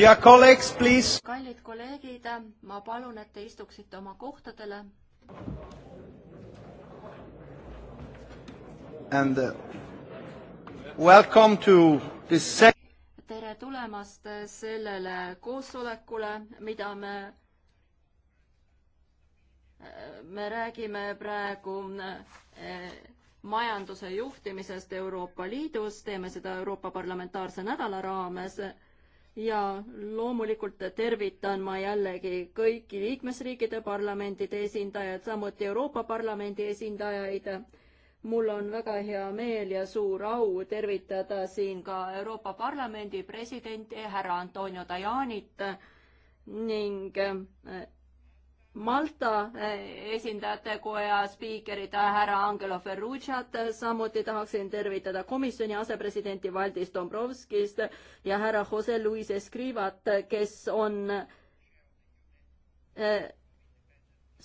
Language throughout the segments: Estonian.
kallid kolleegid, ma palun, et te istuksite oma kohtadele. And uh, welcome to this tere tulemast sellele koosolekule, mida me, me räägime praegu eh, majanduse juhtimisest Euroopa Liidus, teeme seda Euroopa Parlamentaarse Nädala raames ja loomulikult tervitan ma jällegi kõiki liikmesriikide parlamentide esindajaid, samuti Euroopa Parlamendi esindajaid. mul on väga hea meel ja suur au tervitada siin ka Euroopa Parlamendi presidenti härra Antonio Tajanit ning Malta eh, esindajate koja spiikerit eh, härra Angelo Ferrucciat, eh, samuti tahaksin tervitada komisjoni asepresidenti Valdis Dombrovskist ja härra Jose Luis Escrivat, kes on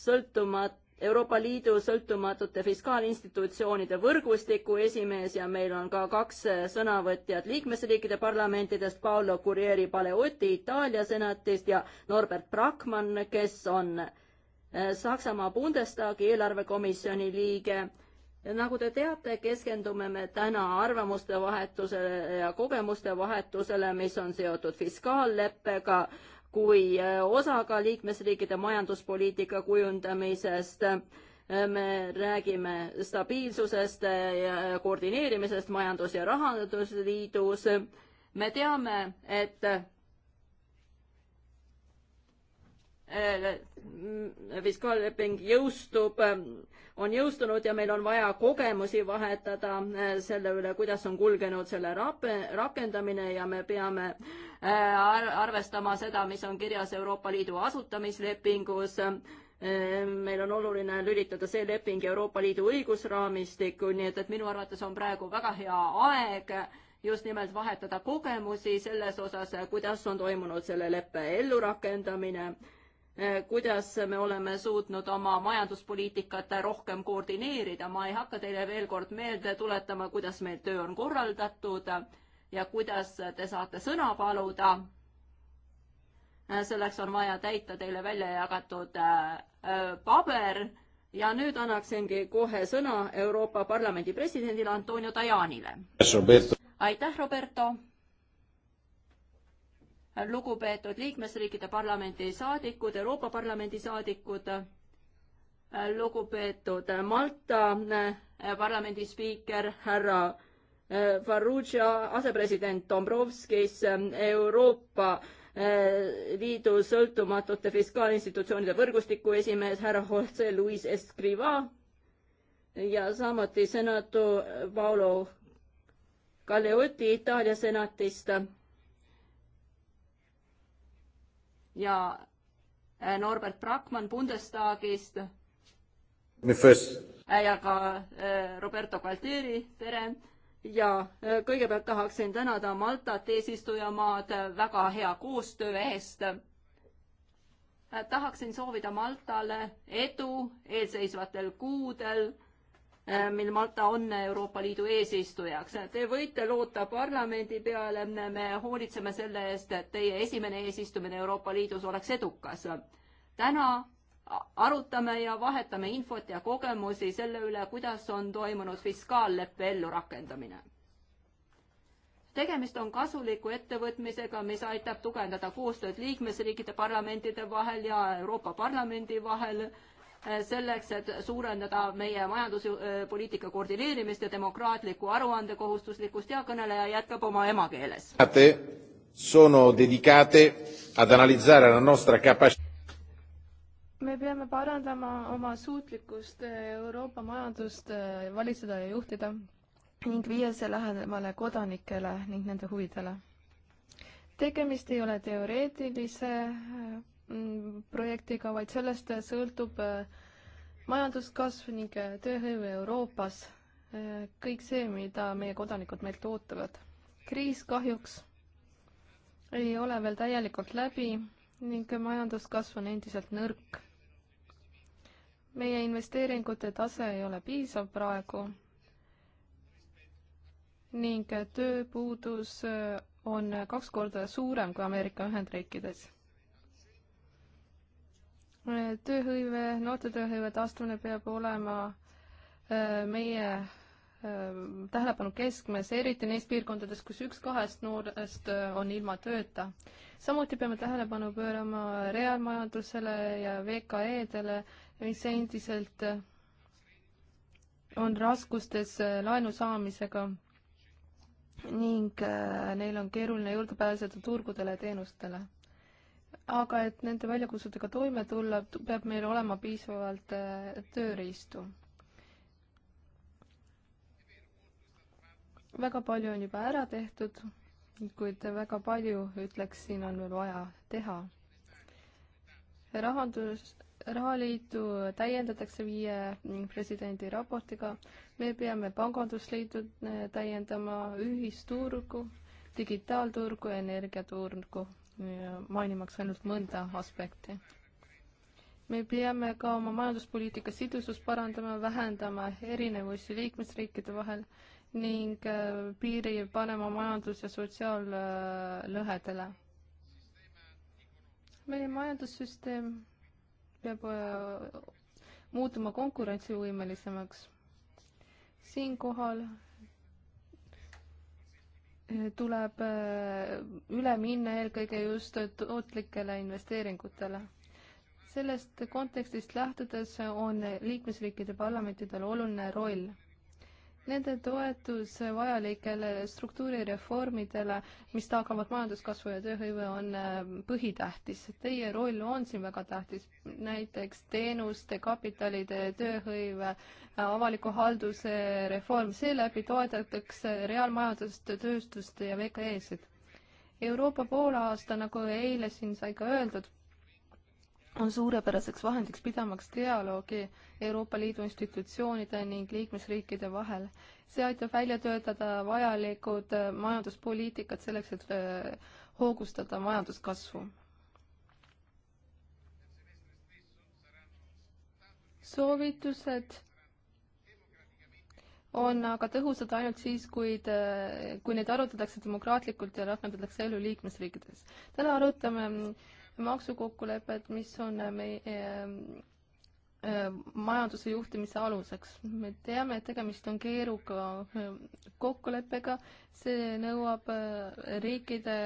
sõltumat-, Euroopa Liidu sõltumatute fiskaalinstitutsioonide võrgustiku esimees ja meil on ka kaks sõnavõtjat liikmesriikide parlamentidest, Paolo Curieri Paleotti Itaalia senatist ja Norbert Brackmann, kes on äh, Äh, Saksamaa Bundestagi eelarvekomisjoni liige. nagu te teate, keskendume me täna arvamuste vahetusele ja kogemuste vahetusele, mis on seotud fiskaalleppega kui äh, osaga liikmesriikide majanduspoliitika kujundamisest äh, me räägime stabiilsusest ja koordineerimisest Majandus- ja Rahandusliidus. me teame, et Äh, mm, fiskaalleping jõustub, ähm, on jõustunud ja meil on vaja kogemusi vahetada äh, selle üle, kuidas on kulgenud selle rap-, rakendamine ja me peame äh, arvestama seda, mis on kirjas Euroopa Liidu asutamislepingus meil on oluline lülitada see leping Euroopa Liidu õigusraamistikku, nii et, et minu arvates on praegu väga hea aeg just nimelt vahetada kogemusi selles osas, kuidas on toimunud selle leppe ellurakendamine Eh, kuidas me oleme suutnud oma majanduspoliitikat rohkem koordineerida, ma ei hakka teile veel kord meelde tuletama, kuidas meil töö on korraldatud ja kuidas te saate sõna paluda. Eh, selleks on vaja täita teile välja jagatud eh, paber ja nüüd annaksingi kohe sõna Euroopa Parlamendi presidendile Antonio Tajanile. aitäh, Roberto! lugupeetud liikmesriikide parlamendi saadikud, Euroopa Parlamendi saadikud, lugupeetud Malta eh, parlamendi spiiker härra eh, Farrugia, asepresident Dombrovskis, eh, Euroopa Liidu sõltumatute fiskaalinstitutsioonide võrgustiku esimees härra Jose Luis Escriva ja samuti senator Paolo Galeotti Itaalia senatist ja äh, Norbert Brackmann Bundestagist. Äh, ja ka äh, Roberto Gualtieri, tere! ja kõigepealt tahaksin tänada Maltat eesistujamaad väga hea koostöö eest. tahaksin soovida Maltale edu eelseisvatel kuudel Äh, mil Malta on Euroopa Liidu eesistujaks. Te võite loota parlamendi peale, me hoolitseme selle eest, et teie esimene eesistumine Euroopa Liidus oleks edukas. täna arutame ja vahetame infot ja kogemusi selle üle, kuidas on toimunud fiskaalleppe ellurakendamine tegemist on kasuliku ettevõtmisega, mis aitab tugevdada koostööd liikmesriikide parlamentide vahel ja Euroopa Parlamendi vahel Äh, selleks, et suurendada meie majanduspoliitika äh, koordineerimist ja demokraatlikku aruandekohustuslikkust ja kõneleja jätkab oma emakeeles. Sono dedicate ad analizzare la nostra capacità me peame parandama oma suutlikkust äh, Euroopa majandust valitseda ja juhtida ning viia see lähemale kodanikele ning nende huvidele. tegemist ei ole teoreetilise Mm, projektiga, vaid sellest sõltub äh, majanduskasv ning äh, tööhõive Euroopas. Äh, kõik see, mida meie kodanikud meilt ootavad. kriis kahjuks ei ole veel täielikult läbi ning majanduskasv on endiselt nõrk. meie investeeringute tase ei ole piisav praegu ning tööpuudus on kaks korda suurem kui Ameerika Ühendriikides tööhõive, noorte tööhõive taastumine peab olema äh, meie äh, tähelepanu keskmes, eriti neis piirkondades, kus üks kahest noorest äh, on ilma tööta. samuti peame tähelepanu pöörama reaalmajandusele ja VKE-dele, mis endiselt on raskustes laenu saamisega ning neil on keeruline juurde pääseda turgudele ja teenustele aga et nende väljakutsetega toime tulla, peab meil olema piisavalt äh, tööriistu. väga palju on juba ära tehtud, kuid väga palju, ütleksin, on veel vaja teha. rahandus, rahaliitu täiendatakse viie presidendi raportiga, me peame pangandusliitu äh, täiendama, ühisturgu, digitaalturgu, energiaturgu mainimaks ainult mõnda aspekti. me peame ka oma majanduspoliitika sidusust parandama, vähendama erinevusi liikmesriikide vahel ning äh, piiri panema majandus- ja sotsiaallõhedele. meie majandussüsteem peab äh, muutuma konkurentsivõimelisemaks. siinkohal tuleb äh, üle minna eelkõige just tootlikele investeeringutele. sellest kontekstist lähtudes on liikmesriikide parlamentidel oluline roll Nende toetus vajalikele struktuurireformidele, mis tagavad majanduskasvu ja tööhõive, on äh, põhitähtis. Teie roll on siin väga tähtis, näiteks teenuste, kapitalide, tööhõive, äh, avaliku halduse reform, seeläbi toetatakse reaalmajandust, tööstust ja VKE-sid. Euroopa poolaasta, nagu eile siin sai ka öeldud, on suurepäraseks vahendiks pidamaks dialoogi Euroopa Liidu institutsioonide ning liikmesriikide vahel. see aitab välja töötada vajalikud äh, majanduspoliitikad selleks, et äh, hoogustada majanduskasvu. soovitused on aga tõhusad ainult siis, kuid, äh, kui neid arutatakse demokraatlikult ja rakendatakse elu liikmesriikides. täna arutame maksukokkulepped, mis on äh, meie äh, äh, majanduse juhtimise aluseks. me teame, et tegemist on keeruka kokkuleppega, see nõuab riikide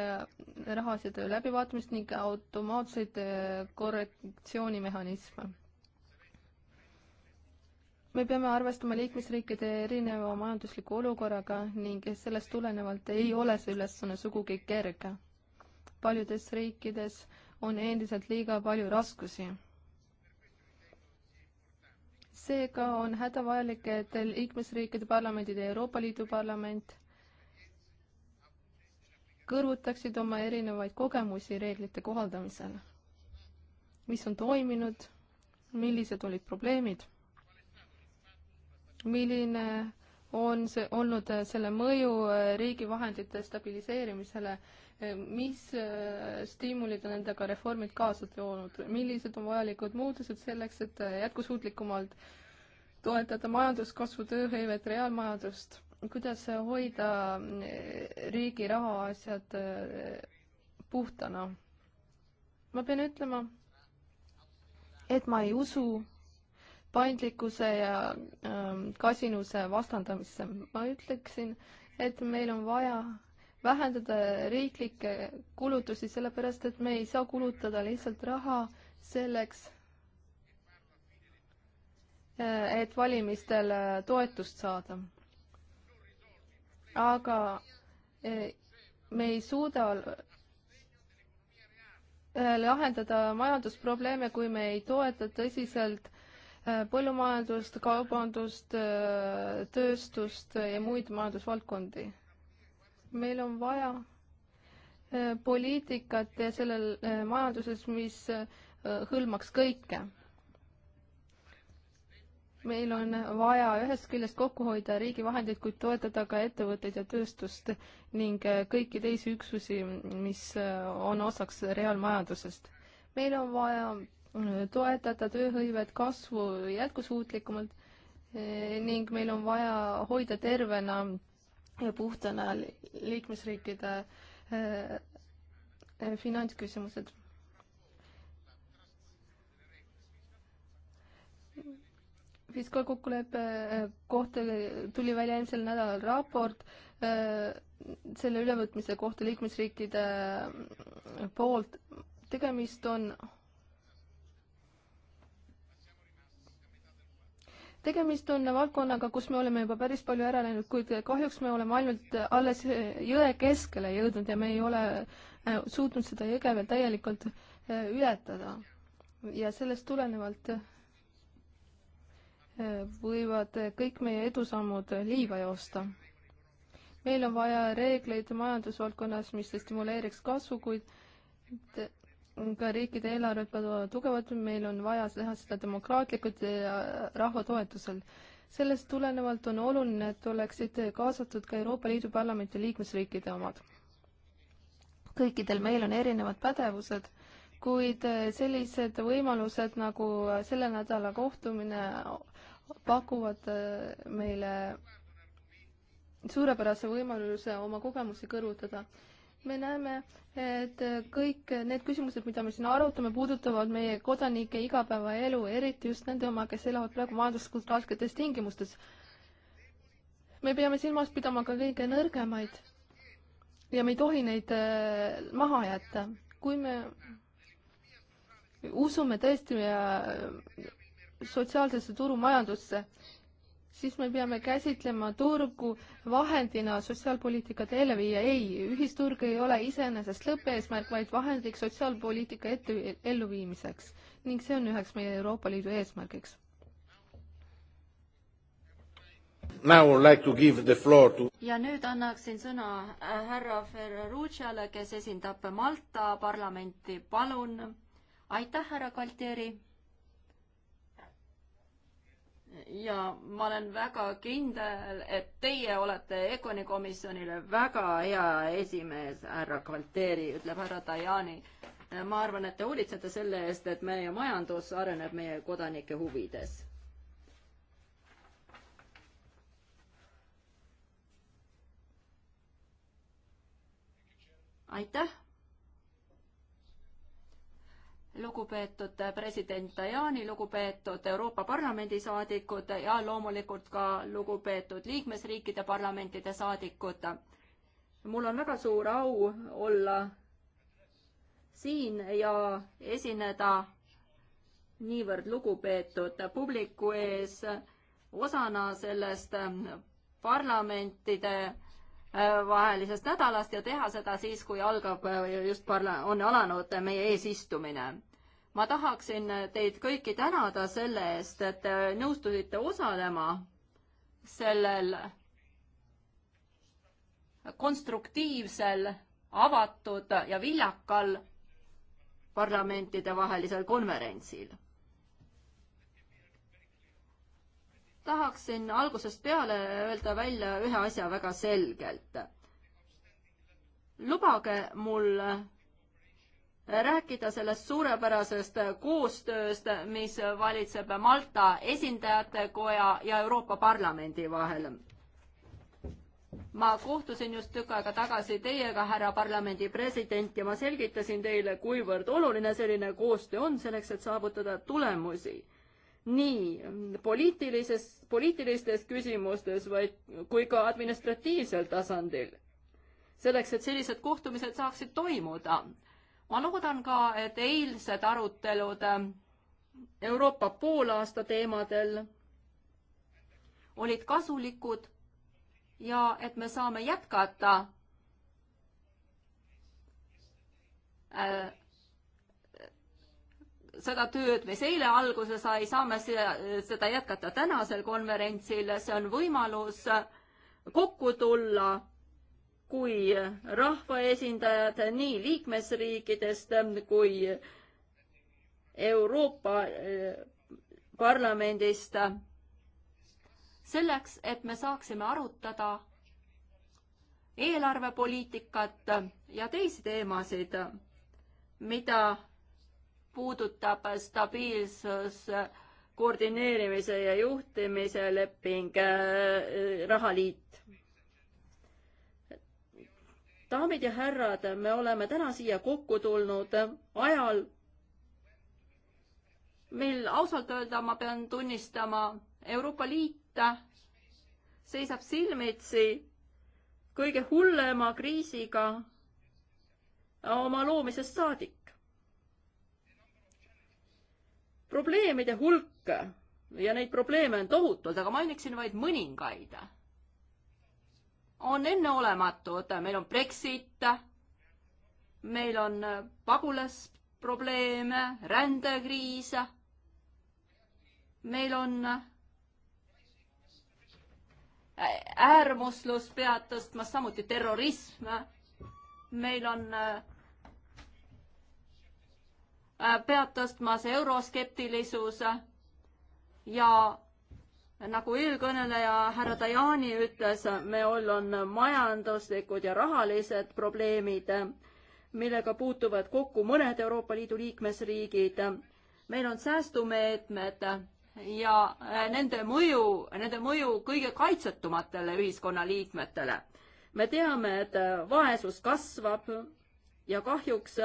rahasid läbivaatamist ning automaatseid korrektsioonimehhanisme. me peame arvestama liikmesriikide erineva majandusliku olukorraga ning sellest tulenevalt ei ole see ülesanne sugugi kerge. paljudes riikides äh, on endiselt liiga palju raskusi. seega on hädavajalik, et liikmesriikide parlamendid ja Euroopa Liidu parlament kõrvutaksid oma erinevaid kogemusi reeglite kohaldamisel. mis on toiminud, millised olid probleemid, milline on see olnud selle mõju riigi vahendite stabiliseerimisele mis äh, stiimulid on endaga reformid kaasa toonud, millised on vajalikud muutused selleks, et äh, jätkusuutlikumalt toetada majanduskasvu, tööhõivet, reaalmajandust, kuidas hoida äh, riigi rahaasjad puhtana? ma pean ütlema, et ma ei usu paindlikkuse ja ähm, kasinuse vastandamisse. ma ütleksin, et meil on vaja vähendada riiklikke kulutusi, sellepärast et me ei saa kulutada lihtsalt raha selleks, eh, et valimistel eh, toetust saada. aga eh, me ei suuda lahendada majandusprobleeme, kui me ei toeta tõsiselt põllumajandust, kaubandust, tööstust ja muid majandusvaldkondi meil on vaja äh, poliitikat sellel äh, majanduses, mis äh, hõlmaks kõike. meil on vaja ühest küljest kokku hoida riigi vahendeid, kuid toetada ka ettevõtteid ja tööstust ning kõiki teisi üksusi, mis on osaks reaalmajandusest. meil on vaja toetada tööhõivet kasvu jätkusuutlikumalt ning meil on vaja hoida tervena puhtana liikmesriikide eh, eh, finantsküsimused. fiskaalkokkuleppe eh, kohta tuli välja eelmisel nädalal raport selle ülevõtmise kohta liikmesriikide poolt. tegemist on tegemist on valdkonnaga, kus me oleme juba päris palju ära läinud, kuid kahjuks me oleme ainult alles jõe keskele jõudnud ja me ei ole äh, suutnud seda jõge veel täielikult äh, ületada. ja sellest tulenevalt äh, võivad kõik meie edusammud liiva joosta. meil on vaja reegleid majandusvaldkonnas, mis stimuleeriks kasvu, kuid ka riikide eelarved peavad tugevad, meil on vaja teha seda demokraatlikult ja rahva toetusel. sellest tulenevalt on oluline, et oleksid kaasatud ka Euroopa Liidu Parlamenti liikmesriikide omad. kõikidel meil on erinevad pädevused, kuid sellised võimalused nagu selle nädala kohtumine pakuvad meile suurepärase võimaluse oma kogemusi kõrvutada me näeme, et kõik need küsimused, mida me siin arutame, puudutavad meie kodanike igapäevaelu, eriti just nende oma, kes elavad praegu majanduslikult rasketes tingimustes. me peame silmas pidama ka kõige nõrgemaid ja me ei tohi neid äh, maha jätta. kui me usume tõesti äh, sotsiaalsesse turumajandusse, siis me peame käsitlema turgu vahendina sotsiaalpoliitikat ellu viia. ei, ühisturg ei ole iseenesest lõppeesmärk, vaid vahendiks sotsiaalpoliitika ette, elluviimiseks ning see on üheks meie Euroopa Liidu eesmärgiks. Like to... ja nüüd annaksin sõna äh, härra Ferrucciale, kes esindab Malta parlamenti, palun. aitäh, härra Galtieri ja ma olen väga kindel, et teie olete Econi komisjonile väga hea esimees, härra Kvalteeri, ütleb härra Tajani. ma arvan, et te hoolitsete selle eest, et meie majandus areneb meie kodanike huvides. aitäh lugupeetud president Tajani, lugupeetud Euroopa Parlamendi saadikud ja loomulikult ka lugupeetud liikmesriikide parlamentide saadikud. mul on väga suur au olla siin ja esineda niivõrd lugupeetud publiku ees osana sellest parlamentide vahelisest nädalast ja teha seda siis, kui algab äh, just parla-, on alanud meie eesistumine. ma tahaksin teid kõiki tänada selle eest, et te nõustusite osalema sellel konstruktiivsel, avatud ja viljakal parlamentidevahelisel konverentsil tahaksin algusest peale öelda välja ühe asja väga selgelt. lubage mul rääkida sellest suurepärasest koostööst, mis valitseb Malta esindajatekoja ja Euroopa Parlamendi vahel. ma kohtusin just tükk aega tagasi teiega, härra parlamendi president, ja ma selgitasin teile, kuivõrd oluline selline koostöö on selleks, et saavutada tulemusi nii poliitilises, poliitilistes küsimustes, vaid kui ka administratiivsel tasandil. selleks, et sellised kohtumised saaksid toimuda. ma loodan ka, et eilsed arutelud Euroopa poolaasta teemadel olid kasulikud ja et me saame jätkata äh, seda tööd, mis eile alguse sai, saame seda jätkata tänasel konverentsil, see on võimalus kokku tulla kui rahvaesindajad nii liikmesriikidest kui Euroopa eh, Parlamendist selleks, et me saaksime arutada eelarvepoliitikat ja teisi teemasid, mida puudutab stabiilsus koordineerimise ja juhtimise leping äh, Rahaliit. daamid ja härrad, me oleme täna siia kokku tulnud ajal, mil ausalt öelda ma pean tunnistama, Euroopa Liit seisab silmitsi kõige hullema kriisiga oma loomisest saadik. probleemide hulk ja neid probleeme on tohutult, aga mainiksin vaid mõningaid. on enneolematud, meil on Brexit, meil on pagulasprobleeme, rändekriis, meil on äärmuslus pead tõstmas, samuti terrorism, meil on Äh, pead tõstma see euroskeptilisus ja nagu eelkõneleja härra Dajani ütles, meil on majanduslikud ja rahalised probleemid, millega puutuvad kokku mõned Euroopa Liidu liikmesriigid. meil on säästumeetmed ja äh, nende mõju, nende mõju kõige kaitsetumatele ühiskonnaliikmetele. me teame, et äh, vaesus kasvab ja kahjuks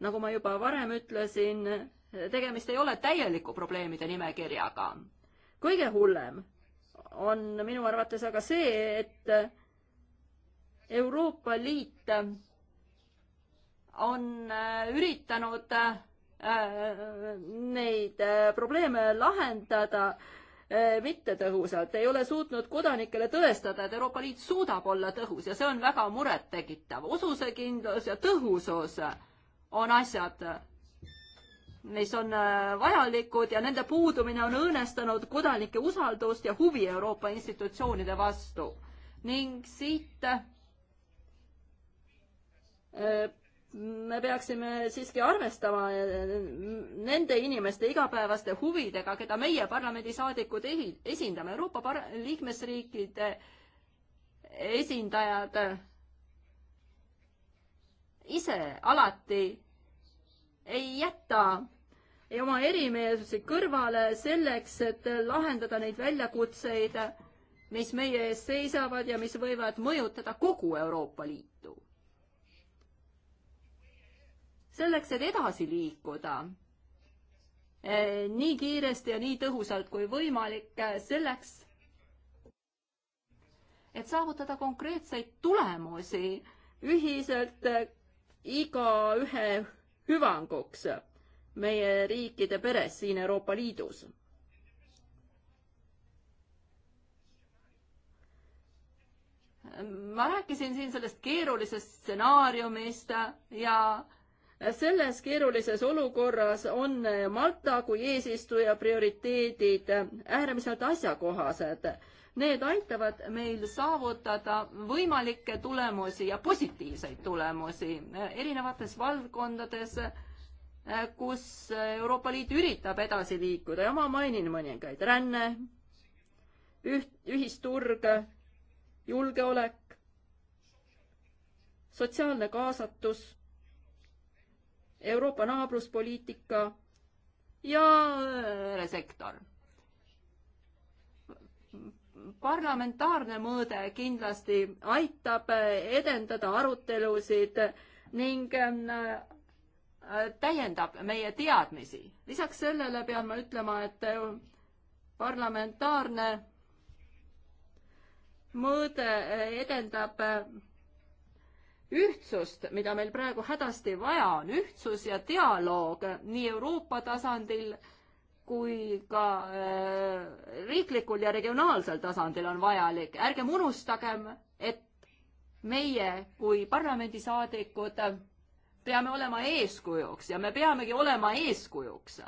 nagu ma juba varem ütlesin, tegemist ei ole täieliku probleemide nimekirjaga. kõige hullem on minu arvates aga see, et Euroopa Liit on üritanud äh, neid äh, probleeme lahendada äh, mittetõhusalt, ei ole suutnud kodanikele tõestada, et Euroopa Liit suudab olla tõhus ja see on väga murettekitav. ususekindlus ja tõhusus on asjad, mis on äh, vajalikud ja nende puudumine on õõnestanud kodanike usaldust ja huvi Euroopa institutsioonide vastu. ning siit äh, me peaksime siiski arvestama äh, nende inimeste igapäevaste huvidega, keda meie parlamendisaadikud esindame. Euroopa liikmesriikide esindajad ise alati ei jäta oma erimeelsusi kõrvale selleks, et lahendada neid väljakutseid, mis meie ees seisavad ja mis võivad mõjutada kogu Euroopa Liitu. selleks, et edasi liikuda eh, nii kiiresti ja nii tõhusalt kui võimalik, eh, selleks, et saavutada konkreetseid tulemusi ühiselt eh, igaühe hüvanguks meie riikide peres siin Euroopa Liidus. ma rääkisin siin sellest keerulisest stsenaariumist ja selles keerulises olukorras on Malta kui eesistuja prioriteedid äärmiselt asjakohased. Need aitavad meil saavutada võimalikke tulemusi ja positiivseid tulemusi eh, erinevates valdkondades, eh, kus Euroopa Liit üritab edasi liikuda ja ma mainin mõningaid. ränne, üht, ühisturg, julgeolek, sotsiaalne kaasatus Euroopa naabruspoliitika ja eh, sektor parlamentaarne mõõde kindlasti aitab edendada arutelusid ning ähm, äh, täiendab meie teadmisi. lisaks sellele pean ma ütlema, et äh, parlamentaarne mõõde äh, edendab ühtsust, mida meil praegu hädasti vaja on, ühtsus ja dialoog nii Euroopa tasandil kui ka äh, riiklikul ja regionaalsel tasandil on vajalik. ärgem unustagem, et meie kui parlamendisaadikud peame olema eeskujuks ja me peamegi olema eeskujuks.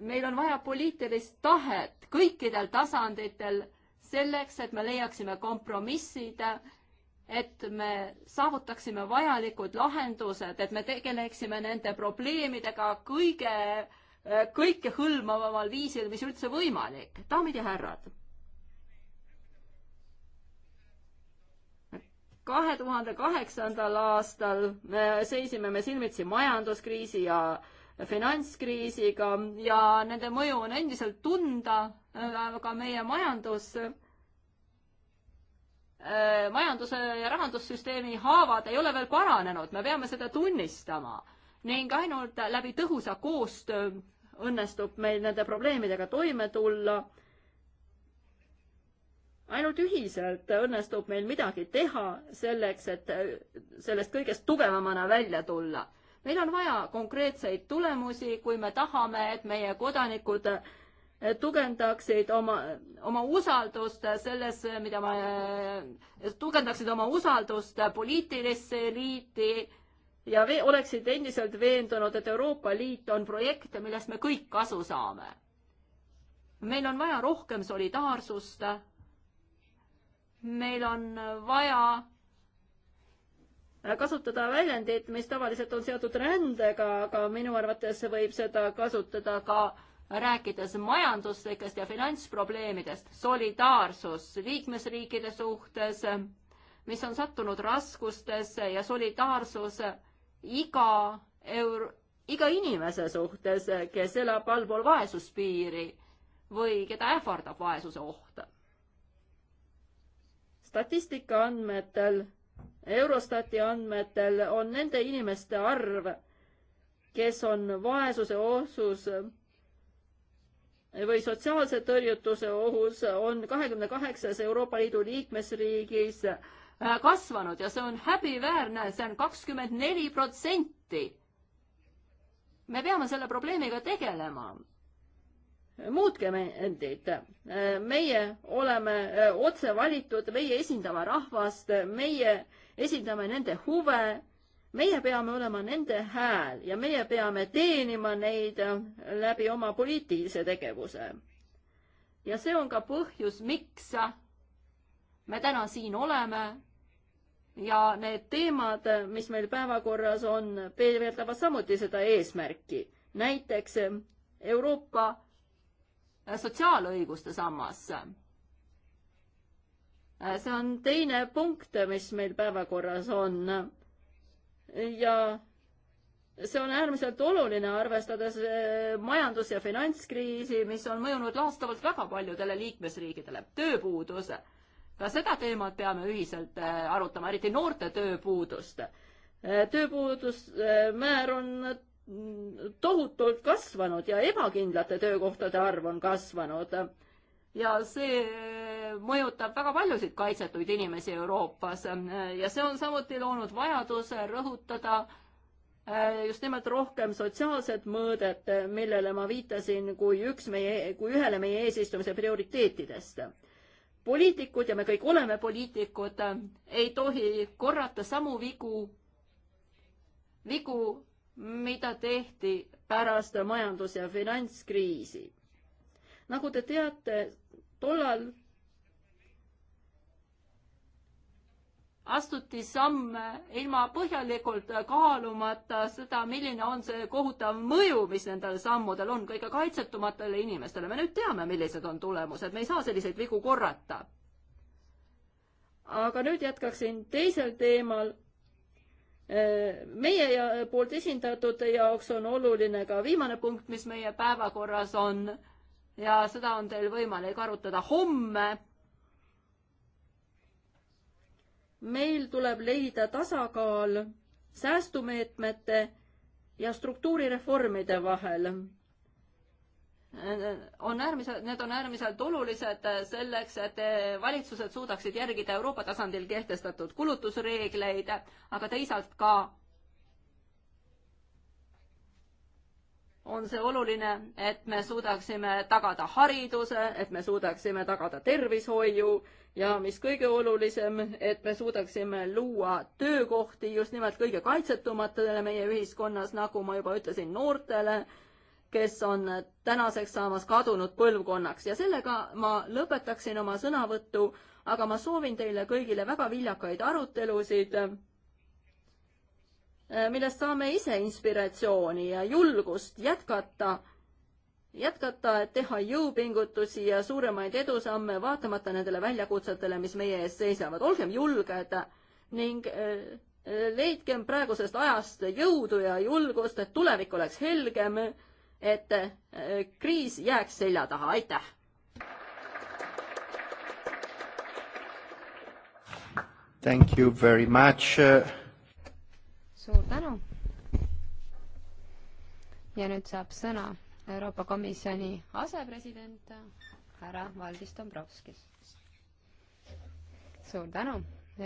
meil on vaja poliitilist tahet kõikidel tasanditel selleks, et me leiaksime kompromissid et me saavutaksime vajalikud lahendused, et me tegeleksime nende probleemidega kõige, kõikehõlmavamal viisil, mis üldse võimalik. daamid ja härrad. kahe tuhande kaheksandal aastal me seisime me silmitsi majanduskriisi ja finantskriisiga ja nende mõju on endiselt tunda ka meie majandus Äh, majanduse ja rahandussüsteemi haavad ei ole veel paranenud, me peame seda tunnistama ning ainult läbi tõhusa koostöö õnnestub meil nende probleemidega toime tulla. ainult ühiselt õnnestub meil midagi teha selleks, et sellest kõigest tugevamana välja tulla. meil on vaja konkreetseid tulemusi, kui me tahame, et meie kodanikud äh, tugevdaksid oma, oma usaldust sellesse, mida ma, tugevdaksid oma usaldust poliitilisse eliiti ja ve-, oleksid endiselt veendunud, et Euroopa Liit on projekt, millest me kõik kasu saame. meil on vaja rohkem solidaarsust, meil on vaja kasutada väljendit, mis tavaliselt on seotud rändega, aga minu arvates võib seda kasutada ka äh, rääkides majanduslikest ja finantsprobleemidest, solidaarsus liikmesriikide suhtes, mis on sattunud raskustesse ja solidaarsus iga euro, iga inimese suhtes, kes elab allpool vaesuspiiri või keda ähvardab vaesuse oht. statistika andmetel, Eurostati andmetel on nende inimeste arv, kes on vaesuse osus või sotsiaalse tõrjutuse ohus on kahekümne kaheksas Euroopa Liidu liikmesriigis äh, kasvanud ja see on häbiväärne, see on kakskümmend neli protsenti. me peame selle probleemiga tegelema. muutke endid, äh, meie oleme äh, otse valitud, meie esindame rahvast, meie esindame nende huve meie peame olema nende hääl ja meie peame teenima neid äh, läbi oma poliitilise tegevuse. ja see on ka põhjus, miks me täna siin oleme ja need teemad, mis meil päevakorras on, peegeldavad samuti seda eesmärki. näiteks äh, Euroopa äh, sotsiaalõiguste sammas. see on teine punkt, mis meil päevakorras on ja see on äärmiselt oluline, arvestades eh, majandus- ja finantskriisi, mis on mõjunud laastavalt väga paljudele liikmesriikidele. tööpuudus, ka seda teemat peame ühiselt eh, arutama, eriti noorte tööpuudust. Eh, tööpuudusmäär on mm, tohutult kasvanud ja ebakindlate töökohtade arv on kasvanud. ja see mõjutab väga paljusid kaitsetuid inimesi Euroopas ja see on samuti loonud vajaduse rõhutada äh, just nimelt rohkem sotsiaalset mõõdet, millele ma viitasin kui üks meie, kui ühele meie eesistumise prioriteetidest. poliitikud ja me kõik oleme poliitikud, ei tohi korrata samu vigu, vigu, mida tehti pärast majandus- ja finantskriisi. nagu te teate, tollal astuti samme ilma põhjalikult kaalumata seda, milline on see kohutav mõju, mis nendel sammudel on kõige kaitsetumatele inimestele. me nüüd teame, millised on tulemused, me ei saa selliseid vigu korrata. aga nüüd jätkaksin teisel teemal meie poolt esindatute jaoks on oluline ka viimane punkt, mis meie päevakorras on ja seda on teil võimalik arutada homme meil tuleb leida tasakaal säästumeetmete ja struktuurireformide vahel. on äärmiselt, need on äärmiselt olulised selleks, et valitsused suudaksid järgida Euroopa tasandil kehtestatud kulutusreegleid, aga teisalt ka on see oluline, et me suudaksime tagada hariduse, et me suudaksime tagada tervishoiu ja mis kõige olulisem, et me suudaksime luua töökohti just nimelt kõige kaitsetumatele meie ühiskonnas, nagu ma juba ütlesin, noortele, kes on tänaseks saamas kadunud põlvkonnaks ja sellega ma lõpetaksin oma sõnavõttu, aga ma soovin teile kõigile väga viljakaid arutelusid Äh, millest saame ise inspiratsiooni ja julgust jätkata, jätkata, et teha jõupingutusi ja suuremaid edusamme, vaatamata nendele väljakutsetele, mis meie ees seisavad. olgem julged ning äh, äh, leidkem praegusest ajast jõudu ja julgust, et tulevik oleks helgem, et kriis jääks selja taha, aitäh! Thank you very much uh suur tänu. ja nüüd saab sõna Euroopa Komisjoni asepresident härra Valdis Dombrovskis. suur tänu,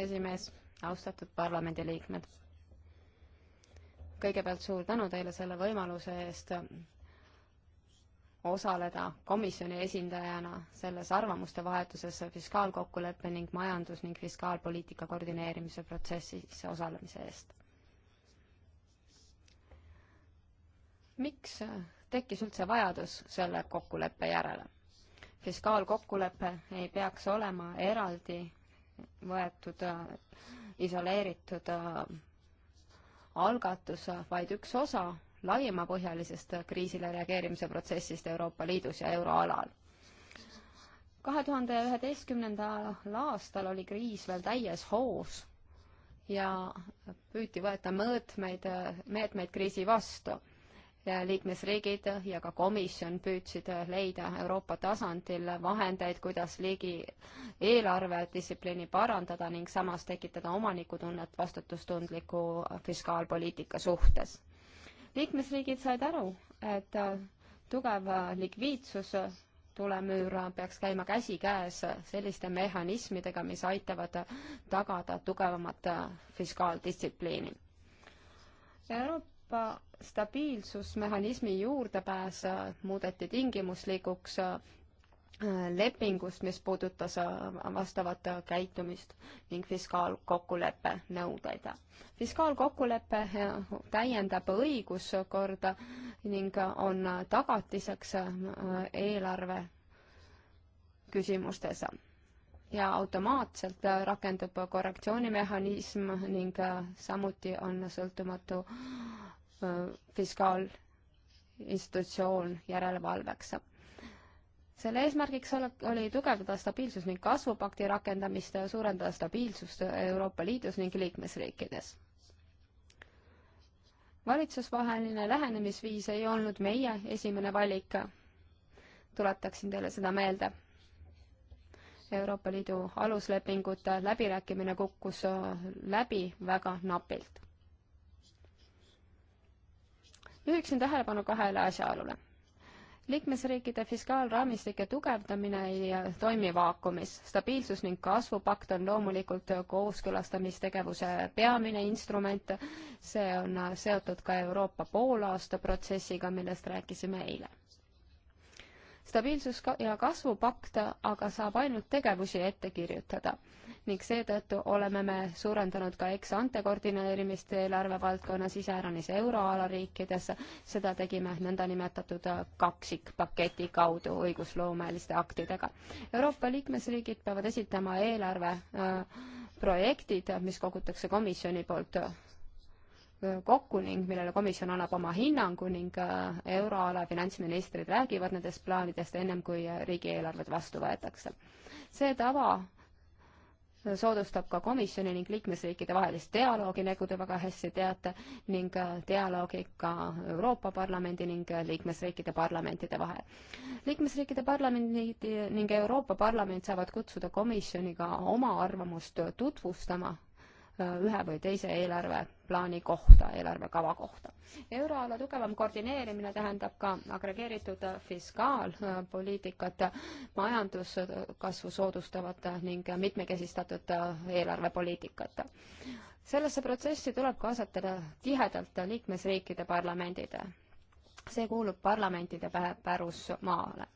esimees, austatud parlamendiliikmed. kõigepealt suur tänu teile selle võimaluse eest osaleda komisjoni esindajana selles arvamuste vahetuses fiskaalkokkuleppe ning majandus- ning fiskaalpoliitika koordineerimise protsessis osalemise eest. miks tekkis üldse vajadus selle kokkuleppe järele? fiskaalkokkulepe ei peaks olema eraldi võetud isoleeritud äh, algatus, vaid üks osa laiemapõhjalisest kriisile reageerimise protsessist Euroopa Liidus ja euroalal. kahe tuhande üheteistkümnendal aastal oli kriis veel täies hoos ja püüti võeta mõõtmeid, meetmeid kriisi vastu liikmesriigid ja ka komisjon püüdsid leida Euroopa tasandil vahendeid, kuidas ligi eelarvedistsipliini parandada ning samas tekitada omanikutunnet vastutustundliku fiskaalpoliitika suhtes. liikmesriigid said aru, et tugev likviidsus tulemüür peaks käima käsikäes selliste mehhanismidega, mis aitavad tagada tugevamat fiskaaldistsipliini. Euroopa Euroopa stabiilsusmehhanismi juurdepääs äh, muudeti tingimuslikuks äh, lepingust, mis puudutas äh, vastavat käitumist ning fiskaalkokkuleppe nõudeid. fiskaalkokkulepe täiendab õiguskorda ning on tagatiseks eelarve küsimustes ja automaatselt rakendub korrektsioonimehhanism ning samuti on sõltumatu fiskaalinstitutsioon järelevalveks. selle eesmärgiks oli tugevdada stabiilsus- ning kasvupakti rakendamist ja suurendada stabiilsust Euroopa Liidus ning liikmesriikides. valitsusvaheline lähenemisviis ei olnud meie esimene valik, tuletaksin teile seda meelde Euroopa Liidu aluslepingute läbirääkimine kukkus läbi väga napilt juhiksin tähelepanu kahele asjaolule. liikmesriikide fiskaalraamistike tugevdamine ei toimi vaakumis. stabiilsus ning kasvupakt on loomulikult kooskõlastamistegevuse peamine instrument. see on seotud ka Euroopa poolaasta protsessiga, millest rääkisime eile stabiilsus ja kasvupakt aga saab ainult tegevusi ette kirjutada ning seetõttu oleme me suurendanud ka ex-ante koordineerimist eelarve valdkonnas iseäranis euroala riikides, seda tegime nõndanimetatud kaksikpaketi kaudu õigusloomeliste aktidega. Euroopa liikmesriigid peavad esitama eelarve äh, projektid, mis kogutakse komisjoni poolt äh, kokku ning millele komisjon annab oma hinnangu ning äh, euroala finantsministrid räägivad nendest plaanidest ennem, kui riigieelarved vastu võetakse. see tava soodustab ka komisjoni ning liikmesriikide vahelist dialoogi, nagu te väga hästi teate, ning äh, dialoogi ka Euroopa Parlamendi ning liikmesriikide parlamentide vahel. liikmesriikide parlamendid ning Euroopa Parlament saavad kutsuda komisjoni ka oma arvamust tutvustama ühe või teise eelarveplaani kohta, eelarvekava kohta. euroala tugevam koordineerimine tähendab ka agregeeritud fiskaalpoliitikat, majanduskasvu soodustavat ning mitmekesistatud eelarvepoliitikat. sellesse protsessi tuleb kaasata tihedalt liikmesriikide parlamendid. see kuulub parlamentide pärusmaale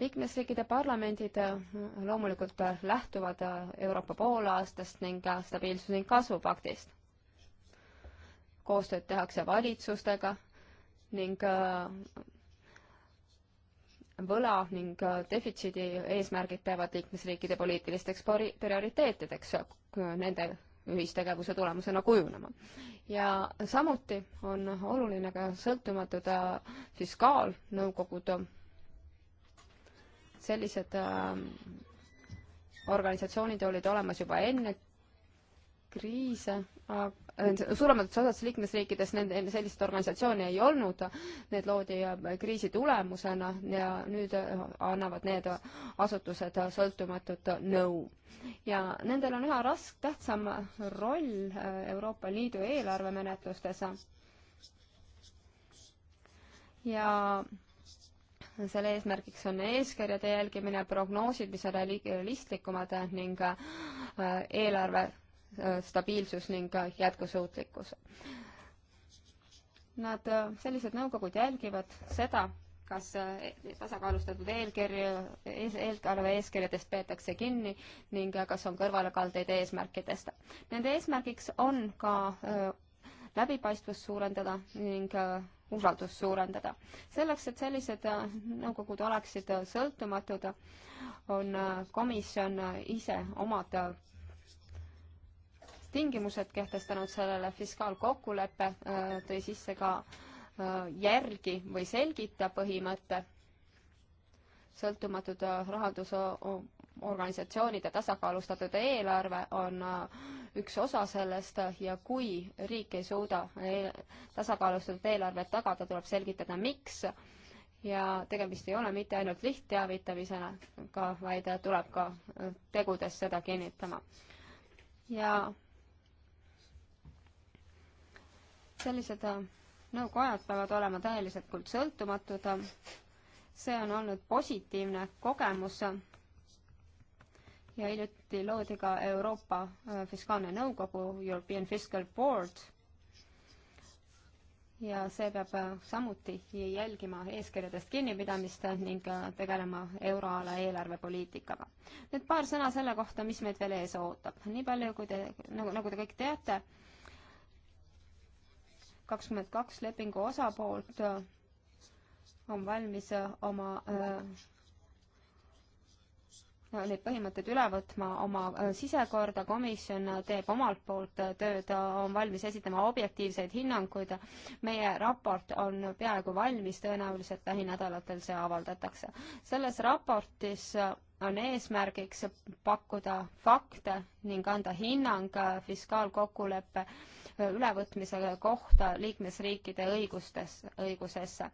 liikmesriikide parlamendid äh, loomulikult äh, lähtuvad äh, Euroopa poolaastast ning stabiilsus- ning kasvupaktist. koostööd tehakse valitsustega ning võla ning defitsiidi eesmärgid peavad liikmesriikide poliitilisteks prioriteetideks nende ühistegevuse tulemusena kujunema. ja samuti on oluline ka sõltumatud fiskaalnõukogud sellised ähm, organisatsioonid olid olemas juba enne kriise, äh, suuremates osades liikmesriikides nende, sellist organisatsiooni ei olnud, need loodi äh, kriisi tulemusena ja nüüd äh, annavad need asutused sõltumatut nõu. ja nendel on üha rask-, tähtsam roll Euroopa Liidu eelarvemenetlustes ja selle eesmärgiks on eeskirjade jälgimine, prognoosid, mis on realistlikumad ning äh, eelarve äh, stabiilsus ning äh, jätkusuutlikkus. Nad, sellised nõukogud jälgivad seda, kas tasakaalustatud eelkirju, eelarve eeskirjadest peetakse kinni ning kas on kõrvalekaldeid eesmärkidest. Nende eesmärgiks on ka läbipaistvust suurendada ning öö, usaldust suurendada. selleks, et sellised äh, nõukogud oleksid äh, sõltumatud, on äh, komisjon ise omad tingimused kehtestanud sellele, fiskaalkokkulepe tõi sisse ka järgi või selgita põhimõtte, sõltumatud rahandus organisatsioonide tasakaalustatud eelarve on äh, üks osa sellest ja kui riik ei suuda tasakaalustatud eelarvet tagada, tuleb selgitada, miks. ja tegemist ei ole mitte ainult lihtteavitamisena, ka, vaid tuleb ka äh, tegudes seda kinnitama. ja sellised äh, nõukojad peavad olema täielikult sõltumatud. see on olnud positiivne kogemus ja hiljuti loodi ka Euroopa äh, Fiskaalne Nõukogu, European Fiscal Board, ja see peab äh, samuti jälgima eeskirjadest kinnipidamist ning äh, tegelema euroala eelarvepoliitikaga. nüüd paar sõna selle kohta, mis meid veel ees ootab. nii palju, kui te, nagu, nagu te kõik teate, kakskümmend kaks lepingu osapoolt on valmis oma äh, neid põhimõtteid üle võtma oma äh, sisekorda, komisjon teeb omalt poolt äh, tööd, äh, on valmis esitama objektiivseid hinnanguid. meie raport on peaaegu valmis, tõenäoliselt lähinädalatel see avaldatakse. selles raportis on eesmärgiks pakkuda fakte ning anda hinnang fiskaalkokkuleppe ülevõtmise kohta liikmesriikide õigustes, õigusesse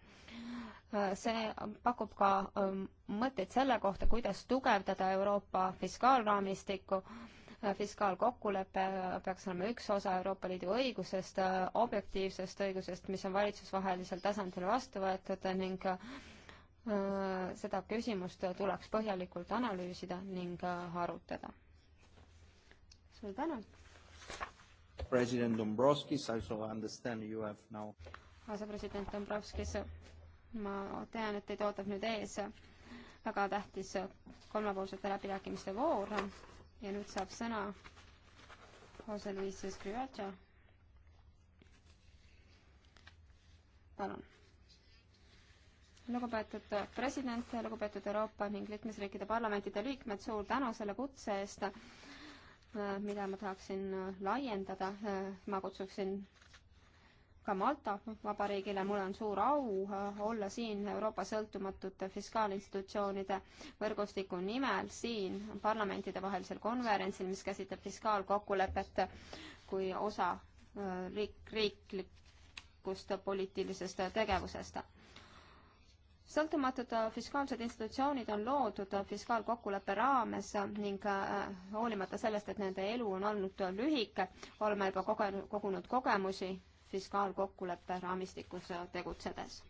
Äh, see pakub ka ähm, mõtteid selle kohta, kuidas tugevdada Euroopa fiskaalraamistikku, äh, fiskaalkokkulepe äh, peaks olema üks osa Euroopa Liidu õigusest, objektiivsest õigusest, mis on valitsusvahelisel tasandil vastu võetud ning seda küsimust tuleks põhjalikult analüüsida ning arutada. suur tänu! President Dombrovskis, I so understand you have now asepresident Dombrovskis ma tean, et teid ootab nüüd ees väga tähtis kolmapoolsete läbirääkimiste voor ja nüüd saab sõna Jose Luis Escrivacha. palun. lugupeetud president, lugupeetud Euroopa ning liikmesriikide parlamentide liikmed, suur tänu selle kutse eest, mida ma tahaksin laiendada. ma kutsuksin ka Malta vabariigile. mul on suur au äh, olla siin Euroopa sõltumatute fiskaalinstitutsioonide võrgustiku nimel siin parlamentidevahelisel konverentsil, mis käsitleb fiskaalkokkulepet kui osa äh, riik, riiklikust poliitilisest tegevusest sõltumatud äh, fiskaalsed institutsioonid on loodud fiskaalkokkuleppe raames ning hoolimata sellest, et nende elu on olnud lühike, oleme juba kogenud, kogunud kogemusi fiskaalkokkuleppe raamistikus tegutsedes.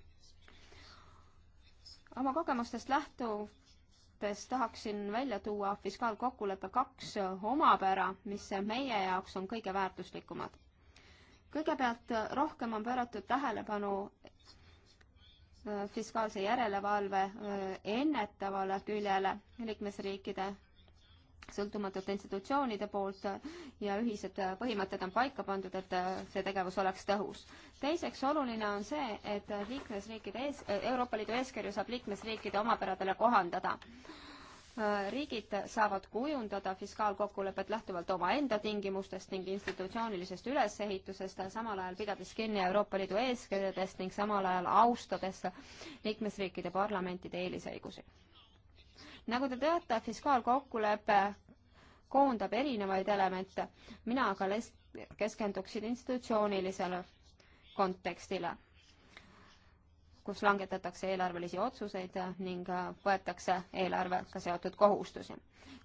oma kogemustest lähtudes tahaksin välja tuua fiskaalkokkuleppe kaks omapära, mis meie jaoks on kõige väärtuslikumad. kõigepealt rohkem on pööratud tähelepanu äh, fiskaalse järelevalve äh, ennetavale küljele liikmesriikide sõltumatute institutsioonide poolt ja ühised põhimõtted on paika pandud, et see tegevus oleks tõhus. teiseks oluline on see, et liikmesriikide ees, Euroopa Liidu eeskirju saab liikmesriikide omapäradele kohandada. riigid saavad kujundada fiskaalkokkulepet lähtuvalt omaenda tingimustest ning institutsioonilisest ülesehitusest, samal ajal pidades kinni Euroopa Liidu eeskirjadest ning samal ajal austades liikmesriikide parlamentide eelisõigusi nagu te teate, fiskaalkokkulepe koondab erinevaid elemente, mina aga keskenduksin institutsioonilisele kontekstile, kus langetatakse eelarvelisi otsuseid ning võetakse eelarvega seotud kohustusi.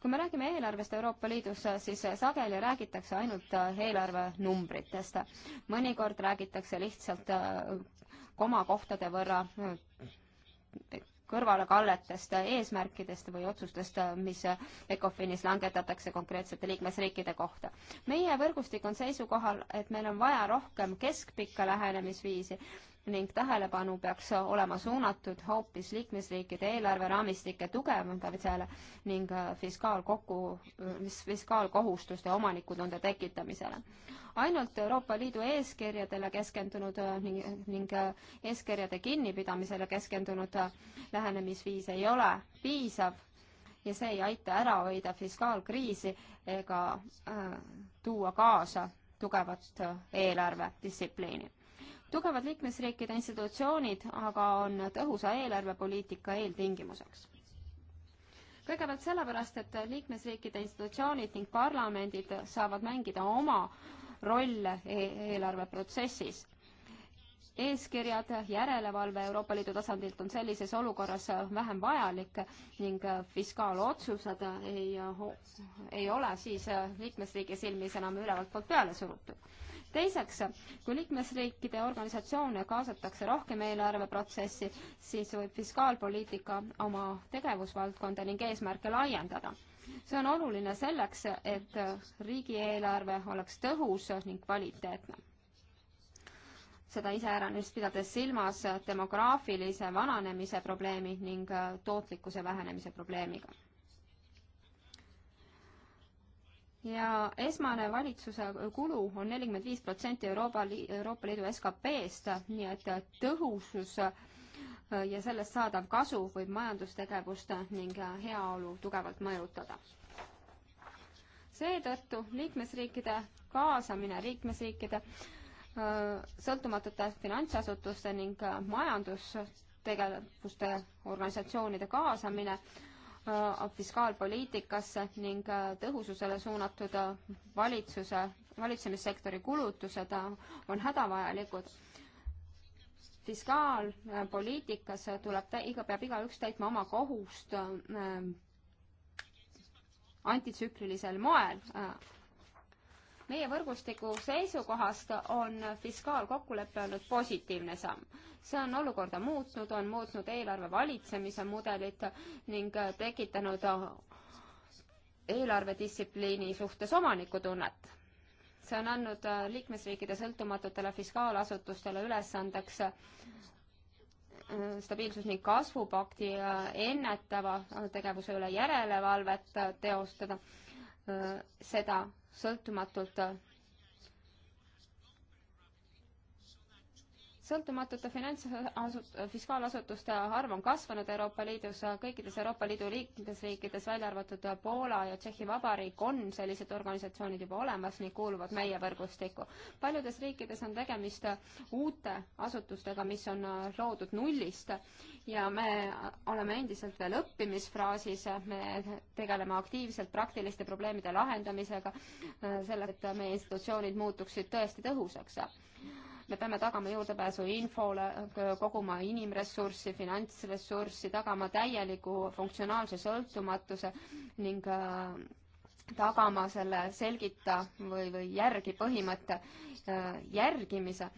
kui me räägime eelarvest Euroopa Liidus, siis sageli räägitakse ainult eelarvenumbritest. mõnikord räägitakse lihtsalt komakohtade võrra kõrvalekalletest eesmärkidest või otsustest, mis ECOFINis langetatakse konkreetsete liikmesriikide kohta. meie võrgustik on seisukohal, et meil on vaja rohkem keskpikka lähenemisviisi ning tähelepanu peaks olema suunatud hoopis liikmesriikide eelarveraamistike tugevdamisele ning äh, fiskaalkokku, fiskaalkohustuste omanikutunde tekitamisele. ainult Euroopa Liidu eeskirjadele keskendunud äh, ning, ning äh, eeskirjade kinnipidamisele keskendunud lähenemisviis ei ole piisav ja see ei aita ära hoida fiskaalkriisi ega äh, tuua kaasa tugevat eelarvedistsipliini tugevad liikmesriikide institutsioonid aga on tõhusa eelarvepoliitika eeltingimuseks. kõigepealt sellepärast, et liikmesriikide institutsioonid ning parlamendid saavad mängida oma rolle e eelarveprotsessis eeskirjad, järelevalve Euroopa Liidu tasandilt on sellises olukorras vähem vajalik ning fiskaalotsused ei, ei ole siis liikmesriigi silmis enam ülevalt poolt peale surutud teiseks, kui liikmesriikide organisatsioone kaasatakse rohkem eelarveprotsessi, siis võib fiskaalpoliitika oma tegevusvaldkonda ning eesmärke laiendada see on oluline selleks, et riigieelarve oleks tõhus ning kvaliteetne. seda iseäranis pidades silmas demograafilise vananemise probleemi ning tootlikkuse vähenemise probleemiga. ja esmane valitsuse kulu on nelikümmend viis protsenti Euroopa, Euroopa Liidu SKP-st, nii et tõhusus äh, ja sellest saadav kasu võib majandustegevust ning heaolu tugevalt mõjutada. seetõttu liikmesriikide kaasamine, liikmesriikide äh, sõltumatute finantsasutuste ning majandustegelaste organisatsioonide kaasamine Äh, fiskaalpoliitikasse ning äh, tõhususele suunatud äh, valitsuse, valitsemissektori kulutused on hädavajalikud. fiskaalpoliitikas tuleb, iga, peab igaüks täitma oma kohust antitsüklilisel moel meie võrgustiku seisukohast on fiskaalkokkulepe olnud positiivne samm. see on olukorda muutnud, on muutnud eelarve valitsemise mudelit ning tekitanud eelarvedistsipliini suhtes omanikutunnet. see on andnud liikmesriikide sõltumatutele fiskaalasutustele ülesandeks äh, stabiilsus ning kasvupakti äh, ennetava tegevuse üle järelevalvet äh, teostada, seda sõltumatult sõltumatute finantsasut-, fiskaalasutuste arv on kasvanud Euroopa Liidus, kõikides Euroopa Liidu liikmesriikides, välja arvatud Poola ja Tšehhi Vabariik, on sellised organisatsioonid juba olemas ning kuuluvad meie võrgustikku. paljudes riikides on tegemist uute asutustega, mis on loodud nullist ja me oleme endiselt veel õppimisfraasis, me tegeleme aktiivselt praktiliste probleemide lahendamisega, selleks, et meie institutsioonid muutuksid tõesti tõhusaks me peame tagama juurdepääsu infole, koguma inimressurssi, finantsressurssi, tagama täieliku funktsionaalse sõltumatuse ning äh, tagama selle selgita või, või järgi põhimõtte äh, järgimise.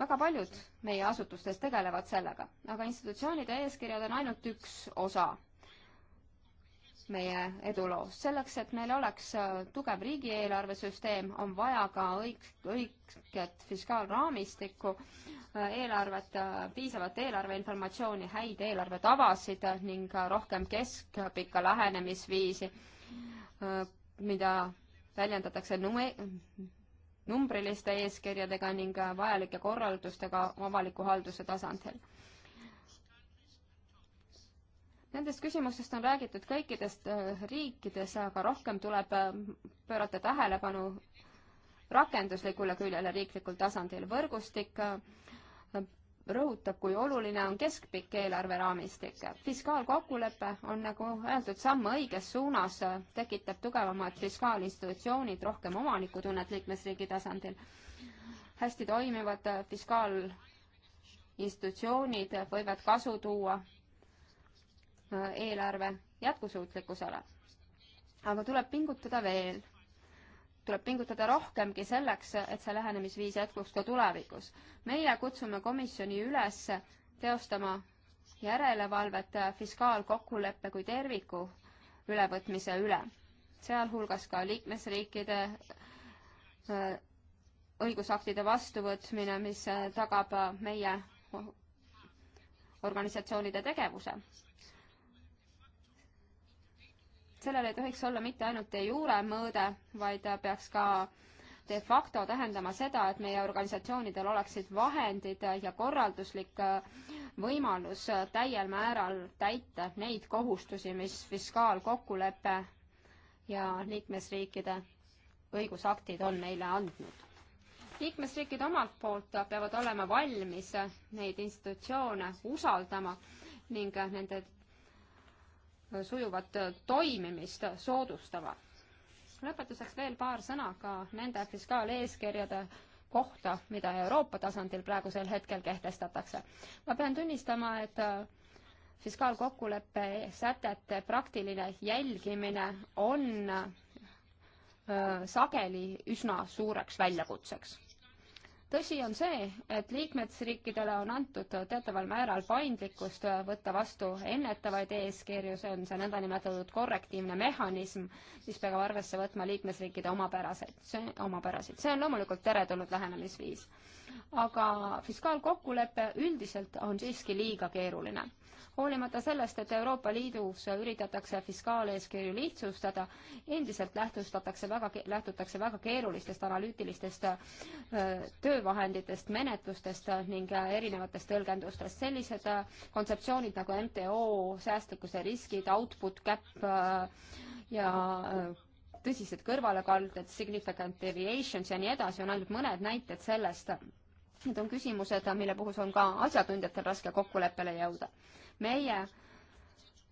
väga paljud meie asutustest tegelevad sellega, aga institutsioonide eeskirjad on ainult üks osa meie eduloos. selleks, et meil oleks äh, tugev riigieelarvesüsteem, on vaja ka õig-, õiget fiskaalraamistikku, äh, eelarvet, äh, piisavat eelarveinformatsiooni, häid eelarvetavasid ning rohkem keskpikka lähenemisviisi, mida väljendatakse nume-, numbriliste eeskirjadega ning vajalike korraldustega avaliku halduse tasandil Nendest küsimustest on räägitud kõikidest äh, riikides, aga rohkem tuleb äh, pöörata tähelepanu rakenduslikule küljele riiklikul tasandil. võrgustik äh, rõhutab, kui oluline on keskpikk eelarveraamistik. fiskaalkokkulepe on nagu öeldud samm õiges suunas, tekitab tugevamad fiskaalinstitutsioonid, rohkem omanikutunnet liikmesriigi tasandil, hästi toimivad fiskaalinstitutsioonid võivad kasu tuua Äh, eelarve jätkusuutlikkusele. aga tuleb pingutada veel. tuleb pingutada rohkemgi selleks, et see lähenemisviis jätkuks ka tulevikus. meie kutsume komisjoni üles teostama järelevalvet fiskaalkokkuleppe kui terviku ülevõtmise üle, sealhulgas ka liikmesriikide äh, õigusaktide vastuvõtmine, mis tagab meie organisatsioonide tegevuse sellel ei tohiks olla mitte ainult de jure mõõde, vaid peaks ka de facto tähendama seda, et meie organisatsioonidel oleksid vahendid ja korralduslik äh, võimalus täiel määral täita neid kohustusi, mis fiskaalkokkulepe ja liikmesriikide õigusaktid on neile andnud. liikmesriigid omalt poolt peavad olema valmis neid institutsioone usaldama ning nende sujuvat äh, toimimist soodustama. lõpetuseks veel paar sõna ka nende fiskaaleeskirjade kohta, mida Euroopa tasandil praegusel hetkel kehtestatakse. ma pean tunnistama, et äh, fiskaalkokkuleppe sätete praktiline jälgimine on äh, sageli üsna suureks väljakutseks tõsi on see, et liikmesriikidele on antud teataval määral paindlikkust võtta vastu ennetavaid eeskirju, see on see nõndanimetatud korrektiivne mehhanism, mis peab arvesse võtma liikmesriikide omapäraseid, omapäraseid. see on loomulikult teretulnud lähenemisviis. aga fiskaalkokkulepe üldiselt on siiski liiga keeruline hoolimata sellest, et Euroopa Liidus üritatakse fiskaaleeskirju lihtsustada, endiselt lähtustatakse väga, lähtutakse väga keerulistest analüütilistest öö, töö töövahenditest, menetlustest ning erinevatest tõlgendustest. sellised äh, kontseptsioonid nagu MTO, säästlikkuse riskid, output cap äh, ja äh, tõsised kõrvalekalded, significant deviations ja nii edasi, on ainult mõned näited sellest. Need on küsimused, mille puhul on ka asjatundjatel raske kokkuleppele jõuda. meie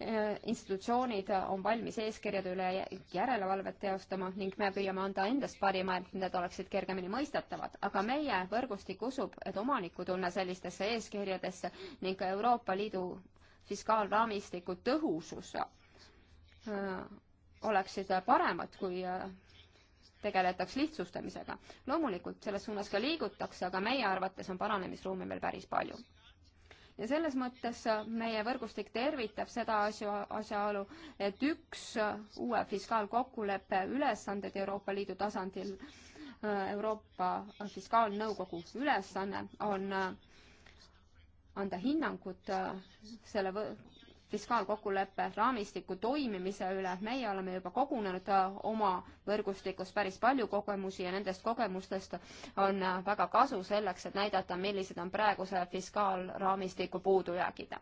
Äh, institutsioonid on valmis eeskirjade üle järelevalvet teostama ning me püüame anda endast parima, et need oleksid kergemini mõistetavad, aga meie võrgustik usub, et omanikutunne sellistesse eeskirjadesse ning Euroopa Liidu fiskaalraamistiku tõhusus äh, oleksid paremad, kui äh, tegeletaks lihtsustamisega. loomulikult selles suunas ka liigutakse, aga meie arvates on paranemisruumi veel päris palju ja selles mõttes äh, meie võrgustik tervitab seda asja, asjaolu, et üks äh, uue fiskaalkokkuleppe ülesanded Euroopa Liidu tasandil, äh, Euroopa Fiskaalnõukogu ülesanne on anda hinnangut selle fiskaalkokkuleppe raamistiku toimimise üle, meie oleme juba kogunenud äh, oma võrgustikus päris palju kogemusi ja nendest kogemustest on äh, väga kasu selleks, et näidata, millised on praeguse fiskaalraamistiku puudujäägid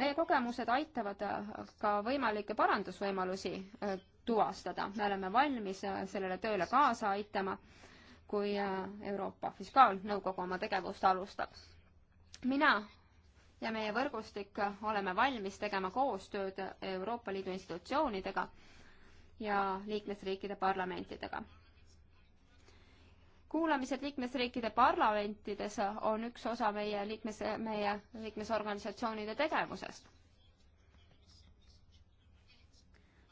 meie kogemused aitavad äh, ka võimalikke parandusvõimalusi tuvastada, me oleme valmis sellele tööle kaasa aitama, kui Euroopa Fiskaalnõukogu oma tegevust alustab. mina ja meie võrgustik oleme valmis tegema koostööd Euroopa Liidu institutsioonidega ja liikmesriikide parlamentidega. kuulamised liikmesriikide parlamentides on üks osa meie liikmes, meie liikmesorganisatsioonide tegevusest.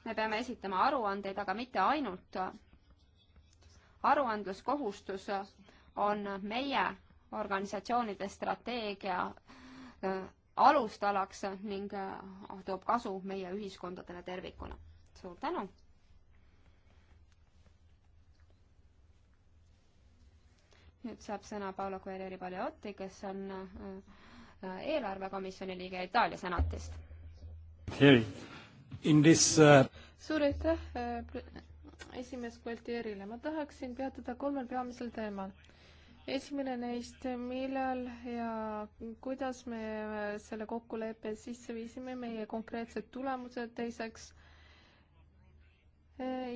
me peame esitama aruandeid, aga mitte ainult. aruandluskohustus on meie organisatsioonide strateegia äh, Äh, alustalaks ning äh, toob kasu meie ühiskondadele tervikuna. suur tänu! nüüd saab sõna Paolo Guerrieri Paleotti, kes on äh, eelarvekomisjoni liige Itaalia senatist. This... Uh, suur aitäh esimees Gualtierile, ma tahaksin peatuda kolmel peamisel teemal esimene neist, millal ja kuidas me selle kokkuleppe sisse viisime, meie konkreetsed tulemused, teiseks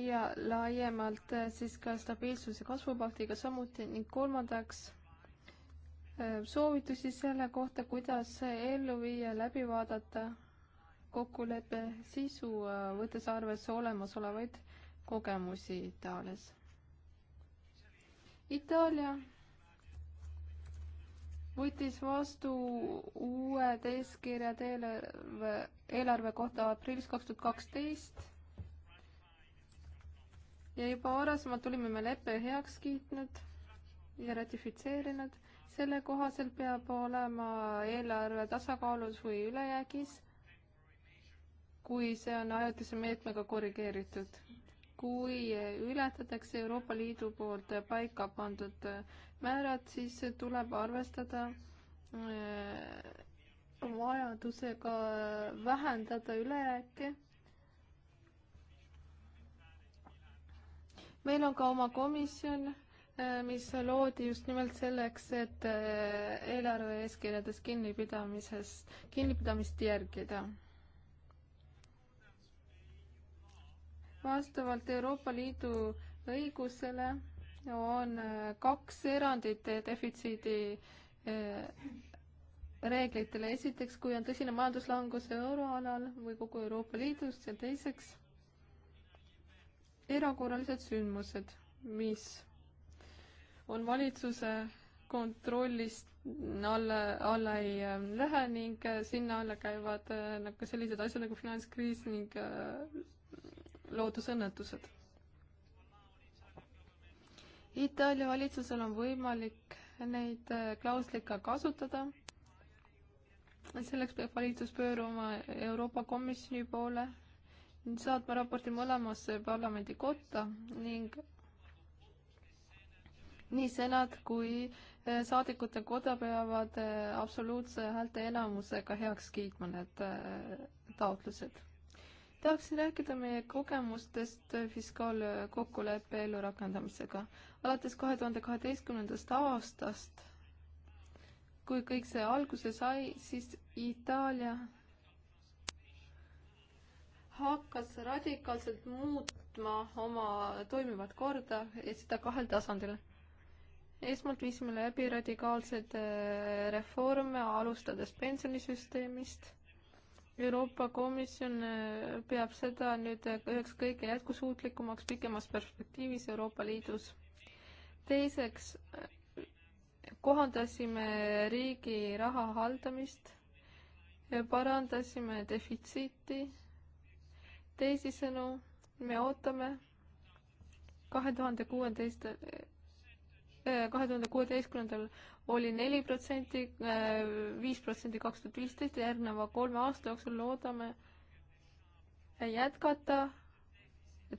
ja laiemalt siis ka stabiilsuse kasvupaktiga samuti ning kolmandaks soovitusi selle kohta, kuidas ellu viia, läbi vaadata kokkuleppe sisu, võttes arvesse olemasolevaid kogemusi Itaalias. Itaalia võttis vastu uued eeskirjad eelarve, eelarve kohta aprillis kaks tuhat kaksteist. ja juba varasemalt olime me leppe heaks kiitnud ja ratifitseerinud. selle kohaselt peab olema eelarve tasakaalus või ülejäägis, kui see on ajutise meetmega korrigeeritud kui ületatakse Euroopa Liidu poolt paika pandud määrad, siis tuleb arvestada äh, vajadusega vähendada ülejääke. meil on ka oma komisjon, äh, mis loodi just nimelt selleks, et äh, eelarve eeskirjades kinnipidamises, kinnipidamist järgida vastavalt Euroopa Liidu õigusele on äh, kaks erandit äh, defitsiidi äh, reeglitele. esiteks, kui on tõsine majanduslangus euroalal või kogu Euroopa Liidus ja teiseks erakorralised sündmused, mis on valitsuse kontrollist alla, alla ei lähe ning sinna alla käivad nagu sellised asjad nagu finantskriis ning loodusõnnetused. Itaalia valitsusel on võimalik neid äh, klausleid ka kasutada. selleks peab valitsus pöörama Euroopa Komisjoni poole, saatma raporti mõlemasse parlamendikotta ning nii senat kui äh, saadikute koda peavad äh, absoluutse häälteenamusega heaks kiitma need taotlused tahaksin rääkida meie kogemustest fiskaalkokkuleppe ellurakendamisega. alates kahe tuhande kaheteistkümnendast aastast, kui kõik see alguse sai, siis Itaalia hakkas radikaalselt muutma oma toimivat korda ja seda kahel tasandil. esmalt viisime läbi radikaalsed eh, reforme, alustades pensionisüsteemist Euroopa Komisjon äh, peab seda nüüd äh, üheks kõige jätkusuutlikumaks pikemas perspektiivis Euroopa Liidus. teiseks äh, kohandasime riigi raha haldamist, parandasime defitsiiti. teisisõnu, me ootame kahe tuhande kuueteist kahe tuhande kuueteistkümnendal oli neli protsenti, äh, viis protsenti kaks tuhat viisteist ja järgneva kolme aasta jooksul loodame jätkata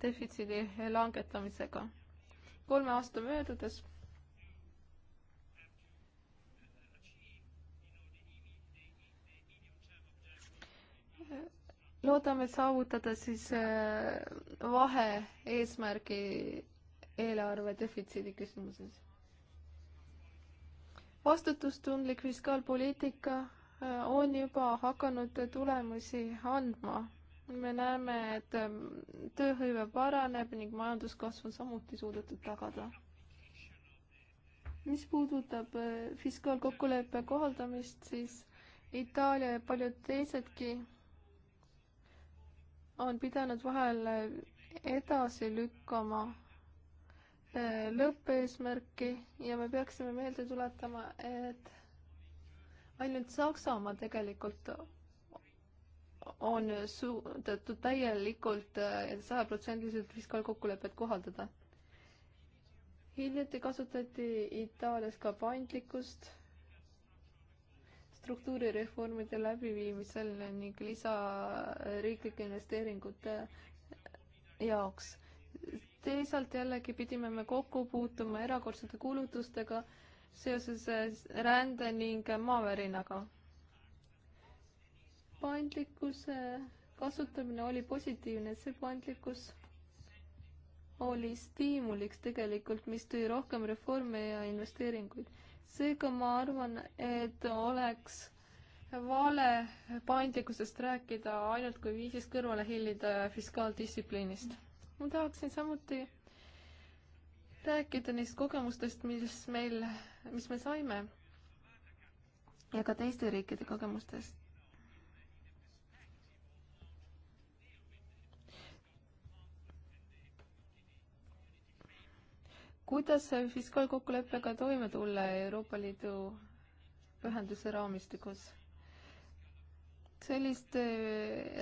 defitsiidi langetamisega. kolme aasta möödudes loodame saavutada siis äh, vahe eesmärgi eelarve defitsiidi küsimuses vastutustundlik fiskaalpoliitika äh, on juba hakanud tulemusi andma. me näeme, et ähm, tööhõive paraneb ning majanduskasv on samuti suudetud tagada. mis puudutab äh, fiskaalkokkuleppe kohaldamist, siis Itaalia ja paljud teisedki on pidanud vahel äh, edasi lükkama lõppeesmärki ja me peaksime meelde tuletama, et ainult Saksamaa tegelikult on suudetud täielikult sajaprotsendiliselt fiskaalkokkulepet kohaldada. hiljuti kasutati Itaalias ka paindlikkust struktuurireformide läbiviimisel ning lisariiklike investeeringute jaoks teisalt jällegi pidime me kokku puutuma erakordsete kulutustega seoses eh, rände ning maavärinaga. paindlikkuse kasutamine oli positiivne, see paindlikkus oli stiimuliks tegelikult, mis tõi rohkem reforme ja investeeringuid. seega ma arvan, et oleks vale paindlikkusest rääkida ainult kui viisist kõrvale hiilida fiskaaldistsiplinist mm ma tahaksin samuti rääkida neist kogemustest, mis meil, mis me saime ja ka teiste riikide kogemustest. kuidas fiskaalkokkuleppega toime tulla Euroopa Liidu ühenduse raamistikus? selliste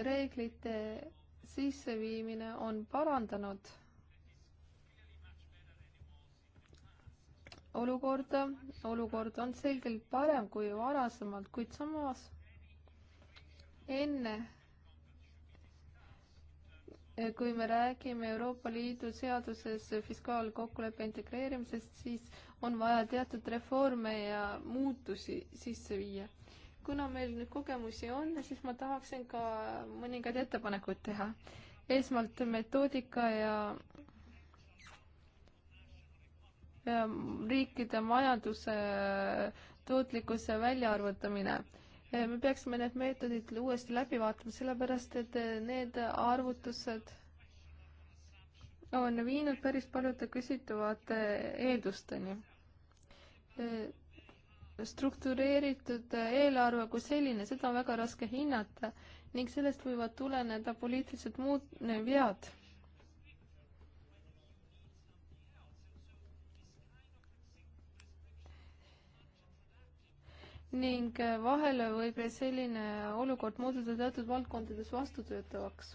reeglite sisseviimine on parandanud olukorda, olukord on selgelt parem kui varasemalt, kuid samas enne, kui me räägime Euroopa Liidu seaduses fiskaalkokkuleppe integreerimisest, siis on vaja teatud reforme ja muutusi sisse viia kuna meil nüüd kogemusi on, siis ma tahaksin ka mõningaid ettepanekuid teha. esmalt metoodika ja riikide majanduse tootlikkuse väljaarvutamine. me peaksime need meetodid uuesti läbi vaatama, sellepärast et need arvutused on viinud päris paljude küsitavate eeldusteni struktureeritud eelarve kui selline, seda on väga raske hinnata ning sellest võivad tuleneda poliitilised muud vead. ning vahel võib selline olukord muutuda teatud valdkondades vastutöötavaks.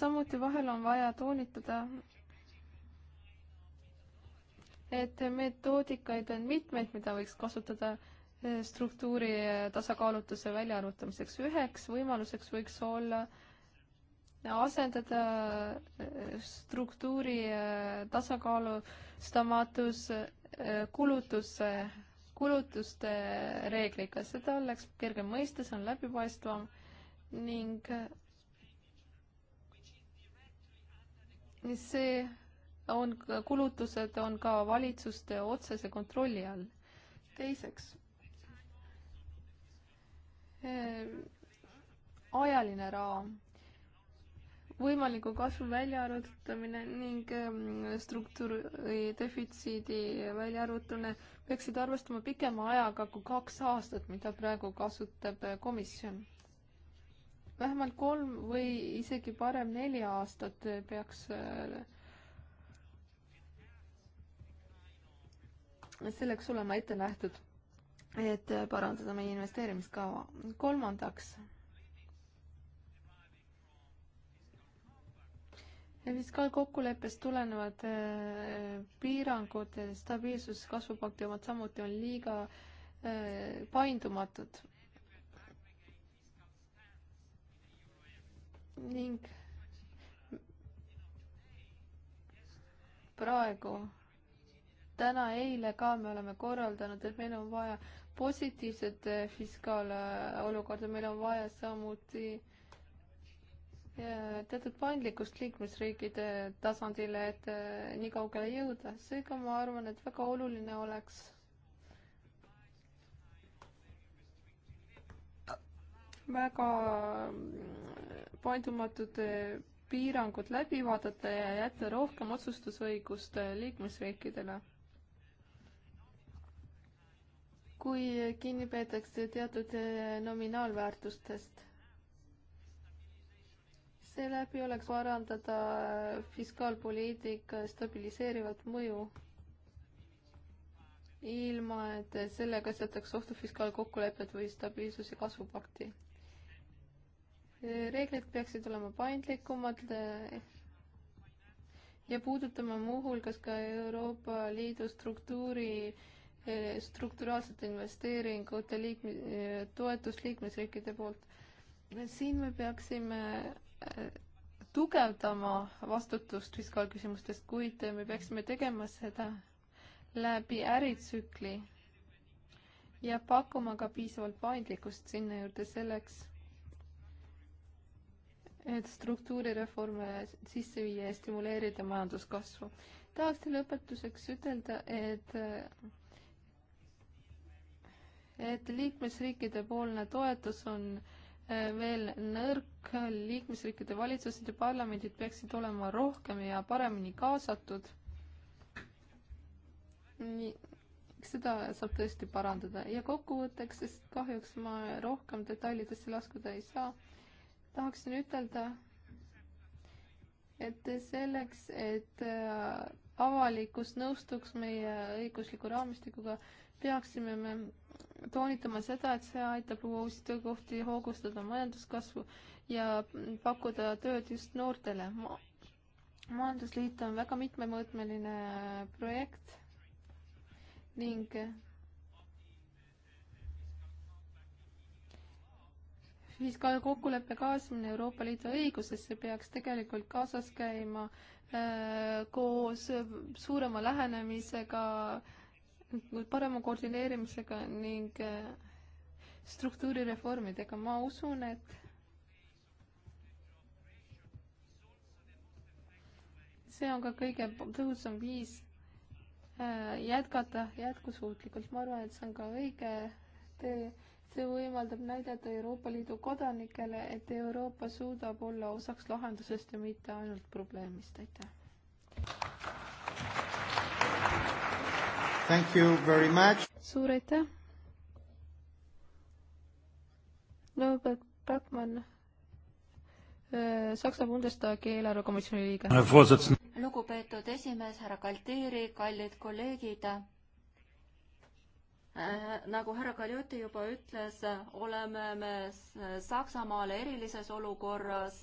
samuti vahel on vaja toonitada, et metoodikaid on mitmeid, mida võiks kasutada e, struktuuri tasakaalutuse väljaarvutamiseks. üheks võimaluseks võiks olla asendada e, struktuuri e, tasakaalustamatus kulutuse, kulutuste reegliga. seda oleks kergem mõista, see on läbipaistvam ning see on, kulutused on ka valitsuste otsese kontrolli all. teiseks, eh, ajaline raam, võimaliku kasvu väljaarvutamine ning eh, struktuuri defitsiidi väljaarvutamine peaksid arvestama pikema ajaga kui kaks aastat, mida praegu kasutab eh, komisjon vähemalt kolm või isegi parem neli aastat peaks selleks olema ette nähtud, et parandada meie investeerimiskava. kolmandaks, fiskaalkokkuleppest tulenevad äh, piirangud, stabiilsus, kasvupakti omad samuti on liiga äh, paindumatud. ning praegu täna, eile ka me oleme korraldanud, et meil on vaja positiivset eh, fiskaalolukorda, meil on vaja samuti eh, teatud paindlikkust liikmesriikide tasandile, et eh, nii kaugele jõuda. seega ma arvan, et väga oluline oleks väga mm, paindumatud piirangud läbi vaadata ja jätta rohkem otsustusõigust liikmesriikidele kui kinni peetakse teatud eh, nominaalväärtustest. seeläbi oleks parandada eh, fiskaalpoliitika stabiliseerivat mõju, ilma et sellega seataks ohtu fiskaalkokkulepet või stabiilsuse kasvupakti. reeglid peaksid olema paindlikumad eh, ja puudutama muuhulgas ka Euroopa Liidu struktuuri äh, strukturaalsete investeeringute liikme, toetust liikmesriikide poolt. siin me peaksime äh, tugevdama vastutust fiskaalküsimustest, kuid me peaksime tegema seda läbi äritsükli ja pakkuma ka piisavalt paindlikkust sinna juurde selleks, et struktuurireforme sisse viia ja stimuleerida majanduskasvu. tahaksin lõpetuseks ütelda, et et liikmesriikide poolne toetus on äh, veel nõrk, liikmesriikide valitsused ja parlamendid peaksid olema rohkem ja paremini kaasatud. nii, seda saab tõesti parandada ja kokkuvõtteks, sest kahjuks ma rohkem detailidesse laskuda ei saa, tahaksin ütelda, et selleks, et äh, avalikkus nõustuks meie õigusliku raamistikuga, peaksime me toonitama seda, et see aitab luua uusi töökohti, hoogustada majanduskasvu ja pakkuda tööd just noortele Ma. majandusliit on väga mitmemõõtmeline äh, projekt ning fiskaalkokkuleppe kaasamine Euroopa Liidu õigusesse peaks tegelikult kaasas käima äh, koos suurema lähenemisega äh, parema koordineerimisega ning äh, struktuurireformidega, ma usun, et see on ka kõige tõhusam viis äh, jätkata jätkusuutlikult, ma arvan, et see on ka õige tee, see võimaldab näidata Euroopa Liidu kodanikele, et Euroopa suudab olla osaks lahendusest ja mitte ainult probleemist, aitäh! suur aitäh. Norbert Backmann, äh, Saksa Bundestagi eelarvekomisjoni liige. lugupeetud esimees, härra Kalteeri, kallid kolleegid äh, nagu härra Kaljuti juba ütles, oleme me Saksamaale erilises olukorras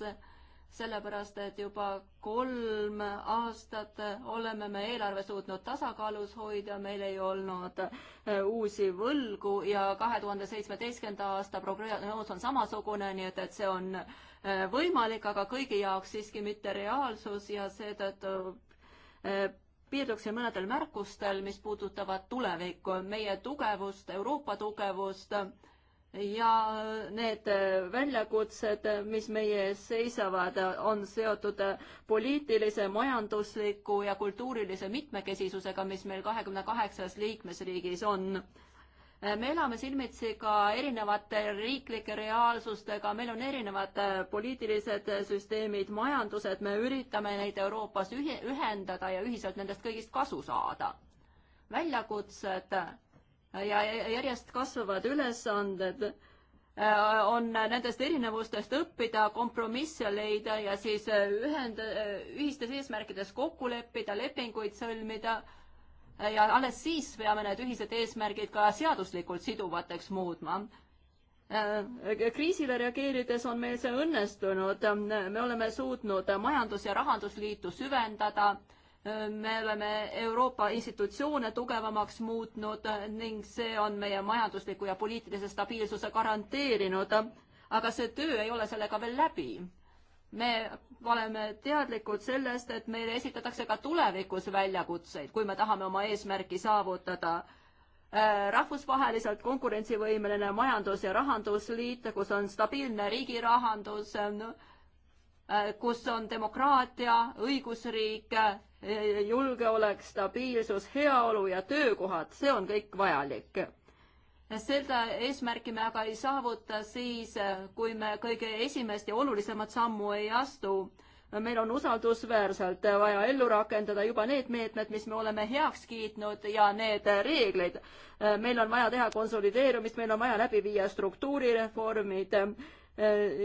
sellepärast et juba kolm aastat oleme me eelarve suutnud tasakaalus hoida, meil ei olnud äh, uusi võlgu ja kahe tuhande seitsmeteistkümnenda aasta prognoos on samasugune, nii et, et see on äh, võimalik, aga kõigi jaoks siiski mitte reaalsus ja seetõttu äh, piirduksin mõnedel märkustel, mis puudutavad tulevikku, meie tugevust, Euroopa tugevust ja äh, need äh, väljakutsed, äh, mis meie ees seisavad, on seotud poliitilise, majandusliku ja kultuurilise mitmekesisusega, mis meil kahekümne kaheksas liikmesriigis on. me elame silmitsi ka erinevate riiklike reaalsustega, meil on erinevad poliitilised süsteemid, majandused, me üritame neid Euroopas ühe, ühendada ja ühiselt nendest kõigist kasu saada. väljakutsed ja järjest kasvavad ülesanded äh, on nendest erinevustest õppida, kompromisse leida ja siis äh, ühend-, äh, ühistes eesmärkides kokku leppida, lepinguid sõlmida ja alles siis peame need ühised eesmärgid ka seaduslikult siduvateks muutma. kriisile reageerides on meil see õnnestunud, me oleme suutnud Majandus- ja Rahandusliitu süvendada me oleme Euroopa institutsioone tugevamaks muutnud ning see on meie majandusliku ja poliitilise stabiilsuse garanteerinud. aga see töö ei ole sellega veel läbi. me oleme teadlikud sellest, et meile esitatakse ka tulevikus väljakutseid, kui me tahame oma eesmärki saavutada äh, rahvusvaheliselt konkurentsivõimeline majandus- ja rahandusliit, kus on stabiilne riigirahandus no,, äh, Äh, kus on demokraatia, õigusriik, äh, julgeolek, stabiilsus, heaolu ja töökohad, see on kõik vajalik. seda eesmärki me aga ei saavuta siis, äh, kui me kõige esimest ja olulisemat sammu ei astu. meil on usaldusväärselt vaja ellu rakendada juba need meetmed, mis me oleme heaks kiitnud ja need reegleid. meil on vaja teha konsolideerumist, meil on vaja läbi viia struktuurireformid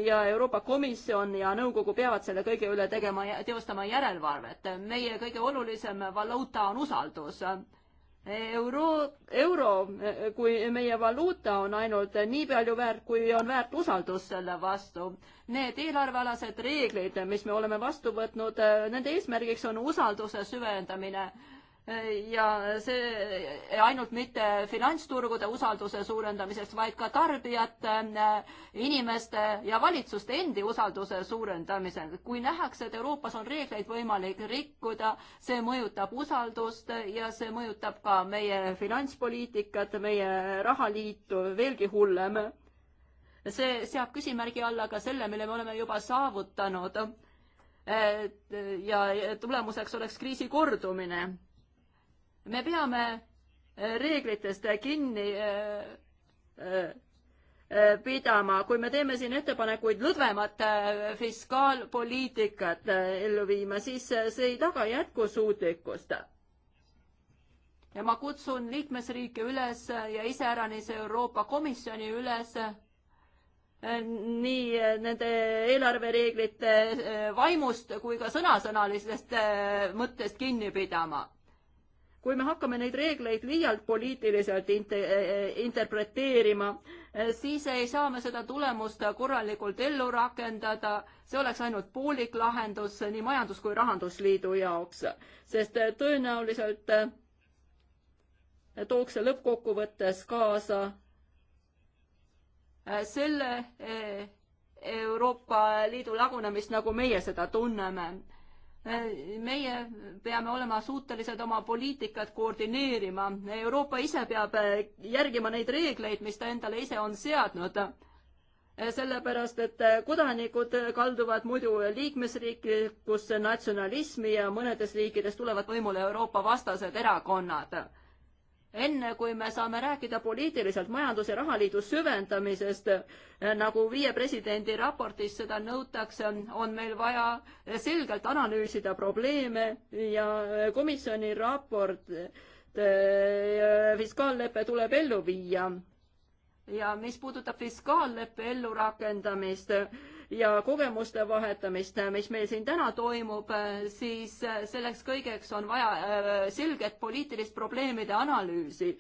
ja Euroopa Komisjon ja nõukogu peavad selle kõige üle tegema, teostama järelevalvet. meie kõige olulisem valuuta on usaldus. Euro, euro kui meie valuuta on ainult nii palju väärt, kui on väärt usaldus selle vastu. Need eelarvealased reeglid, mis me oleme vastu võtnud, nende eesmärgiks on usalduse süvendamine ja see ainult mitte finantsturgude usalduse suurendamiseks, vaid ka tarbijate, inimeste ja valitsuste endi usalduse suurendamiseks. kui nähakse, et Euroopas on reegleid võimalik rikkuda, see mõjutab usaldust ja see mõjutab ka meie finantspoliitikat, meie rahaliitu, veelgi hullem. see seab küsimärgi alla ka selle, mille me oleme juba saavutanud. ja tulemuseks oleks kriisi kordumine me peame äh, reeglitest kinni äh, äh, pidama, kui me teeme siin ettepanekuid lõdvemat fiskaalpoliitikat ellu viima, siis see ei taga jätkusuutlikkust. ja ma kutsun liikmesriike üles ja iseäranis Euroopa Komisjoni üles nii nende eelarvereeglite vaimust kui ka sõnasõnalisest mõttest kinni pidama kui me hakkame neid reegleid liialt poliitiliselt int-, interpreteerima, siis ei saa me seda tulemust korralikult ellu rakendada, see oleks ainult poolik lahendus nii Majandus- kui Rahandusliidu jaoks, sest tõenäoliselt tooks see lõppkokkuvõttes kaasa selle eh, Euroopa Liidu lagunemist, nagu meie seda tunneme Äh, meie peame olema suutelised oma poliitikat koordineerima. Euroopa ise peab äh, järgima neid reegleid, mis ta endale ise on seadnud äh, sellepärast, et kodanikud kalduvad muidu liikmesriiklikkusse natsionalismi ja mõnedes riikides tulevad võimule Euroopa vastased erakonnad enne kui me saame rääkida poliitiliselt majandus- ja rahaliidu süvendamisest, eh, nagu viie presidendi raportis seda nõutakse, on meil vaja selgelt analüüsida probleeme ja eh, komisjoni raport, eh, fiskaallepe tuleb ellu viia. ja mis puudutab fiskaalleppe ellurakendamist, ja kogemuste vahetamist, mis meil siin täna toimub, siis selleks kõigeks on vaja äh, selget poliitilist probleemide analüüsi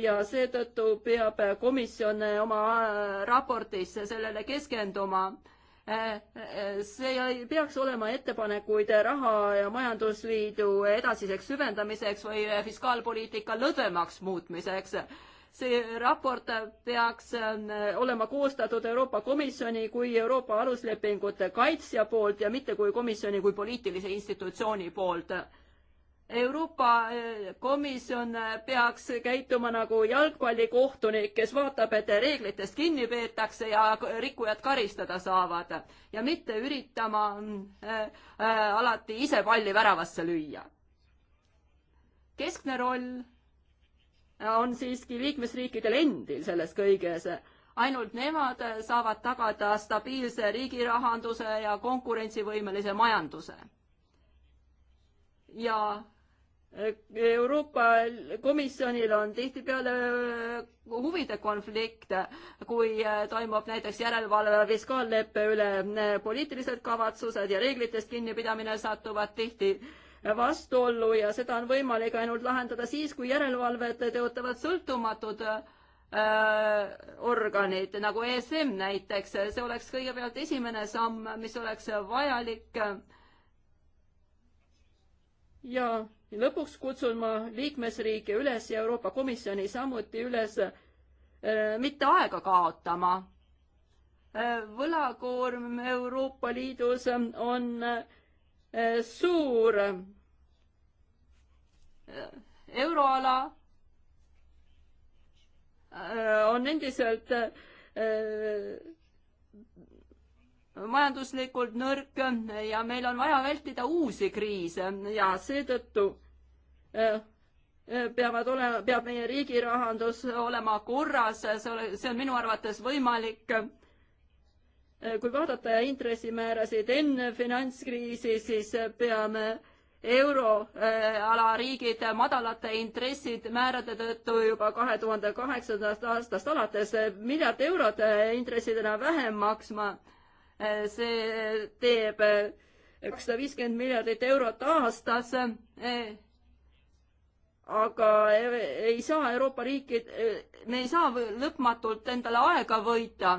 ja seetõttu peab komisjon oma äh, raportis sellele keskenduma äh, see ei peaks olema ettepanekuid raha- ja majandusliidu edasiseks süvendamiseks või fiskaalpoliitika lõdvemaks muutmiseks see raport peaks ähm, olema koostatud Euroopa Komisjoni kui Euroopa aluslepingute kaitsja poolt ja mitte kui komisjoni kui poliitilise institutsiooni poolt. Euroopa äh, Komisjon peaks käituma nagu jalgpallikohtunik, kes vaatab, et reeglitest kinni peetakse ja rikkujad karistada saavad ja mitte üritama äh, äh, alati ise palli väravasse lüüa. keskne roll on siiski liikmesriikidel endil selles kõiges. ainult nemad saavad tagada stabiilse riigirahanduse ja konkurentsivõimelise majanduse. ja Euroopa Komisjonil on tihtipeale huvide konflikt, kui toimub näiteks järelevalve fiskaalleppe üle, poliitilised kavatsused ja reeglitest kinnipidamine satuvad tihti äh, vastuollu ja seda on võimalik ainult lahendada siis, kui järelevalvet teotavad sõltumatud äh, organid nagu ESM näiteks, see oleks kõigepealt esimene samm, mis oleks vajalik. ja lõpuks kutsun ma liikmesriike üles ja Euroopa Komisjoni samuti üles äh, mitte aega kaotama. Äh, võlakoorm Euroopa Liidus on äh, Eh, suur eh, euroala eh, on endiselt majanduslikult nõrk ja meil on vaja vältida uusi kriise ja seetõttu peavad olema, peab meie riigi rahandus olema korras, see on minu arvates võimalik Äh, kui vaadata intressimäärasid enne finantskriisi, siis peame euroala äh, riigid madalate intressimäärade tõttu juba kahe tuhande kaheksandast aastast alates äh, miljard eurot intressidena vähem maksma. see teeb kakssada viiskümmend miljardit eurot aastas aga ei saa Euroopa riikid, me ei saa lõpmatult endale aega võita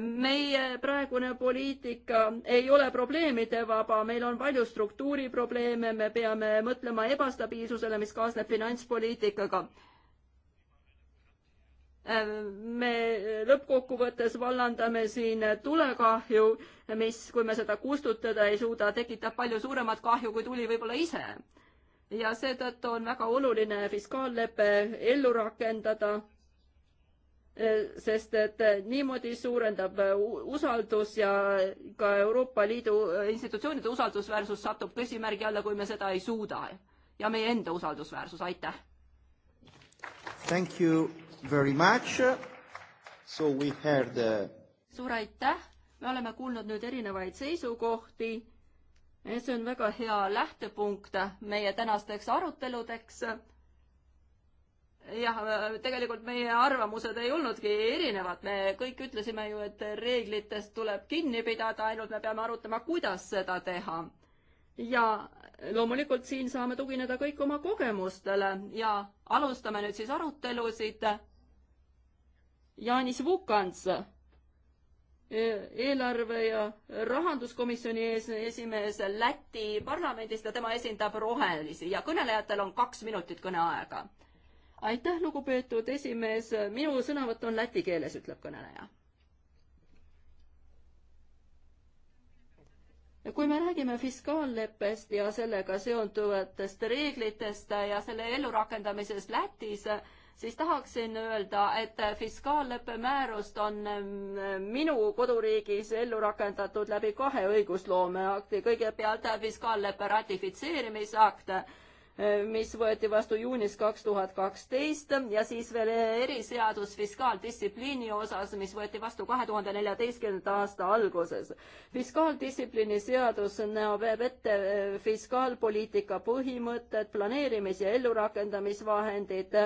meie praegune poliitika ei ole probleemide vaba, meil on palju struktuuriprobleeme, me peame mõtlema ebastabiilsusele, mis kaasneb finantspoliitikaga. me lõppkokkuvõttes vallandame siin tulekahju, mis, kui me seda kustutada ei suuda, tekitab palju suuremat kahju kui tuli võib-olla ise. ja seetõttu on väga oluline fiskaallepe ellu rakendada sest et niimoodi suurendab usaldus ja ka Euroopa Liidu institutsioonide usaldusväärsus satub küsimärgi alla, kui me seda ei suuda. ja meie enda usaldusväärsus, aitäh! Thank you very much. So we heard uh... suur aitäh, me oleme kuulnud nüüd erinevaid seisukohti. see on väga hea lähtepunkt meie tänasteks aruteludeks jah, tegelikult meie arvamused ei olnudki erinevad, me kõik ütlesime ju, et reeglitest tuleb kinni pidada, ainult me peame arutama, kuidas seda teha. ja loomulikult siin saame tugineda kõik oma kogemustele ja alustame nüüd siis arutelusid. Jaanis Vukants, e, eelarve ja rahanduskomisjoni ees, esimees Läti parlamendist ja tema esindab rohelisi ja kõnelejatel on kaks minutit kõneaega aitäh, lugupeetud esimees, minu sõnavõtt on läti keeles, ütleb kõneleja. kui me räägime fiskaalleppest ja sellega seonduvatest reeglitest ja selle ellurakendamisest Lätis, siis tahaksin öelda, et fiskaalleppe määrust on mm, minu koduriigis ellu rakendatud läbi kahe õigusloomeakti, kõigepealt fiskaalleppe ratifitseerimisakt mis võeti vastu juunis kaks tuhat kaksteist ja siis veel eriseadus fiskaaldistsipliini osas, mis võeti vastu kahe tuhande neljateistkümnenda aasta alguses. fiskaaldistsipliini seadus näeb ette eh, fiskaalpoliitika põhimõtted, planeerimis- ja ellurakendamisvahendid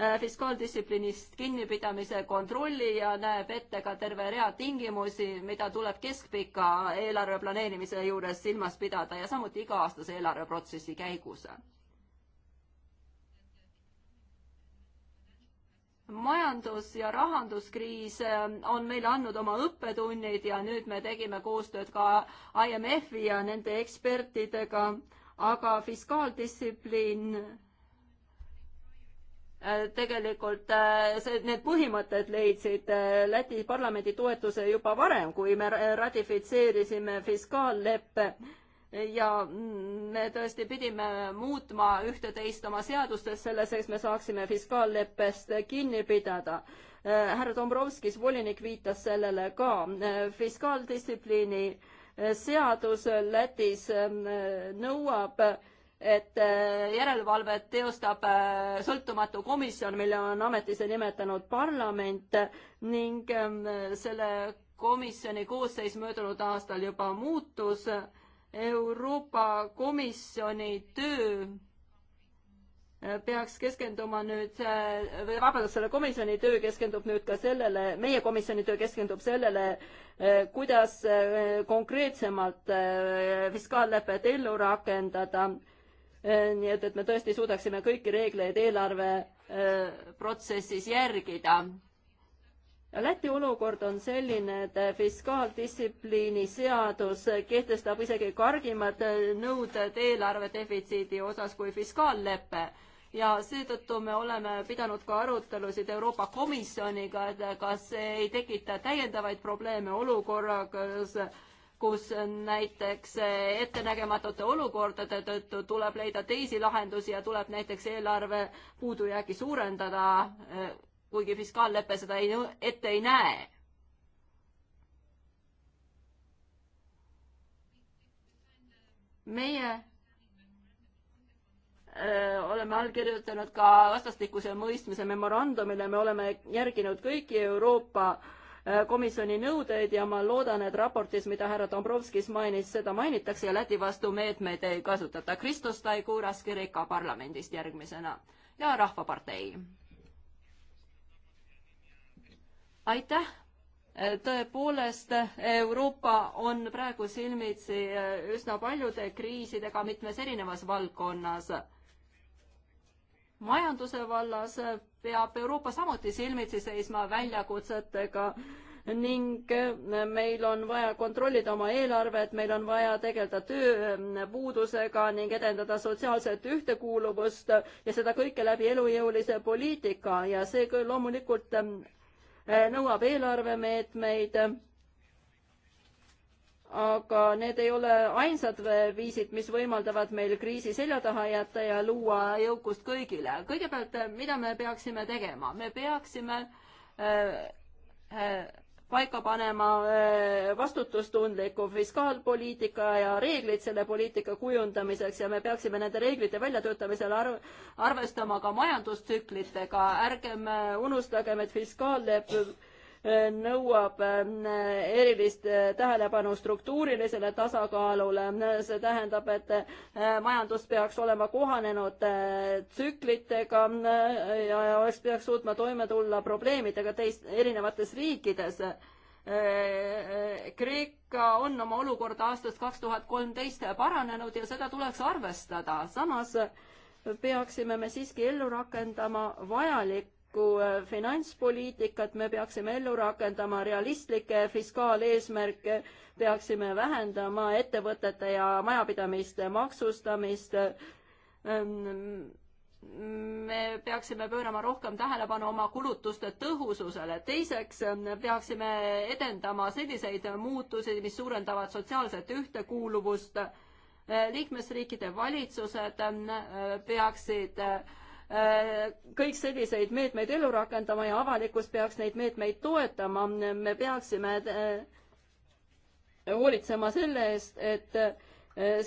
Äh, fiskaaldistsiplinist kinnipidamise kontrolli ja näeb ette ka terve rea tingimusi, mida tuleb keskpika eelarve planeerimise juures silmas pidada ja samuti iga-aastase eelarveprotsessi käigus majandus- ja rahanduskriis äh, on meile andnud oma õppetunnid ja nüüd me tegime koostööd ka IMF-i ja nende ekspertidega, aga fiskaaldistsipliin Äh, tegelikult äh, see, need põhimõtted leidsid äh, Läti parlamendi toetuse juba varem, kui me ratifitseerisime fiskaalleppe ja me tõesti pidime muutma ühte-teist oma seadustes selles, et me saaksime fiskaalleppest kinni pidada. härra Dombrovskis, volinik viitas sellele ka. fiskaaldistsipliini seadus Lätis ähm, nõuab äh, et äh, järelevalvet teostab äh, sõltumatu komisjon, mille on ametisse nimetanud parlament ning ähm, selle komisjoni koosseis möödunud aastal juba muutus. Euroopa Komisjoni töö äh, peaks keskenduma nüüd või vabandust, selle komisjoni töö keskendub nüüd ka sellele, meie komisjoni töö keskendub sellele, kuidas konkreetsemalt fiskaallepet ellu rakendada Äh, nii et, et me tõesti suudaksime kõiki reegleid eelarveprotsessis äh, järgida. Läti olukord on selline, et fiskaaldistsipliini seadus kehtestab isegi kargimad nõuded eelarve defitsiidi osas kui fiskaallepe ja seetõttu me oleme pidanud ka arutelusid Euroopa Komisjoniga, et kas ei tekita täiendavaid probleeme olukorraga, kus kus näiteks ettenägematute olukordade tõttu tuleb leida teisi lahendusi ja tuleb näiteks eelarve puudujäägi suurendada, kuigi fiskaallepe seda ei, ette ei näe. meie äh, oleme allkirjutanud ka vastastikuse mõistmise memorandumile, me oleme järginud kõiki Euroopa äh, Äh, komisjoni nõudeid ja ma loodan, et raportis, mida härra Dombrovskis mainis, seda mainitakse ja Läti vastu meetmeid ei kasutata. Kristus Taiguras Kreeka parlamendist järgmisena ja Rahvapartei. aitäh! Äh, tõepoolest, Euroopa on praegu silmitsi äh, üsna paljude kriisidega mitmes erinevas valdkonnas. majanduse vallas peab Euroopa samuti silmitsi seisma väljakutsetega ning eh, meil on vaja kontrollida oma eelarvet, meil on vaja tegeleda tööpuudusega ning edendada sotsiaalset ühtekuuluvust ja seda kõike läbi elujõulise poliitika ja see loomulikult eh, nõuab eelarvemeetmeid aga need ei ole ainsad viisid, mis võimaldavad meil kriisi selja taha jätta ja luua jõukust kõigile. kõigepealt, mida me peaksime tegema? me peaksime äh, äh, paika panema äh, vastutustundliku fiskaalpoliitika ja reeglid selle poliitika kujundamiseks ja me peaksime nende reeglite väljatöötamisel arv, arvestama ka majandustsüklitega. ärgem äh, unustagem, et fiskaalne nõuab eh, erilist eh, tähelepanu struktuurilisele tasakaalule, see tähendab, et eh, majandus peaks olema kohanenud tsüklitega ja oleks, peaks suutma toime tulla probleemidega teist, erinevates riikides Kreeka on oma olukorda aastast kaks tuhat kolmteist paranenud ja seda tuleks arvestada. samas peaksime me siiski ellu rakendama vajalik mõistlikku äh, finantspoliitikat, me peaksime ellu rakendama realistlikke fiskaaleesmärke, peaksime vähendama ettevõtete ja majapidamiste maksustamist, ähm, me peaksime pöörama rohkem tähelepanu oma kulutuste tõhususele, teiseks ähm, peaksime edendama selliseid muutusi, mis suurendavad sotsiaalset ühtekuuluvust, äh, liikmesriikide valitsused ähm, äh, peaksid äh, Äh, kõik selliseid meetmeid ellu rakendama ja avalikkus peaks neid meetmeid toetama. me peaksime äh, hoolitsema selle eest, et äh,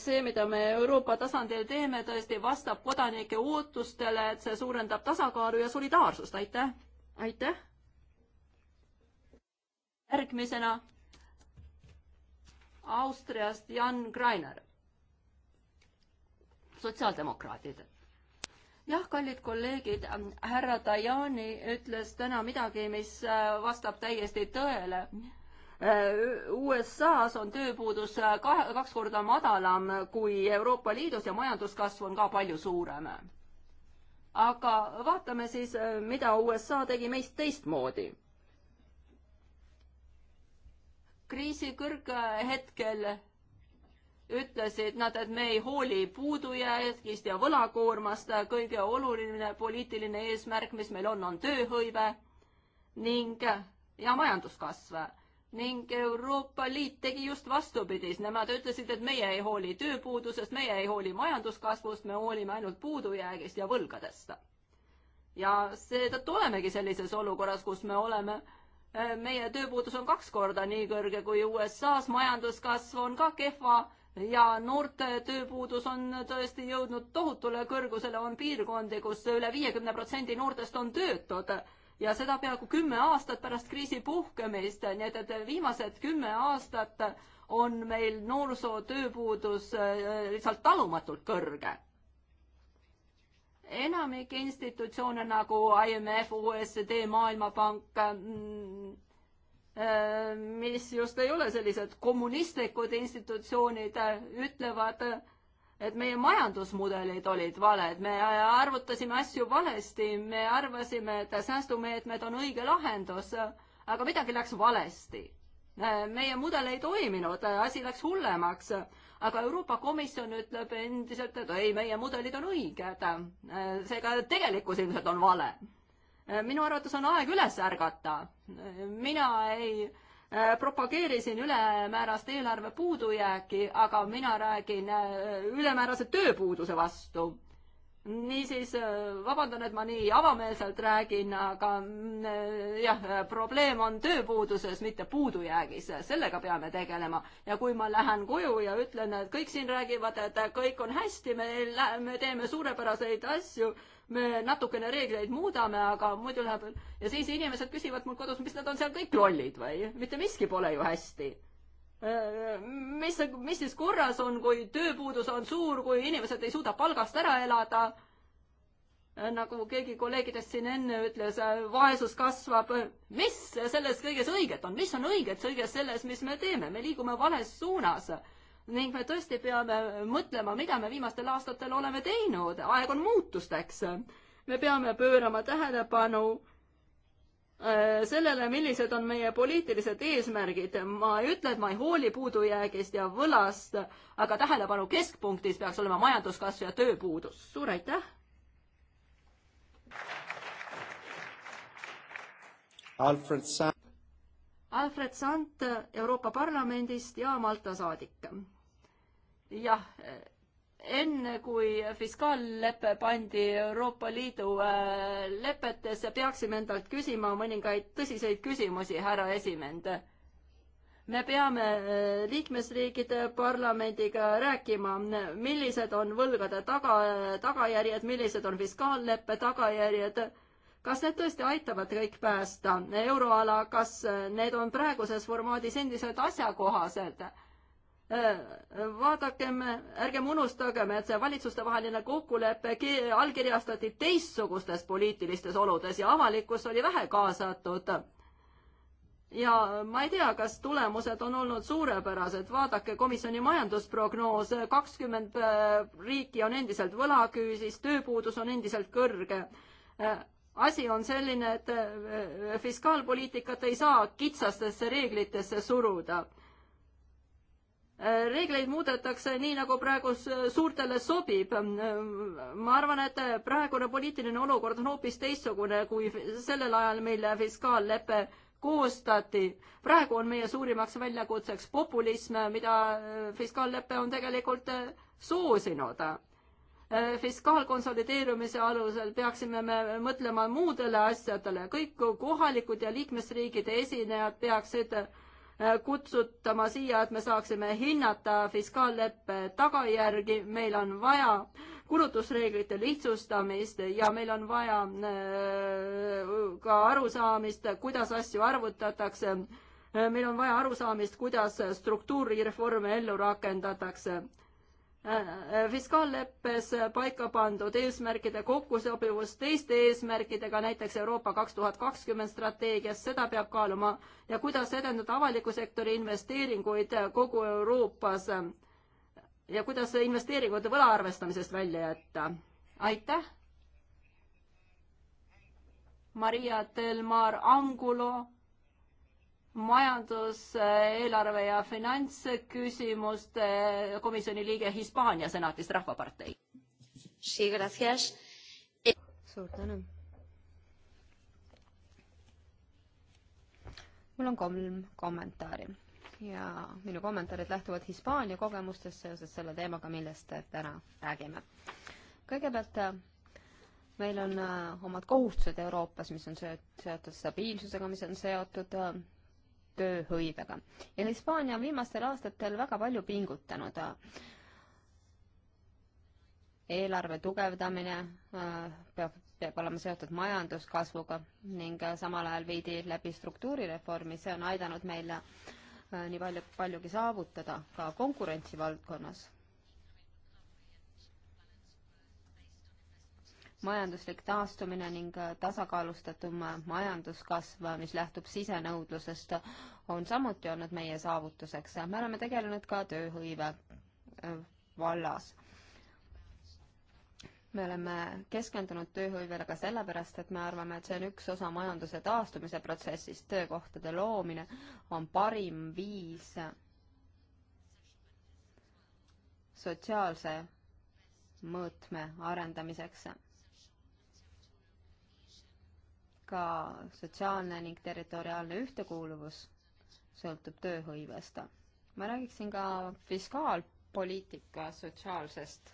see, mida me Euroopa tasandil teeme, tõesti vastab kodanike ootustele, et see suurendab tasakaalu ja solidaarsust, aitäh. aitäh. järgmisena Austriast Jan Greiner, sotsiaaldemokraadid jah, kallid kolleegid, härra Tajani ütles täna midagi, mis äh, vastab täiesti tõele. Äh, USA-s on tööpuudus äh, kahe, kaks korda madalam kui Euroopa Liidus ja majanduskasv on ka palju suurem. aga vaatame siis, mida USA tegi meist teistmoodi. kriisi kõrghetkel ütlesid nad, et me ei hooli puudujäägist ja võlakoormast, kõige oluline poliitiline eesmärk, mis meil on, on tööhõive ning, ja majanduskasv. ning Euroopa Liit tegi just vastupidis, nemad ütlesid, et meie ei hooli tööpuudusest, meie ei hooli majanduskasvust, me hoolime ainult puudujäägist ja võlgadest. ja seetõttu olemegi sellises olukorras, kus me oleme meie tööpuudus on kaks korda nii kõrge kui USA-s, majanduskasv on ka kehva ja noorte tööpuudus on tõesti jõudnud tohutule kõrgusele, on piirkondi, kus üle viiekümne protsendi noortest on töötud ja seda peaaegu kümme aastat pärast kriisi puhkemist, nii et, et viimased kümme aastat on meil noorsootööpuudus äh, lihtsalt talumatult kõrge. enamik institutsioone nagu IMF, OSCD, Maailmapank mm, Äh, mis just ei ole sellised kommunistlikud institutsioonid, äh, ütlevad, et meie majandusmudelid olid valed, me arvutasime asju valesti, me arvasime, et säästumeetmed on õige lahendus, aga midagi läks valesti. Äh, meie mudel ei toiminud, asi läks hullemaks, aga Euroopa Komisjon ütleb endiselt, et ei, meie mudelid on õiged. seega tegelikkus ilmselt on vale Äh, minu arvates on aeg üles ärgata. mina ei äh, propageerisin ülemäärast eelarve puudujääki, aga mina räägin äh, ülemäärase tööpuuduse vastu niisiis vabandan, et ma nii avameelselt räägin, aga jah, probleem on tööpuuduses, mitte puudujäägis, sellega peame tegelema. ja kui ma lähen koju ja ütlen, et kõik siin räägivad, et kõik on hästi, me, me teeme suurepäraseid asju, me natukene reegleid muudame, aga muidu läheb ja siis inimesed küsivad mul kodus, mis nad on seal kõik lollid või, mitte miski pole ju hästi äh, mis, mis siis korras on, kui tööpuudus on suur, kui inimesed ei suuda palgast ära elada? Äh, nagu keegi kolleegidest siin enne ütles, äh, vaesus kasvab. mis selles kõiges õiget on, mis on õiget kõiges selles, mis me teeme, me liigume vales suunas ning me tõesti peame mõtlema, mida me viimastel aastatel oleme teinud, aeg on muutusteks. me peame pöörama tähelepanu äh, sellele, millised on meie poliitilised eesmärgid. ma ei ütle, et ma ei hooli puudujäägist ja võlast, aga tähelepanu keskpunktis peaks olema majanduskasv ja tööpuudus. suur aitäh! Alfred Sant. Alfred Sant Euroopa Parlamendist ja Malta saadik jah, enne kui fiskaallepe pandi Euroopa Liidu äh, lepetesse, peaksime endalt küsima mõningaid tõsiseid küsimusi, härra esimend. me peame äh, liikmesriikide parlamendiga rääkima, millised on võlgade taga, tagajärjed, millised on fiskaalleppe tagajärjed kas need tõesti aitavad kõik päästa, euroala, kas äh, need on praeguses formaadis endiselt asjakohased? Äh, vaadakem, ärgem unustagem, et see valitsustevaheline kokkulepe allkirjastati teistsugustes poliitilistes oludes ja avalikkus oli vähe kaasatud. ja ma ei tea, kas tulemused on olnud suurepärased, vaadake komisjoni majandusprognoos, kakskümmend äh, riiki on endiselt võlaküüsis, tööpuudus on endiselt kõrge äh, asi on selline, et fiskaalpoliitikat ei saa kitsastesse reeglitesse suruda Äh, reegleid muudetakse nii, nagu praegu äh, suurtele sobib. Äh, ma arvan, et praegune poliitiline olukord on hoopis teistsugune, kui sellel ajal meil fiskaallepe koostati. praegu on meie suurimaks väljakutseks populism, mida fiskaallepe on tegelikult soosinud fiskaalkonsolideerumise alusel peaksime me mõtlema muudele asjadele, kõik kohalikud ja liikmesriigide esinejad peaksid äh, Äh, kutsutama siia, et me saaksime hinnata fiskaalleppe tagajärgi, meil on vaja kulutusreeglite lihtsustamist ja meil on vaja äh, ka arusaamist, kuidas asju arvutatakse. Äh, meil on vaja arusaamist, kuidas struktuurireforme ellu rakendatakse Äh, fiskaalleppes paika pandud eesmärkide kokkusobivus teiste eesmärkidega, näiteks Euroopa kaks tuhat kakskümmend strateegias, seda peab kaaluma ja kuidas edendada avaliku sektori investeeringuid kogu Euroopas ja kuidas investeeringud võla arvestamisest välja jätta. aitäh. Maria Delmar Angulo majandus, eelarve ja finantsküsimuste komisjoni liige Hispaania senatist Rahvapartei. Eh, suur tänu. mul on kolm kommentaari ja minu kommentaarid lähtuvad Hispaania kogemustest seoses selle teemaga, millest täna räägime. kõigepealt meil on äh, omad kohustused Euroopas, mis on seotud stabiilsusega, mis on seotud äh, tööhõivega. ja Hispaania on viimastel aastatel väga palju pingutanud. eelarve tugevdamine äh, peab, peab olema seotud majanduskasvuga ning äh, samal ajal viidi läbi struktuurireformi, see on aidanud meil äh, nii palju, paljugi saavutada ka konkurentsivaldkonnas majanduslik taastumine ning äh, tasakaalustatum äh, majanduskasv, äh, mis lähtub sisenõudlusest, on samuti olnud meie saavutuseks. me oleme tegelenud ka tööhõive vallas. me oleme keskendunud tööhõivele ka sellepärast, et me arvame, et see on üks osa majanduse taastumise protsessist, töökohtade loomine on parim viis sotsiaalse mõõtme arendamiseks ka sotsiaalne ning territoriaalne ühtekuuluvus sõltub tööhõivest. ma räägiksin ka fiskaalpoliitika sotsiaalsest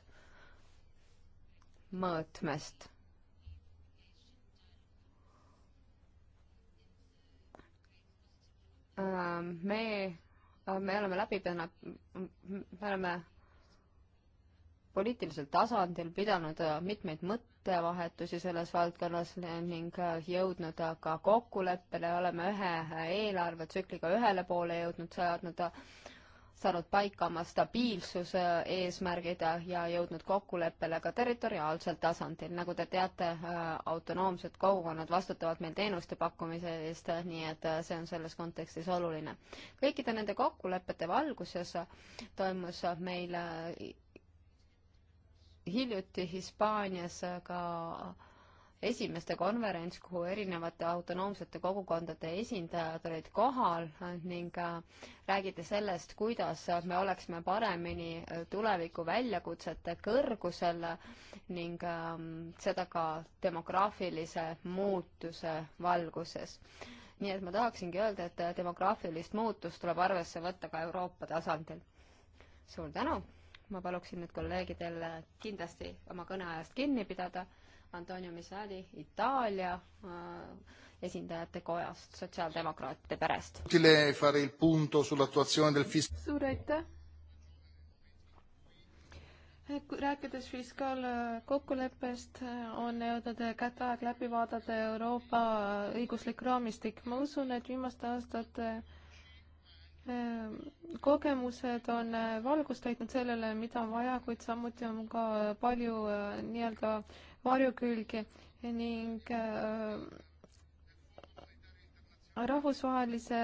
mõõtmest. me, me oleme läbi pidanud, me oleme poliitilisel tasandil pidanud mitmeid mõtteid, mõttevahetusi selles valdkonnas ning äh, jõudnud äh, ka kokkuleppele, oleme ühe äh, eelarvetsükliga ühele poole jõudnud, saanud, saanud paika oma stabiilsuse eesmärgid ja jõudnud kokkuleppele ka territoriaalsel tasandil. nagu te teate, autonoomsed kogukonnad vastutavad meil teenuste pakkumise eest, nii et see on selles kontekstis oluline. kõikide nende kokkulepete valguses toimus meil hiljuti Hispaanias ka esimeste konverents, kuhu erinevate autonoomsete kogukondade esindajad olid kohal ning äh, räägiti sellest, kuidas me oleksime paremini äh, tuleviku väljakutsete kõrgusel ning ähm, seda ka demograafilise muutuse valguses. nii et ma tahaksingi öelda, et äh, demograafilist muutust tuleb arvesse võtta ka Euroopa tasandil. suur tänu! ma paluksin nüüd kolleegidel kindlasti oma kõneajast kinni pidada. Antonio Misali Itaalia äh, esindajate kojast, sotsiaaldemokraatide perest. suur aitäh! rääkides fiskaalkokkuleppest, on jõudnud kätte aeg läbi vaadata Euroopa õiguslik raamistik. ma usun, et viimaste aastate kogemused on valgust heitnud sellele, mida on vaja, kuid samuti on ka palju äh, nii-öelda varjukülgi ning äh, rahvusvahelise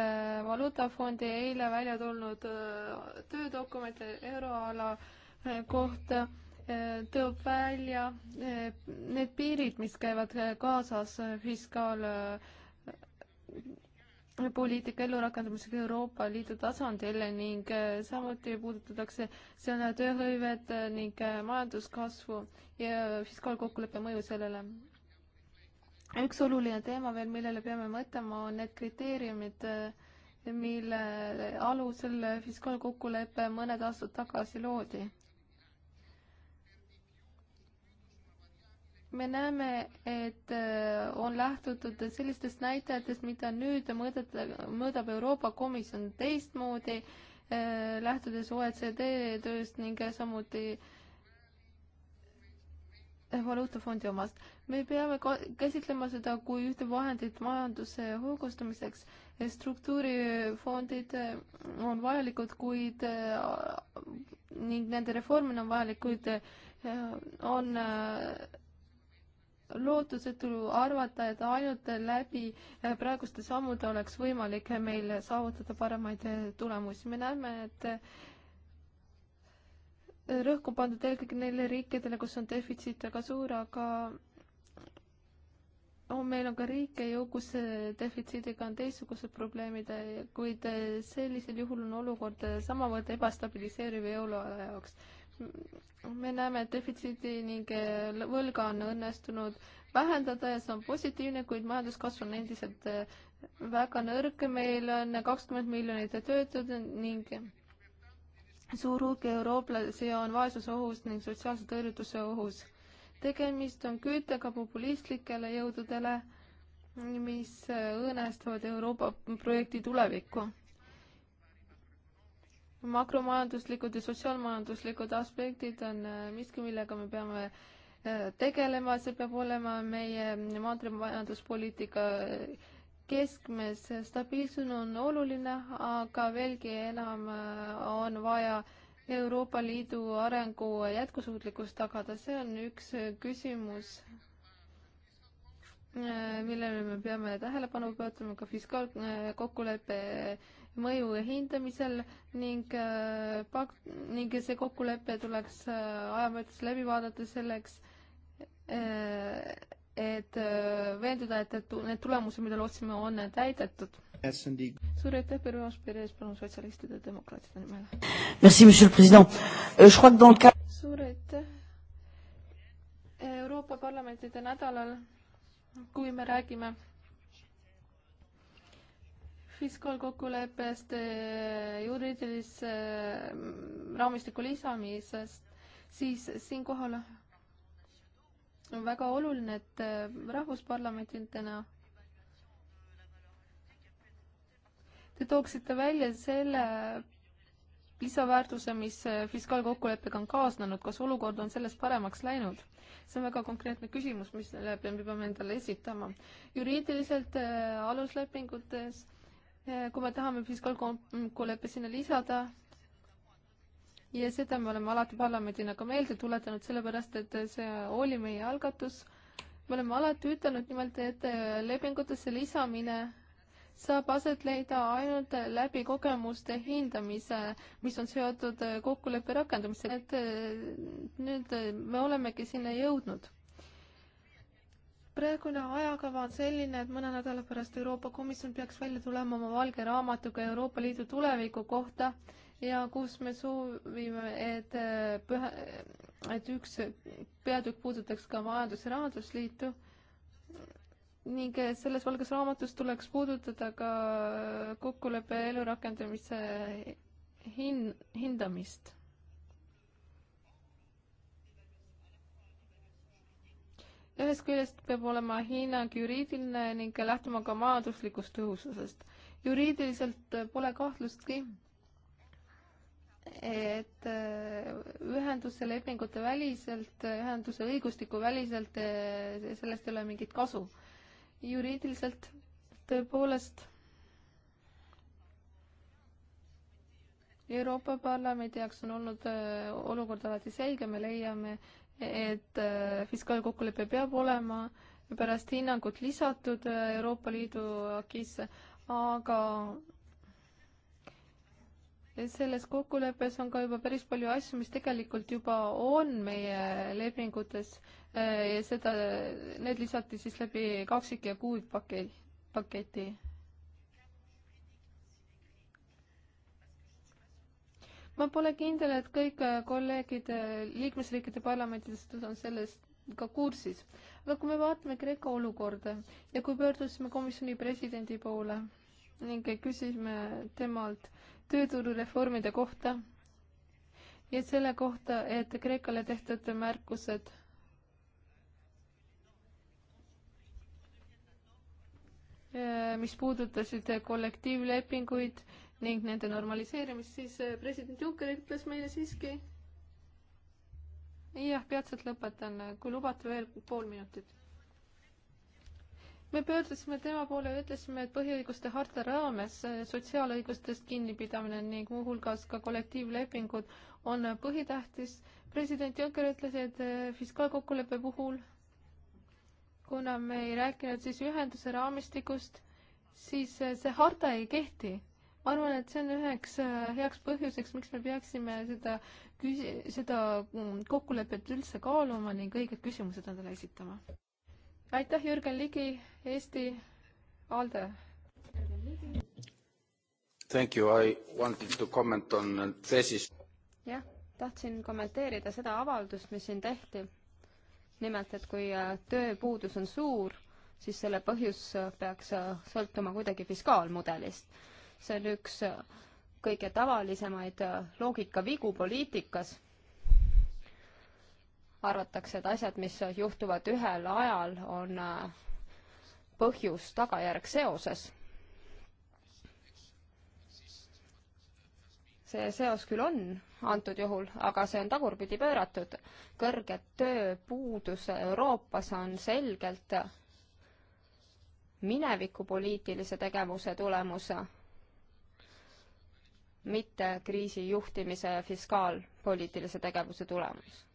valuutafondi eile välja tulnud äh, töödokument euroala kohta toob välja need piirid, mis käivad kaasas fiskaal poliitika ellurakendamisega Euroopa Liidu tasandil ning äh, samuti puudutatakse seal tööhõivet ning äh, majanduskasvu ja fiskaalkokkuleppe mõju sellele. üks oluline teema veel, millele peame mõtlema, on need kriteeriumid, äh, mille alusel fiskaalkokkulepe mõned aastad tagasi loodi me näeme, et äh, on lähtutud sellistest näitajatest, mida nüüd mõõdeta, mõõdab Euroopa Komisjon teistmoodi, äh, lähtudes OECD tööst ning samuti valuutafondi omast. me peame käsitlema seda kui ühte vahendit majanduse hoogustamiseks. struktuurifondid äh, on vajalikud, kuid ning nende reformina on vajalik, kuid on lootusetu arvata, et ainult läbi eh, praeguste sammude oleks võimalik meil saavutada paremaid eh, tulemusi. me näeme, et eh, rõhku pandud eelkõige neile riikidele, kus on defitsiit väga suur, aga on, meil on ka riike ju, kus defitsiidiga on teistsugused probleemid, kuid sellisel juhul on olukord samavõrd ebastabiliseeriv euroala jaoks me näeme, et defitsiidi ning eh, võlga on õnnestunud vähendada ja see on positiivne, kuid majanduskasv on endiselt eh, väga nõrk, meil on kakskümmend miljonit töötut ning suur hulk eurooplasi on vaesuse ohus ning sotsiaalse tõrjutuse ohus. tegemist on küttega populistlikele jõududele, mis eh, õõnestavad Euroopa projekti tulevikku makromajanduslikud ja sotsiaalmajanduslikud aspektid on äh, miski, millega me peame äh, tegelema, see peab olema meie maanteemajanduspoliitika äh, keskmes. stabiilsus on oluline, aga veelgi enam on vaja Euroopa Liidu arengu jätkusuutlikkust tagada, see on üks küsimus, millele me peame tähelepanu pöörama, ka fiskaalkokkulepe äh, mõju hindamisel ning äh, pak-, ning see kokkulepe tuleks äh, ajamõttes läbi vaadata selleks, äh, et veenduda, et, et need tulemused, mida lootsime, on täidetud. suur aitäh, Pervõi Asperges, palun sotsialistide ja demokraatide nimel. Euh, suur aitäh. Euroopa Parlamentide nädalal, kui me räägime fiskaalkokkuleppest, eh, juriidilise mm, raamistiku lisamisest, siis siinkohal on väga oluline, et eh, rahvusparlamentidena te tooksite välja selle lisaväärtuse, mis eh, fiskaalkokkuleppega on kaasnenud, kas olukord on sellest paremaks läinud? see on väga konkreetne küsimus, mis me peame endale esitama. juriidiliselt aluslepingutes äh, Eh, kui me tahame fiskaalkokkuleppe sinna lisada ja seda me oleme alati parlamendina ka meelde tuletanud, sellepärast et see oli meie algatus. me oleme alati ütelnud nimelt, et lepingutesse lisamine saab aset leida ainult läbi kogemuste hindamise, mis on seotud kokkuleppe rakendamisega, et eh, nüüd me olemegi sinna jõudnud praegune ajakava on selline, et mõne nädala pärast Euroopa Komisjon peaks välja tulema oma valge raamatuga Euroopa Liidu tuleviku kohta ja kus me soovime, et äh, püha, et üks peatükk puudutaks ka majandus- ja rahandusliitu ning äh, selles valges raamatus tuleks puudutada ka äh, kokkuleppe elurakendamise hin-, hindamist ühest küljest peab olema hinnang juriidiline ning lähtuma ka majanduslikust tõhususest. juriidiliselt pole kahtlustki, et äh, ühenduse lepingute väliselt, ühenduse õigustiku väliselt, äh, sellest ei ole mingit kasu. juriidiliselt tõepoolest Euroopa Parlamendi jaoks on olnud äh, olukord alati selge, me leiame, et äh, fiskaalkokkulepe peab olema pärast hinnangut lisatud äh, Euroopa Liidu akisse, aga selles kokkuleppes on ka juba päris palju asju, mis tegelikult juba on meie lepingutes äh, ja seda, need lisati siis läbi kaksik- ja kuupaketi, paketi. ma pole kindel, et kõik äh, kolleegid äh, liikmesriikide parlamentidest on sellest ka kursis, aga kui me vaatame Kreeka olukorda ja kui pöördusime komisjoni presidendi poole ning küsisime temalt tööturureformide kohta ja selle kohta, et Kreekale tehtud märkused äh, mis puudutasid kollektiivlepinguid ning nende normaliseerimist, siis äh, president Juncker ütles meile siiski. jah, peatselt lõpetan, kui lubate veel pool minutit. me pöördusime tema poole ja ütlesime, et põhiõiguste harta raames äh, sotsiaalõigustest kinnipidamine ning muuhulgas ka kollektiivlepingud on äh, põhitähtis. president Juncker ütles, et fiskaalkokkuleppe puhul, kuna me ei rääkinud siis ühenduse raamistikust, siis see harta ei kehti ma arvan, et see on üheks äh, heaks põhjuseks, miks me peaksime seda küsi-, seda mm, kokkulepet üldse kaaluma ning õiged küsimused endale esitama. aitäh, Jürgen Ligi, Eesti ALDE. Thank you, I wanted to comment on thesis. jah, tahtsin kommenteerida seda avaldust, mis siin tehti. nimelt, et kui äh, tööpuudus on suur, siis selle põhjus äh, peaks sõltuma kuidagi fiskaalmudelist see on üks kõige tavalisemaid loogikavigu poliitikas. arvatakse, et asjad, mis juhtuvad ühel ajal, on äh, põhjus-tagajärg seoses. see seos küll on antud juhul, aga see on tagurpidi pööratud. kõrge tööpuudus Euroopas on selgelt minevikupoliitilise tegevuse tulemus mitte kriisi juhtimise fiskaalpoliitilise tegevuse tulemus.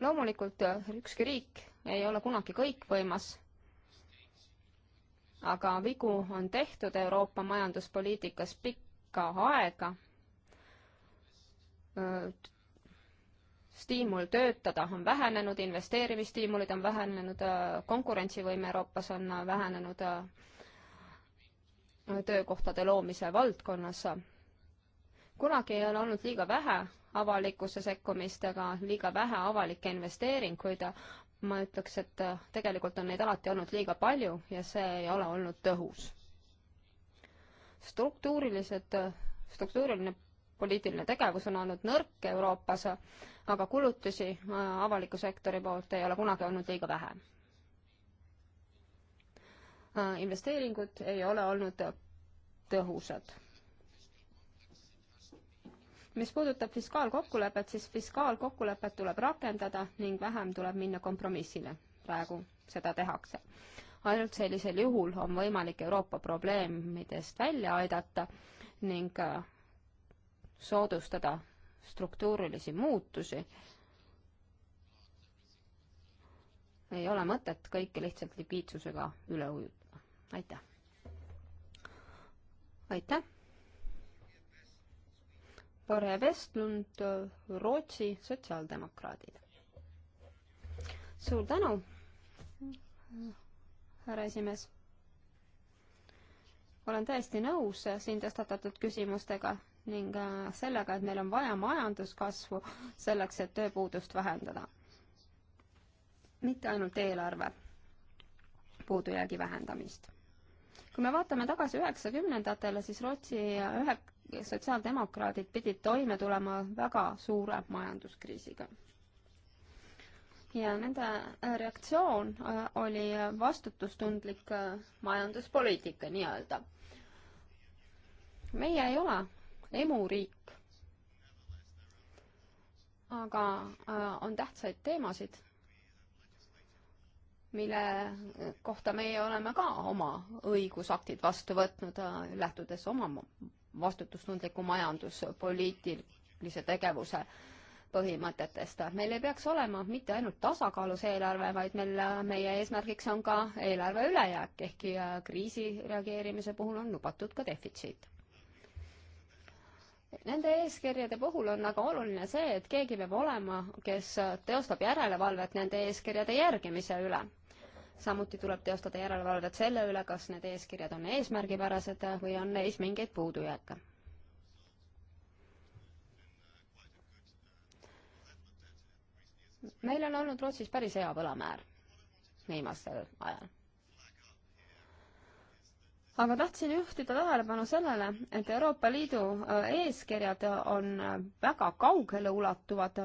loomulikult äh, ükski riik ei ole kunagi kõikvõimas, aga vigu on tehtud Euroopa majanduspoliitikas pikka aega. Äh, stiimul töötada on vähenenud, investeerimisstiimulid on vähenenud, äh, konkurentsivõime Euroopas on vähenenud töökohtade loomise valdkonnas. kunagi ei ole olnud liiga vähe avalikkuse sekkumist ega liiga vähe avalikke investeeringuid. ma ütleks, et tegelikult on neid alati olnud liiga palju ja see ei ole olnud tõhus. struktuurilised, struktuuriline poliitiline tegevus on olnud nõrk Euroopas, aga kulutusi avaliku sektori poolt ei ole kunagi olnud liiga vähe Äh, investeeringud ei ole olnud tõhusad mis puudutab fiskaalkokkulepet, siis fiskaalkokkulepet tuleb rakendada ning vähem tuleb minna kompromissile. praegu seda tehakse. ainult sellisel juhul on võimalik Euroopa probleemidest välja aidata ning äh, soodustada struktuurilisi muutusi. ei ole mõtet kõike lihtsalt likviidsusega üle ujutada aitäh! aitäh! Pare Vestlund, Rootsi sotsiaaldemokraadid. suur tänu, härra esimees. olen täiesti nõus siin tõstatatud küsimustega ning äh, sellega, et meil on vaja majanduskasvu selleks, et tööpuudust vähendada. mitte ainult eelarve puudujäägi vähendamist kui me vaatame tagasi üheksakümnendatele, siis Rootsi ühe-, sotsiaaldemokraadid pidid toime tulema väga suure majanduskriisiga. ja nende äh, reaktsioon äh, oli vastutustundlik äh, majanduspoliitika nii-öelda. meie ei ole emuriik, aga on tähtsaid teemasid mille kohta meie oleme ka oma õigusaktid vastu võtnud, lähtudes oma vastutustundliku majanduspoliitilise tegevuse põhimõtetest. meil ei peaks olema mitte ainult tasakaalus eelarve, vaid meil, meie eesmärgiks on ka eelarve ülejääk, ehkki äh, kriisi reageerimise puhul on lubatud ka defitsiit nende eeskirjade puhul on aga oluline see, et keegi peab olema, kes teostab järelevalvet nende eeskirjade järgimise üle samuti tuleb teostada järelevalvet selle üle, kas need eeskirjad on eesmärgipärased või on neis mingeid puudujääke. meil on olnud Rootsis päris hea võlamäär viimasel ajal. aga tahtsin juhtida tähelepanu sellele, et Euroopa Liidu äh, eeskirjad on äh, väga kaugele ulatuvad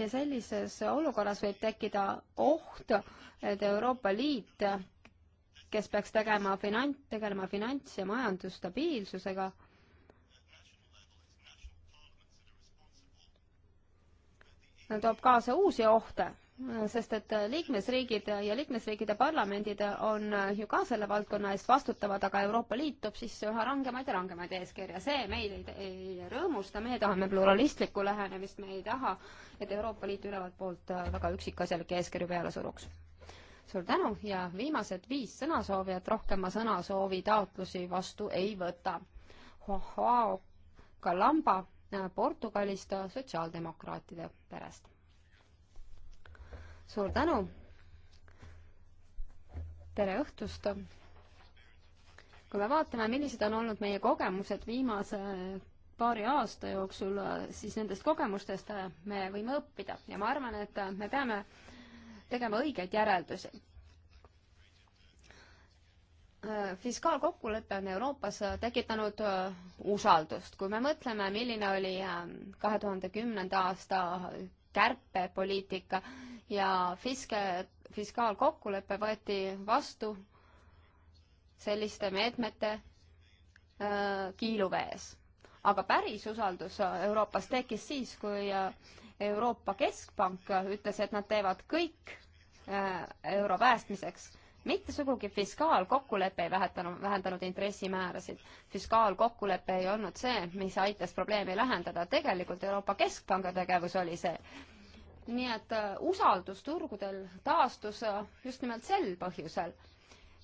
ja sellises olukorras võib tekkida oht, et Euroopa Liit, kes peaks tegema finant, tegelema finants- ja majandusstabiilsusega, toob kaasa uusi ohte sest et liikmesriigid ja liikmesriikide parlamendid on ju ka selle valdkonna eest vastutavad, aga Euroopa Liit toob sisse üha rangemaid ja rangemaid eeskirja. see meil ei, ei rõõmusta, meie tahame pluralistlikku lähenemist, me ei taha, et Euroopa Liit ülevalt poolt väga üksikasjalikke eeskirju peale suruks. suur tänu ja viimased viis sõnasoovijat, rohkem ma sõnasoovi taotlusi vastu ei võta. Joao Calamba Portugalist sotsiaaldemokraatide perest suur tänu. tere õhtust. kui me vaatame, millised on olnud meie kogemused viimase paari aasta jooksul, siis nendest kogemustest me võime õppida ja ma arvan, et me peame tegema õigeid järeldusi. fiskaalkokkulepe on Euroopas tekitanud usaldust. kui me mõtleme, milline oli kahe tuhande kümnenda aasta kärpepoliitika ja fiske, fiskaalkokkulepe võeti vastu selliste meetmete äh, kiiluvees. aga päris usaldus äh, Euroopas tekkis siis, kui äh, Euroopa Keskpank ütles, et nad teevad kõik äh, euro päästmiseks mitte sugugi fiskaalkokkulepe ei vähetanud, vähendanud intressimäärasid. fiskaalkokkulepe ei olnud see, mis aitas probleemi lahendada, tegelikult Euroopa Keskpanga tegevus oli see, nii et äh, usaldus turgudel taastus äh, just nimelt sel põhjusel.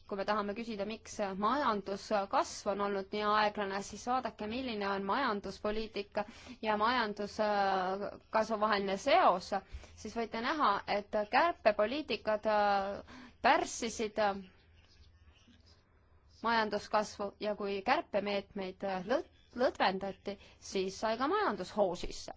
kui me tahame küsida, miks äh, majanduskasv on olnud nii aeglane, siis vaadake, milline on majanduspoliitika ja majanduskasvu vaheline seos, siis võite näha, et kärpepoliitikad pärssisid majanduskasvu ja kui kärpemeetmeid lõdvendati, siis sai ka majandus hoo sisse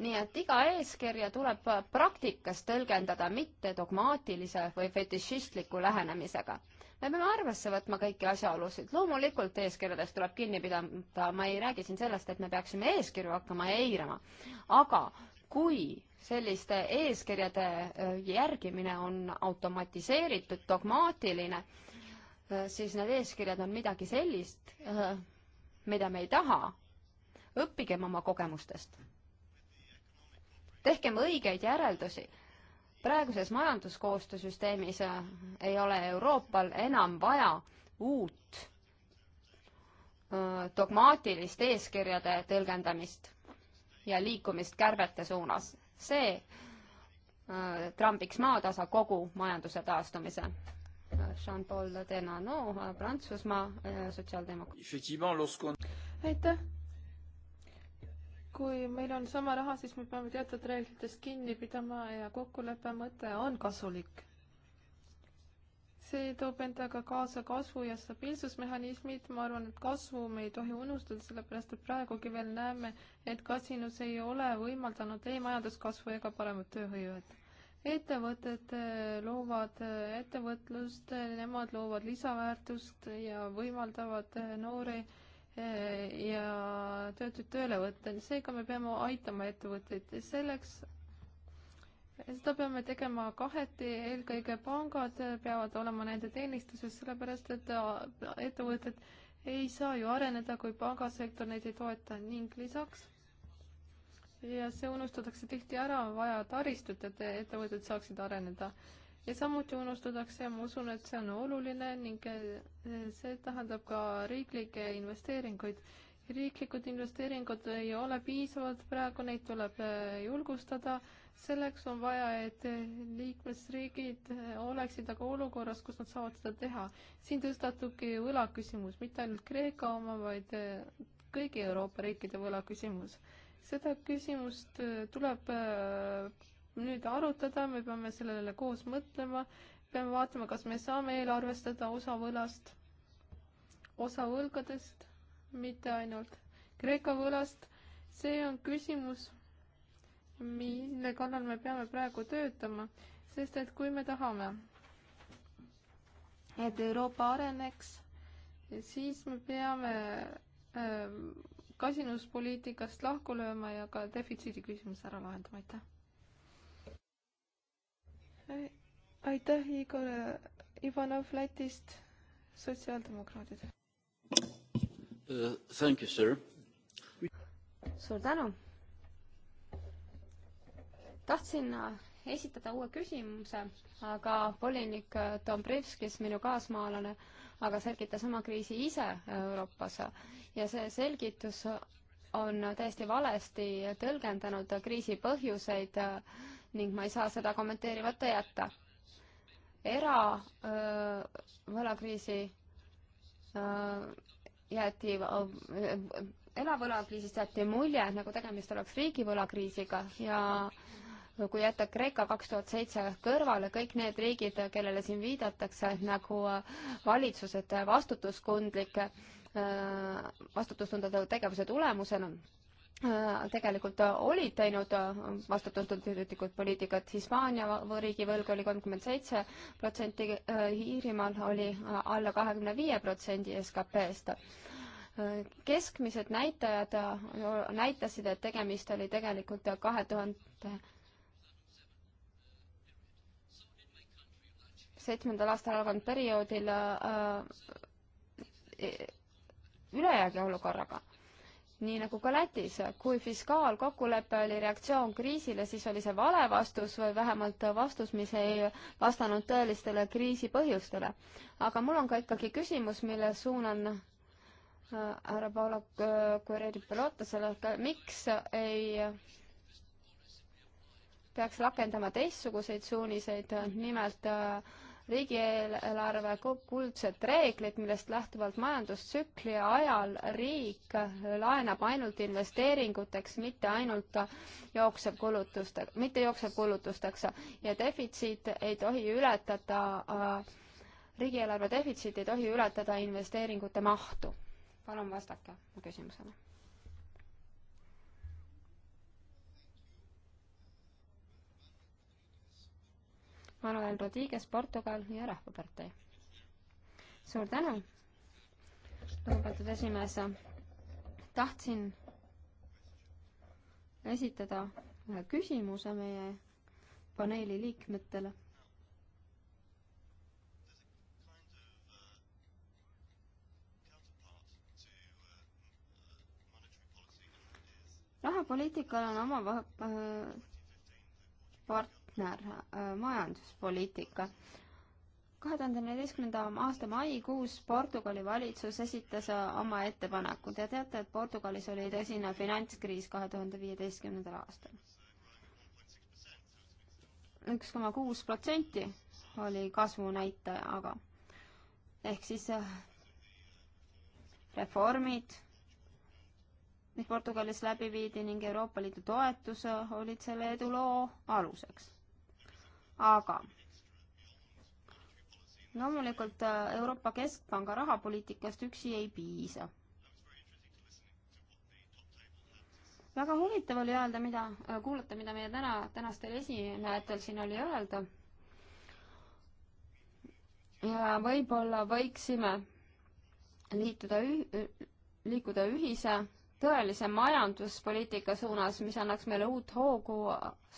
nii et iga eeskirja tuleb praktikas tõlgendada, mitte dogmaatilise või fetišistliku lähenemisega. me peame arvesse võtma kõiki asjaolusid, loomulikult eeskirjadest tuleb kinni pidada, ma ei räägi siin sellest, et me peaksime eeskirju hakkama eirama, aga kui selliste eeskirjade e, järgimine on automatiseeritud, dogmaatiline, e, siis need eeskirjad on midagi sellist, e, mida me ei taha. õppigem oma kogemustest tehkem õigeid järeldusi. praeguses majanduskoostöösüsteemis äh, ei ole Euroopal enam vaja uut äh, dogmaatilist eeskirjade tõlgendamist ja liikumist kärbete suunas. see äh, trambiks maatasa kogu majanduse taastumise. Jean-Paul Denano, Prantsusmaa sotsiaaldemokraat. aitäh kui meil on sama raha, siis me peame teatud reeglitest kinni pidama ja kokkuleppe mõte on kasulik. see toob endaga kaasa kasvu ja stabiilsusmehhanismid, ma arvan, et kasvu me ei tohi unustada, sellepärast et praegugi veel näeme, et kasinus ei ole võimaldanud ei majanduskasvu ega paremat tööhõivet ettevõtted loovad ettevõtlust, nemad loovad lisaväärtust ja võimaldavad noori äh, ja töötuid tööle võtta, seega me peame aitama ettevõtteid selleks, seda peame tegema kaheti, eelkõige pangad peavad olema nende teenistuses, sellepärast et äh, ettevõtted ei saa ju areneda, kui pangasektor neid ei toeta ning lisaks ja see unustatakse tihti ära, on vaja taristut, et ettevõtted saaksid areneda ja samuti unustatakse ja ma usun, et see on oluline ning eh, see tähendab ka riiklikke investeeringuid. riiklikud investeeringud ei ole piisavad, praegu neid tuleb eh, julgustada, selleks on vaja, et liikmesriigid eh, oleksid aga olukorras, kus nad saavad seda teha. siin tõstatubki võlaküsimus, mitte ainult Kreeka oma, vaid kõigi Euroopa riikide võlaküsimus. seda küsimust tuleb nüüd arutada, me peame sellele koos mõtlema, peame vaatama, kas me saame eelarvestada osa võlast, osa võlgadest, mitte ainult Kreeka võlast. see on küsimus, mille kallal me peame praegu töötama, sest et kui me tahame, et Euroopa areneks, siis me peame ähm, kasinuspoliitikast lahku lööma ja ka defitsiidi küsimuse ära lahendama, aitäh! aitäh, Igor Ivanov Lätist, sotsiaaldemokraadid uh,. Thank you, sir. suur tänu. tahtsin äh, esitada uue küsimuse, aga volinik äh, Dombrovskis, minu kaasmaalane, aga selgitas oma kriisi ise Euroopas ja see selgitus on täiesti valesti tõlgendanud kriisi põhjuseid äh, ning ma ei saa seda kommenteerimata jätta. eravõlakriisi jäeti, elavõlakriisist jäeti mulje, nagu tegemist oleks riigivõlakriisiga ja kui jätta Kreeka kaks tuhat seitse kõrvale, kõik need riigid, kellele siin viidatakse nagu valitsused vastutustundlike, vastutustundliku tegevuse tulemusena Äh, tegelikult äh, olid teinud äh, vastutuntult tüdrutikud poliitikat, Hispaania riigivõlg oli kolmkümmend seitse protsenti, Iirimaal oli alla kahekümne viie protsendi SKP-st keskmised näitajad näitasid, et tegemist oli tegelikult kahe tuhande seitsmendal aastal alganud perioodil e-, ülejäägi olukorraga nii nagu ka Lätis, kui fiskaalkokkulepe oli reaktsioon kriisile, siis oli see vale vastus või vähemalt vastus, mis ei vastanud tõelistele kriisi põhjustele. aga mul on ka ikkagi küsimus, mille suunan äh, härra Paolo äh, Guerrero Pelotasele, miks ei peaks rakendama teistsuguseid suuniseid, nimelt äh, riigieelarve kuldsed reeglid, millest lähtuvalt majandustsükli ajal riik laenab ainult investeeringuteks, mitte ainult jooksevkulutuste, mitte jooksevkulutusteks ja defitsiit ei tohi ületada riigieelarve defitsiit ei tohi ületada investeeringute mahtu. palun vastake mu küsimusele Manuel Rodriguez, Portugal ja Rahvapartei. suur tänu, lugupeetud esimees. tahtsin esitada ühe küsimuse meie paneeli liikmetele. rahapoliitikal on oma äh, part-, partner äh, majanduspoliitika. kahe tuhande neljateistkümnenda aasta maikuus Portugali valitsus esitas äh, oma ettepanekud ja teate, et Portugalis oli tõsine finantskriis kahe tuhande viieteistkümnendal aastal. üks koma kuus protsenti oli kasvunäitaja, aga ehk siis äh, reformid, mis Portugalis läbi viidi ning Euroopa Liidu toetus olid selle eduloo aluseks aga loomulikult äh, Euroopa Keskpanga rahapoliitikast üksi ei piisa. väga huvitav oli öelda, mida, äh, kuulata, mida meie täna, tänastel esinejatel siin oli öelda. ja võib-olla võiksime liituda, liikuda ühise tõelise majanduspoliitika suunas, mis annaks meile uut hoogu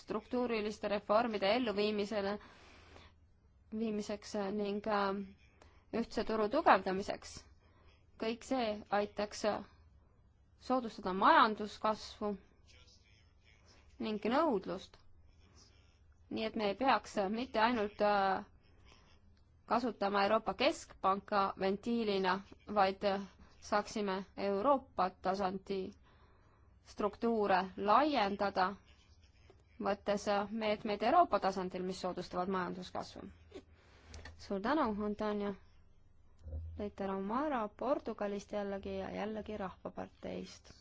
struktuuriliste reformide elluviimisele, viimiseks eh, ning eh, ühtse turu tugevdamiseks. kõik see aitaks eh, soodustada majanduskasvu ning nõudlust. nii et me ei peaks mitte ainult kasutama Euroopa Keskpanka ventiilina, vaid saaksime Euroopa tasandi struktuure laiendada, võttes meetmeid Euroopa tasandil, mis soodustavad majanduskasvu. suur tänu, Antonia! Leite Romara Portugalist jällegi ja jällegi Rahvaparteist.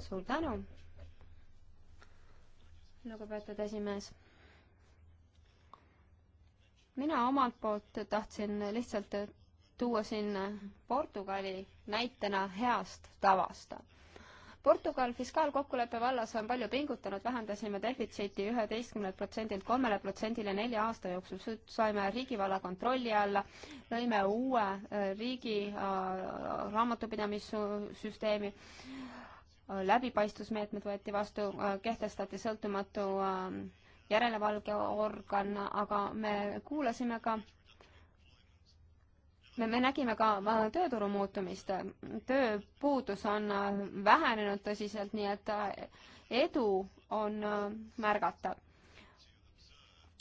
suur tänu, lugupeetud esimees! mina omalt poolt tahtsin lihtsalt tuua siin Portugali näitena heast tavast. Portugal fiskaalkokkuleppe vallas on palju pingutanud, vähendasime defitsiiti üheteistkümnelt protsendilt kolmele protsendile nelja aasta jooksul, saime riigivalla kontrolli alla, lõime uue äh, riigi äh, raamatupidamissüsteemi, läbipaistvusmeetmed võeti vastu, äh, kehtestati sõltumatu järelevalveorgan, aga me kuulasime ka me, me nägime ka äh, tööturu muutumist, tööpuudus on äh, vähenenud tõsiselt, nii et äh, edu on märgatav.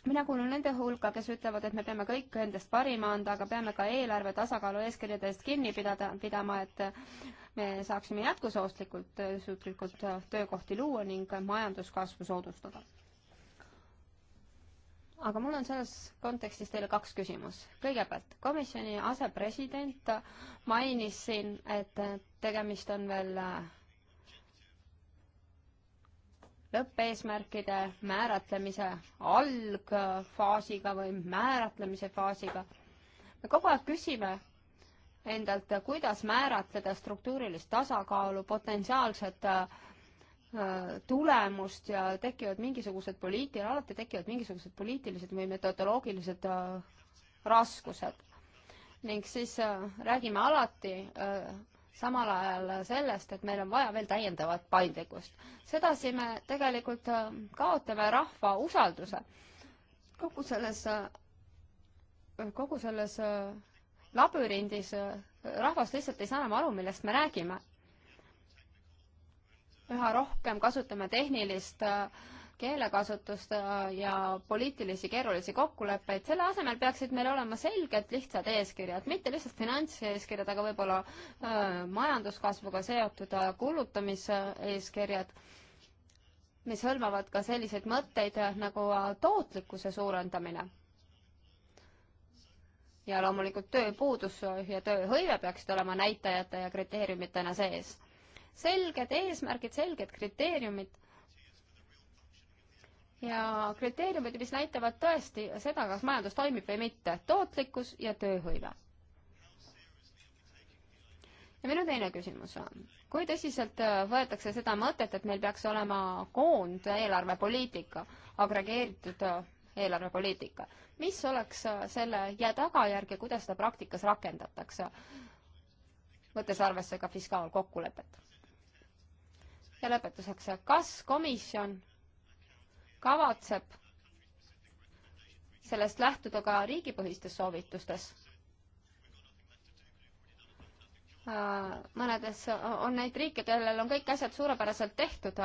mina kuulun nende hulka, kes ütlevad, et me peame kõik endast parima anda, aga peame ka eelarve tasakaalu eeskirjade eest kinni pidada, pidama, et me saaksime jätkusoostlikult, suutlikult töökohti luua ning majanduskasvu soodustada aga mul on selles kontekstis teile kaks küsimust. kõigepealt, komisjoni asepresident mainis siin, et tegemist on veel äh, lõppeesmärkide määratlemise algfaasiga või määratlemise faasiga. me kogu aeg küsime endalt, kuidas määratleda struktuurilist tasakaalu, potentsiaalset äh, Äh, tulemust ja tekivad mingisugused poliitil-, alati tekivad mingisugused poliitilised või metodoloogilised äh, raskused. ning siis äh, räägime alati samal ajal sellest, et meil on vaja veel täiendavat paindlikkust. sedasi me tegelikult kaotame rahva usalduse kogu selles, kogu selles labürindis rahvas lihtsalt ei saa enam aru, millest me räägime üha rohkem kasutame tehnilist äh, keelekasutust äh, ja poliitilisi keerulisi kokkuleppeid, selle asemel peaksid meil olema selged lihtsad eeskirjad, mitte lihtsalt finantseeskirjad, aga võib-olla äh, majanduskasvuga seotud äh, kulutamiseeskirjad, mis hõlmavad ka selliseid mõtteid nagu tootlikkuse suurendamine ja loomulikult tööpuudus ja tööhõive peaksid olema näitajate ja kriteeriumitena sees selged eesmärgid, selged kriteeriumid ja kriteeriumid, mis näitavad tõesti seda, kas majandus toimib või mitte, tootlikkus ja tööhõive. ja minu teine küsimus on, kui tõsiselt võetakse seda mõtet, et meil peaks olema koondeelarvepoliitika, agregeeritud eelarvepoliitika, mis oleks selle ja tagajärg ja kuidas seda praktikas rakendatakse, võttes arvesse ka fiskaalkokkulepet? ja lõpetuseks, kas komisjon kavatseb sellest lähtuda ka riigipõhistes soovitustes? Äh, mõnedes on neid riike, kellel on kõik asjad suurepäraselt tehtud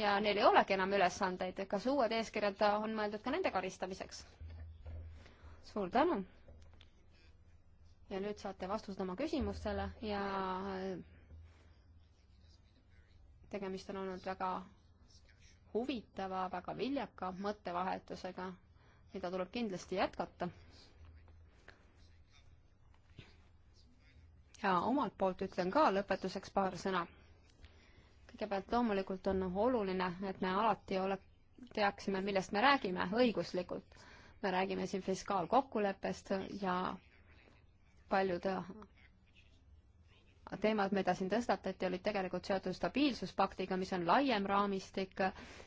ja neil ei olegi enam ülesandeid, kas uued eeskirjad on mõeldud ka nende karistamiseks? suur tänu! ja nüüd saate vastused oma küsimustele ja tegemist on olnud väga huvitava, väga viljaka mõttevahetusega, mida tuleb kindlasti jätkata. ja omalt poolt ütlen ka lõpetuseks paar sõna. kõigepealt loomulikult on oluline, et me alati ole-, teaksime, millest me räägime õiguslikult. me räägime siin fiskaalkokkuleppest ja paljude teemad, mida siin tõstatati, olid tegelikult seotud stabiilsuspaktiga, mis on laiem raamistik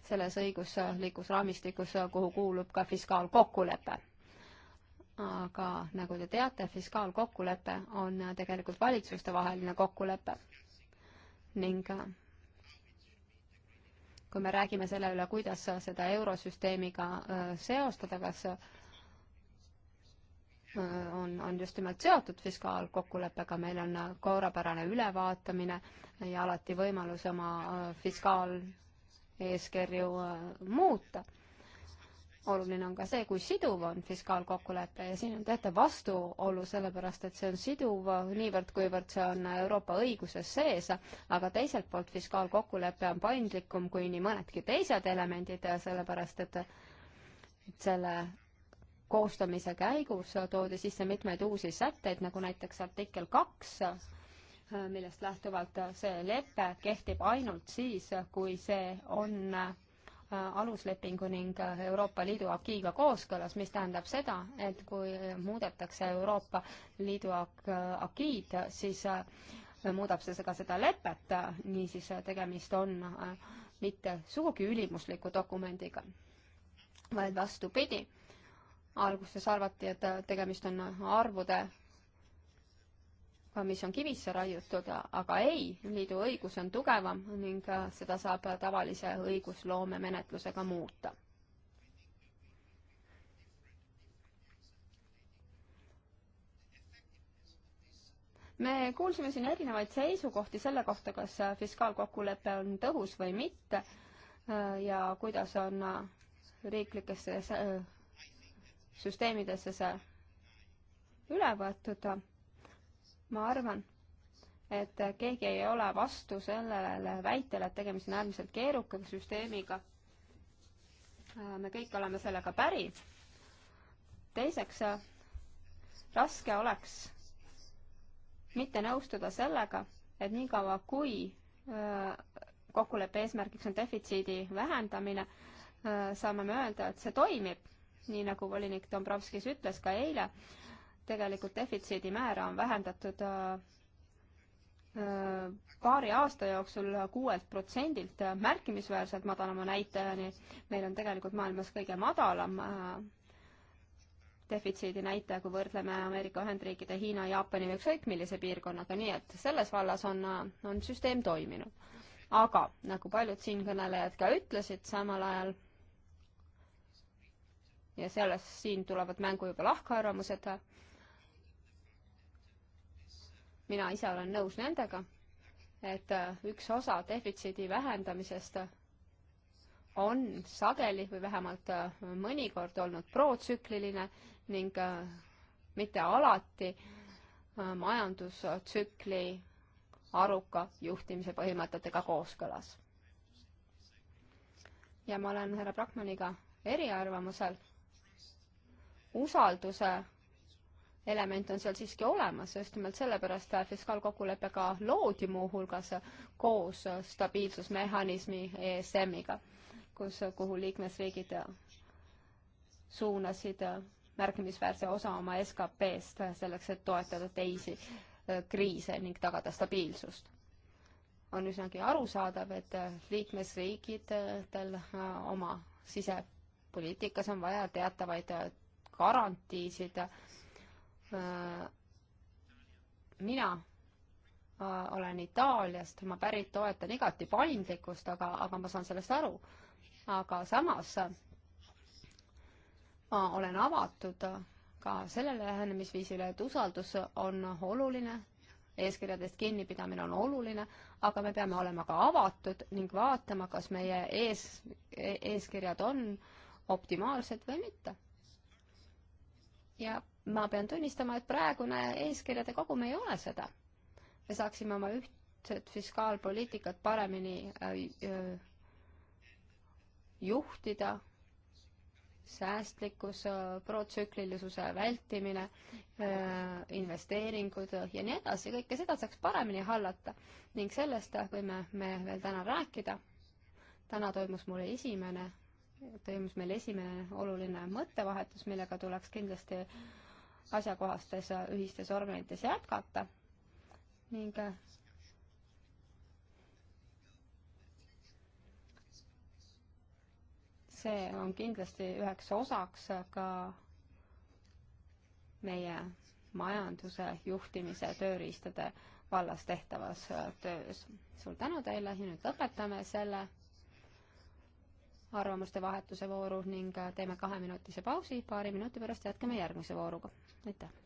selles õiguslikus raamistikus, kuhu kuulub ka fiskaalkokkulepe. aga nagu te teate, fiskaalkokkulepe on tegelikult valitsustevaheline kokkulepe ning kui me räägime selle üle, kuidas seda eurosüsteemiga äh, seostada, kas Äh, on, on just nimelt seotud fiskaalkokkuleppega, meil on äh, korrapärane ülevaatamine ja alati võimalus oma äh, fiskaaleeskirju muuta. oluline on ka see, kui siduv on fiskaalkokkulepe ja siin on teate vastuolu, sellepärast et see on siduv niivõrd, kuivõrd see on Euroopa õiguses sees, aga teiselt poolt fiskaalkokkulepe on paindlikum kui nii mõnedki teised elemendid, sellepärast et et selle koostamise käigus toodi sisse mitmeid uusi sätteid, nagu näiteks artikkel kaks, millest lähtuvalt see lepe kehtib ainult siis, kui see on aluslepingu ning Euroopa Liidu akiiga kooskõlas, mis tähendab seda, et kui muudetakse Euroopa Liidu ak-, akiid, siis muudab see ka seda lepet, niisiis tegemist on mitte sugugi ülimusliku dokumendiga, vaid vastupidi alguses arvati, et äh, tegemist on äh, arvude mis on kivisse raiutud, aga ei, liidu õigus on tugevam ning äh, seda saab tavalise õigusloome menetlusega muuta. me kuulsime siin erinevaid seisukohti selle kohta, kas fiskaalkokkulepe on tõhus või mitte ja kuidas on riiklikesse süsteemidesse see üle võetud. ma arvan, et keegi ei ole vastu sellele väitele, et tegemist on äärmiselt keeruka süsteemiga. me kõik oleme sellega päri. teiseks, raske oleks mitte nõustuda sellega, et niikaua kui äh, kokkuleppe eesmärgiks on defitsiidi vähendamine, äh, saame me öelda, et see toimib nii nagu volinik Dombrovskis ütles ka eile, tegelikult defitsiidi määra on vähendatud äh, äh, paari aasta jooksul kuuelt protsendilt äh, märkimisväärselt madalama näitajani. meil on tegelikult maailmas kõige madalam defitsiidi näitaja, kui võrdleme Ameerika Ühendriikide, Hiina, Jaapani või ükskõik millise piirkonnaga, nii et selles vallas on, on süsteem toiminud. aga nagu paljud siinkõnelejad ka ütlesid, samal ajal ja selles, siin tulevad mängu juba lahkarvamused. mina ise olen nõus nendega, et üks osa defitsiidi vähendamisest on sageli või vähemalt mõnikord olnud protsükliline ning mitte alati majandustsükli aruka juhtimise põhimõtetega kooskõlas. ja ma olen härra Brakmaniga eriarvamusel usalduse element on seal siiski olemas, just nimelt sellepärast fiskaalkokkulepe ka loodi muuhulgas koos stabiilsusmehhanismi ESM-iga, kus, kuhu liikmesriigid suunasid märkimisväärse osa oma SKP-st selleks, et toetada teisi äh, kriise ning tagada stabiilsust. on üsnagi arusaadav, et liikmesriikidel äh, oma sisepoliitikas on vaja teatavaid äh, garantiisid. mina äh, olen Itaaliast, ma pärit toetan igati paindlikkust, aga, aga ma saan sellest aru. aga samas ma olen avatud äh, ka sellele lähenemisviisile, et usaldus on oluline, eeskirjadest kinnipidamine on oluline, aga me peame olema ka avatud ning vaatama, kas meie ees, e-, eeskirjad on optimaalsed või mitte ja ma pean tunnistama, et praegune eeskirjade kogum ei ole seda. me saaksime oma ühtset fiskaalpoliitikat paremini äh, äh, juhtida, säästlikkus, äh, protsüklilisuse vältimine, investeeringud ja nii edasi, kõike seda saaks paremini hallata ning sellest võime me veel täna rääkida. täna toimus mul esimene toimus meil esimene oluline mõttevahetus, millega tuleks kindlasti asjakohastes ühistes organites jätkata ning see on kindlasti üheks osaks ka meie majanduse juhtimise tööriistade vallas tehtavas töös. suur tänu teile ja nüüd lõpetame selle arvamuste vahetuse vooru ning äh, teeme kaheminutise pausi, paari minuti pärast jätkame järgmise vooruga. aitäh!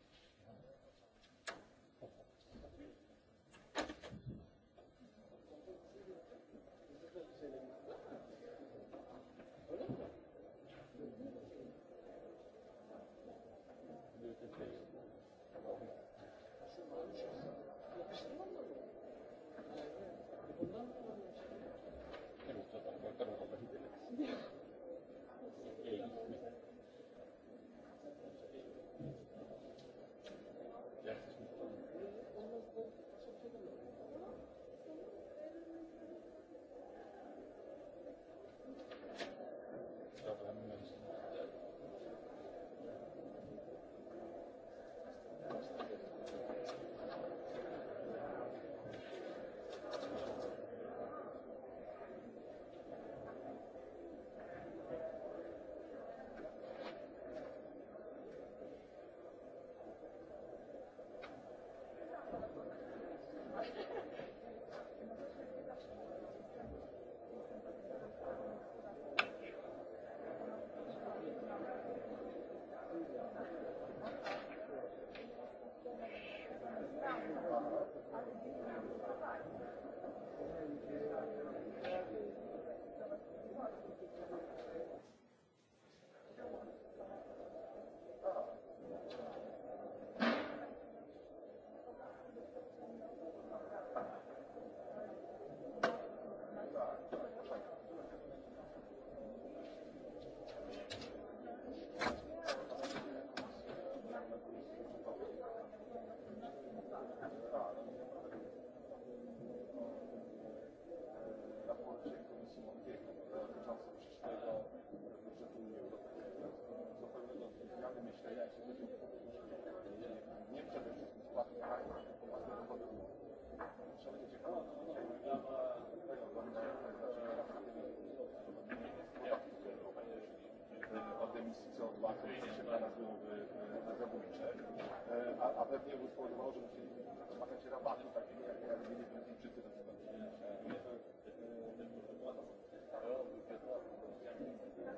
Tak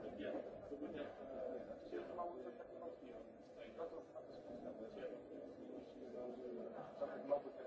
jak ma być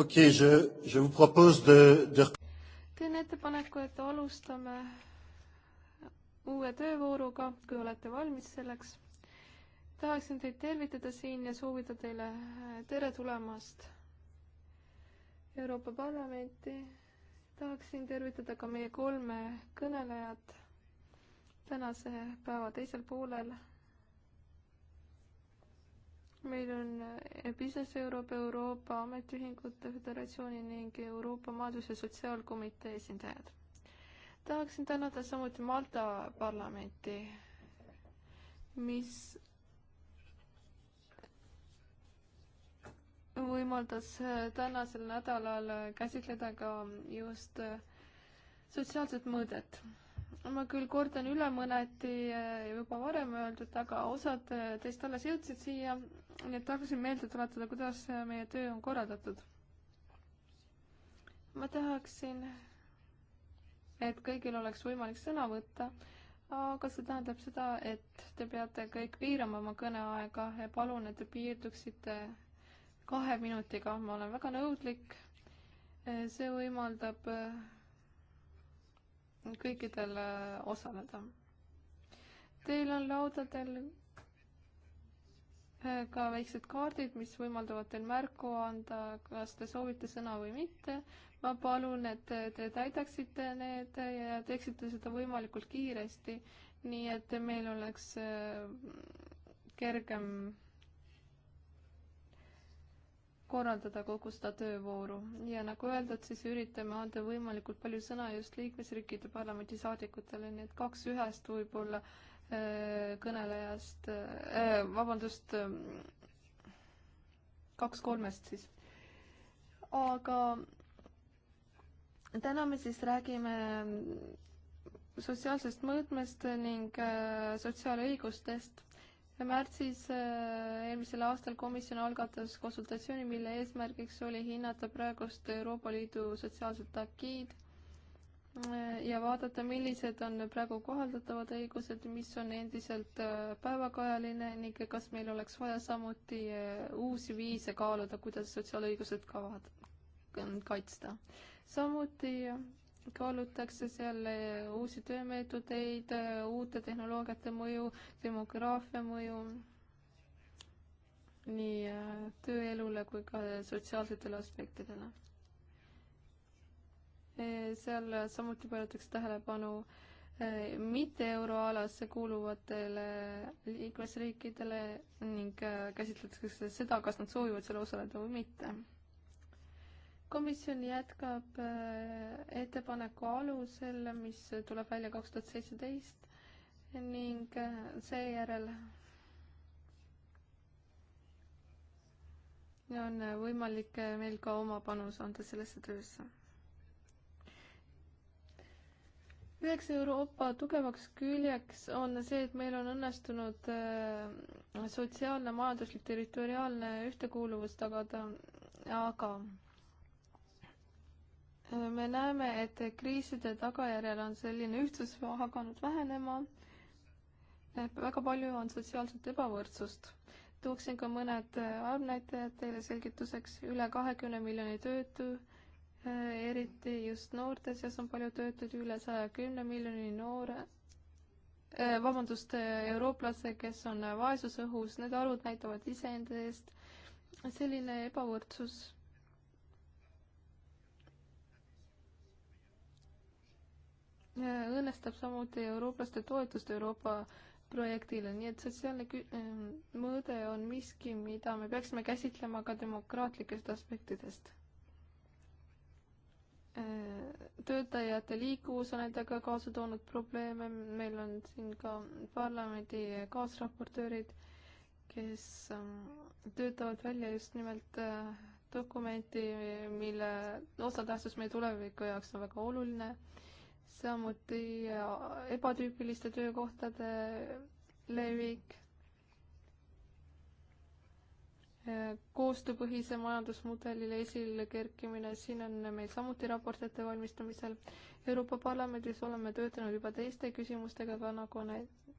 okei okay,, je, je vous propose de, de. teen ettepaneku, et alustame uue töövooruga, kui olete valmis selleks. tahaksin teid tervitada siin ja soovida teile äh, tere tulemast Euroopa Parlamenti. tahaksin tervitada ka meie kolme kõnelejat tänase päeva teisel poolel meil on eh, Business Europe, Euroopa Ametiühingute Föderatsiooni ning Euroopa Majandus- ja Sotsiaalkomitee esindajad. tahaksin tänada samuti Malta parlamenti, mis võimaldas eh, tänasel nädalal eh, käsitleda ka just sotsiaalset mõõdet. ma küll kordan üle mõneti juba varem öeldud, aga osad teist alles jõudsid siia nii et tahaksin meelde tuletada, kuidas meie töö on korraldatud. ma tahaksin, et kõigil oleks võimalik sõna võtta, aga see tähendab seda, et te peate kõik piirama oma kõneaega ja palun, et te piirduksite kahe minutiga, ma olen väga nõudlik. see võimaldab kõikidel osaleda. Teil on laudadel ka väiksed kaardid, mis võimaldavad teil märku anda, kas te soovite sõna või mitte. ma palun, et te täidaksite need ja teeksite seda võimalikult kiiresti, nii et meil oleks äh, kergem korraldada kogu seda töövooru ja nagu öeldud, siis üritame anda võimalikult palju sõna just liikmesriikide parlamendisaadikutele, nii et kaks ühest võib-olla äh, Äh, kõnelejast, äh, äh, vabandust, ähm, kaks kolmest siis. aga täna me siis räägime sotsiaalsest mõõtmest ning sotsiaalõigustest. märtsis eelmisel aastal komisjon algatas konsultatsiooni, mille eesmärgiks oli hinnata praegust Euroopa Liidu sotsiaalset akiid ja vaadata, millised on praegu kohaldatavad õigused, mis on endiselt äh, päevakajaline ning kas meil oleks vaja samuti äh, uusi viise kaaluda, kuidas sotsiaalõigused kavad kaitsta. samuti kaalutakse seal äh, uusi töömeetodeid, uute tehnoloogiate mõju, demograafia mõju nii tööelule kui ka sotsiaalsetele aspektidele Eh, seal samuti pööratakse tähelepanu eh, mitte euroalasse kuuluvatele liikmesriikidele ning eh, käsitletakse seda, kas nad soovivad seal osaleda või mitte. komisjon jätkab ettepaneku alusel, mis tuleb välja kaks tuhat seitseteist ning seejärel on võimalik meil ka oma panus anda sellesse töösse üheks Euroopa tugevaks küljeks on see, et meil on õnnestunud äh, sotsiaalne, majanduslik, territoriaalne ühtekuuluvus tagada, aga äh, me näeme, et kriiside tagajärjel on selline ühtsus hakanud vähenema. Äh, väga palju on sotsiaalset ebavõrdsust. tooksin ka mõned arvnäitajad teile selgituseks, üle kahekümne miljoni töötu Äh, eriti just noorte seas on palju töötuid, üle saja kümne miljoni noore, äh, vabandust, äh, eurooplase, kes on vaesusõhus, need arvud näitavad iseenda eest, selline ebavõrdsus õõnestab samuti eurooplaste toetust Euroopa projektile, nii et sotsiaalne kü-, mõõde on miski, mida me peaksime käsitlema ka demokraatlikest aspektidest. Äh, töötajate liikuvus on endaga kaasa toonud probleeme, meil on siin ka parlamendi kaasraportöörid, kes ähm, töötavad välja just nimelt äh, dokumenti, mille osatähtsus meie tuleviku jaoks on väga oluline, samuti äh, ebatüüpiliste töökohtade levik koostööpõhise majandusmudelile esile kerkimine, siin on meil samuti raport ettevalmistamisel. Euroopa Parlamendis oleme töötanud juba teiste küsimustega, aga nagu need,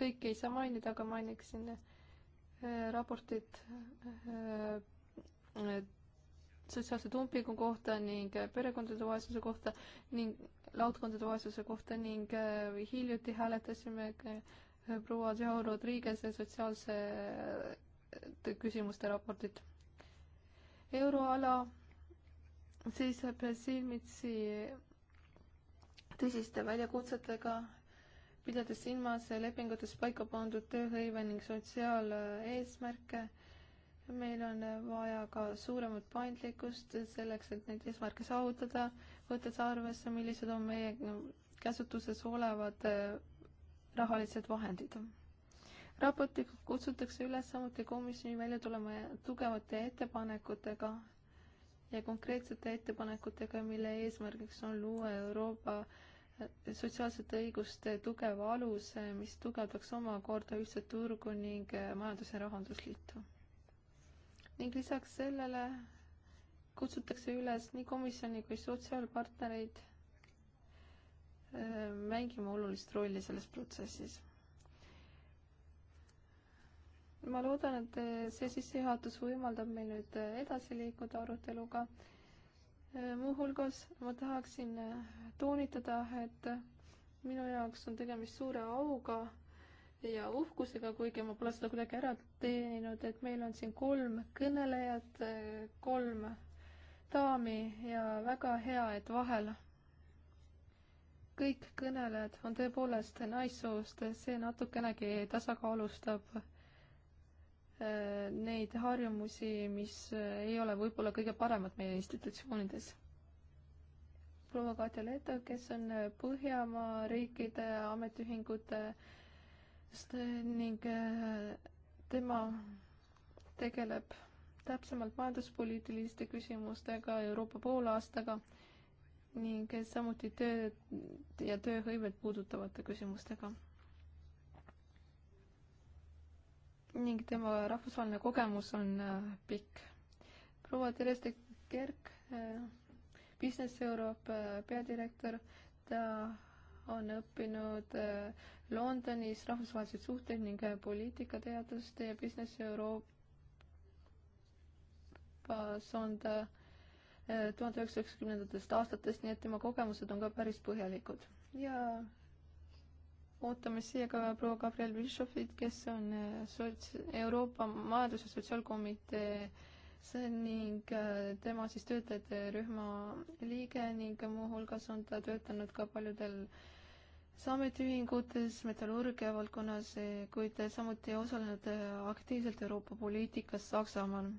kõiki ei saa mainida, aga mainiksin äh, raportit äh, sotsiaalse tumpiku kohta ning äh, perekondade vaesuse kohta ning laudkondade vaesuse kohta ning hiljuti hääletasime proua Joao Rodriguez'e sotsiaalse küsimuste raportit. euroala seisab silmitsi tõsiste väljakutsetega, pidades silmas lepingutes paika pandud tööhõive ning sotsiaaleesmärke. meil on vaja ka suuremat paindlikkust selleks, et neid eesmärke saavutada, võttes arvesse, millised on meie käsutuses olevad rahalised vahendid raportiga kutsutakse üles samuti komisjoni välja tulema tugevate ettepanekutega ja konkreetsete ettepanekutega, mille eesmärgiks on luua Euroopa sotsiaalsete õiguste tugev alus, mis tugevdaks omakorda ühtset turgu ning Majandus- ja Rahandusliitu. ning lisaks sellele kutsutakse üles nii komisjoni kui sotsiaalpartnereid äh, mängima olulist rolli selles protsessis ma loodan, et eh, see sissejuhatus võimaldab meil nüüd eh, edasi liikuda aruteluga. Eh, muuhulgas ma tahaksin toonitada, et minu jaoks on tegemist suure auga ja uhkusega, kuigi ma pole seda kuidagi ära teeninud, et meil on siin kolm kõnelejat, kolm daami ja väga hea, et vahel kõik kõnelejad on tõepoolest naissoost, see natukenegi tasakaalustab neid harjumusi, mis ei ole võib-olla kõige paremad meie institutsioonides. proua Katja Leto, kes on Põhjamaa riikide ametiühingute ning äh, tema tegeleb täpsemalt majanduspoliitiliste küsimustega, Euroopa poolaastaga ning samuti tööd ja tööhõivet puudutavate küsimustega ning tema rahvusvaheline kogemus on äh, pikk. proua Therese de Kerk, äh, Business Europe äh, peadirektor, ta on õppinud Londonis rahvusvahelised suhted ning poliitikateadust ja Business Euroopas on ta tuhande üheksasaja üheksakümnendatest aastatest, nii et tema kogemused on ka päris põhjalikud. ja ootame siia ka proua Gabriel Bischofit, kes on äh, sots-, Euroopa Majandus- ja Sotsiaalkomitee see ning äh, tema siis töötajate rühma liige ning muuhulgas on ta töötanud ka paljudel ametiühingutes metallurgia valdkonnas, e, kuid samuti osalenud äh, aktiivselt Euroopa poliitikas Saksamaal.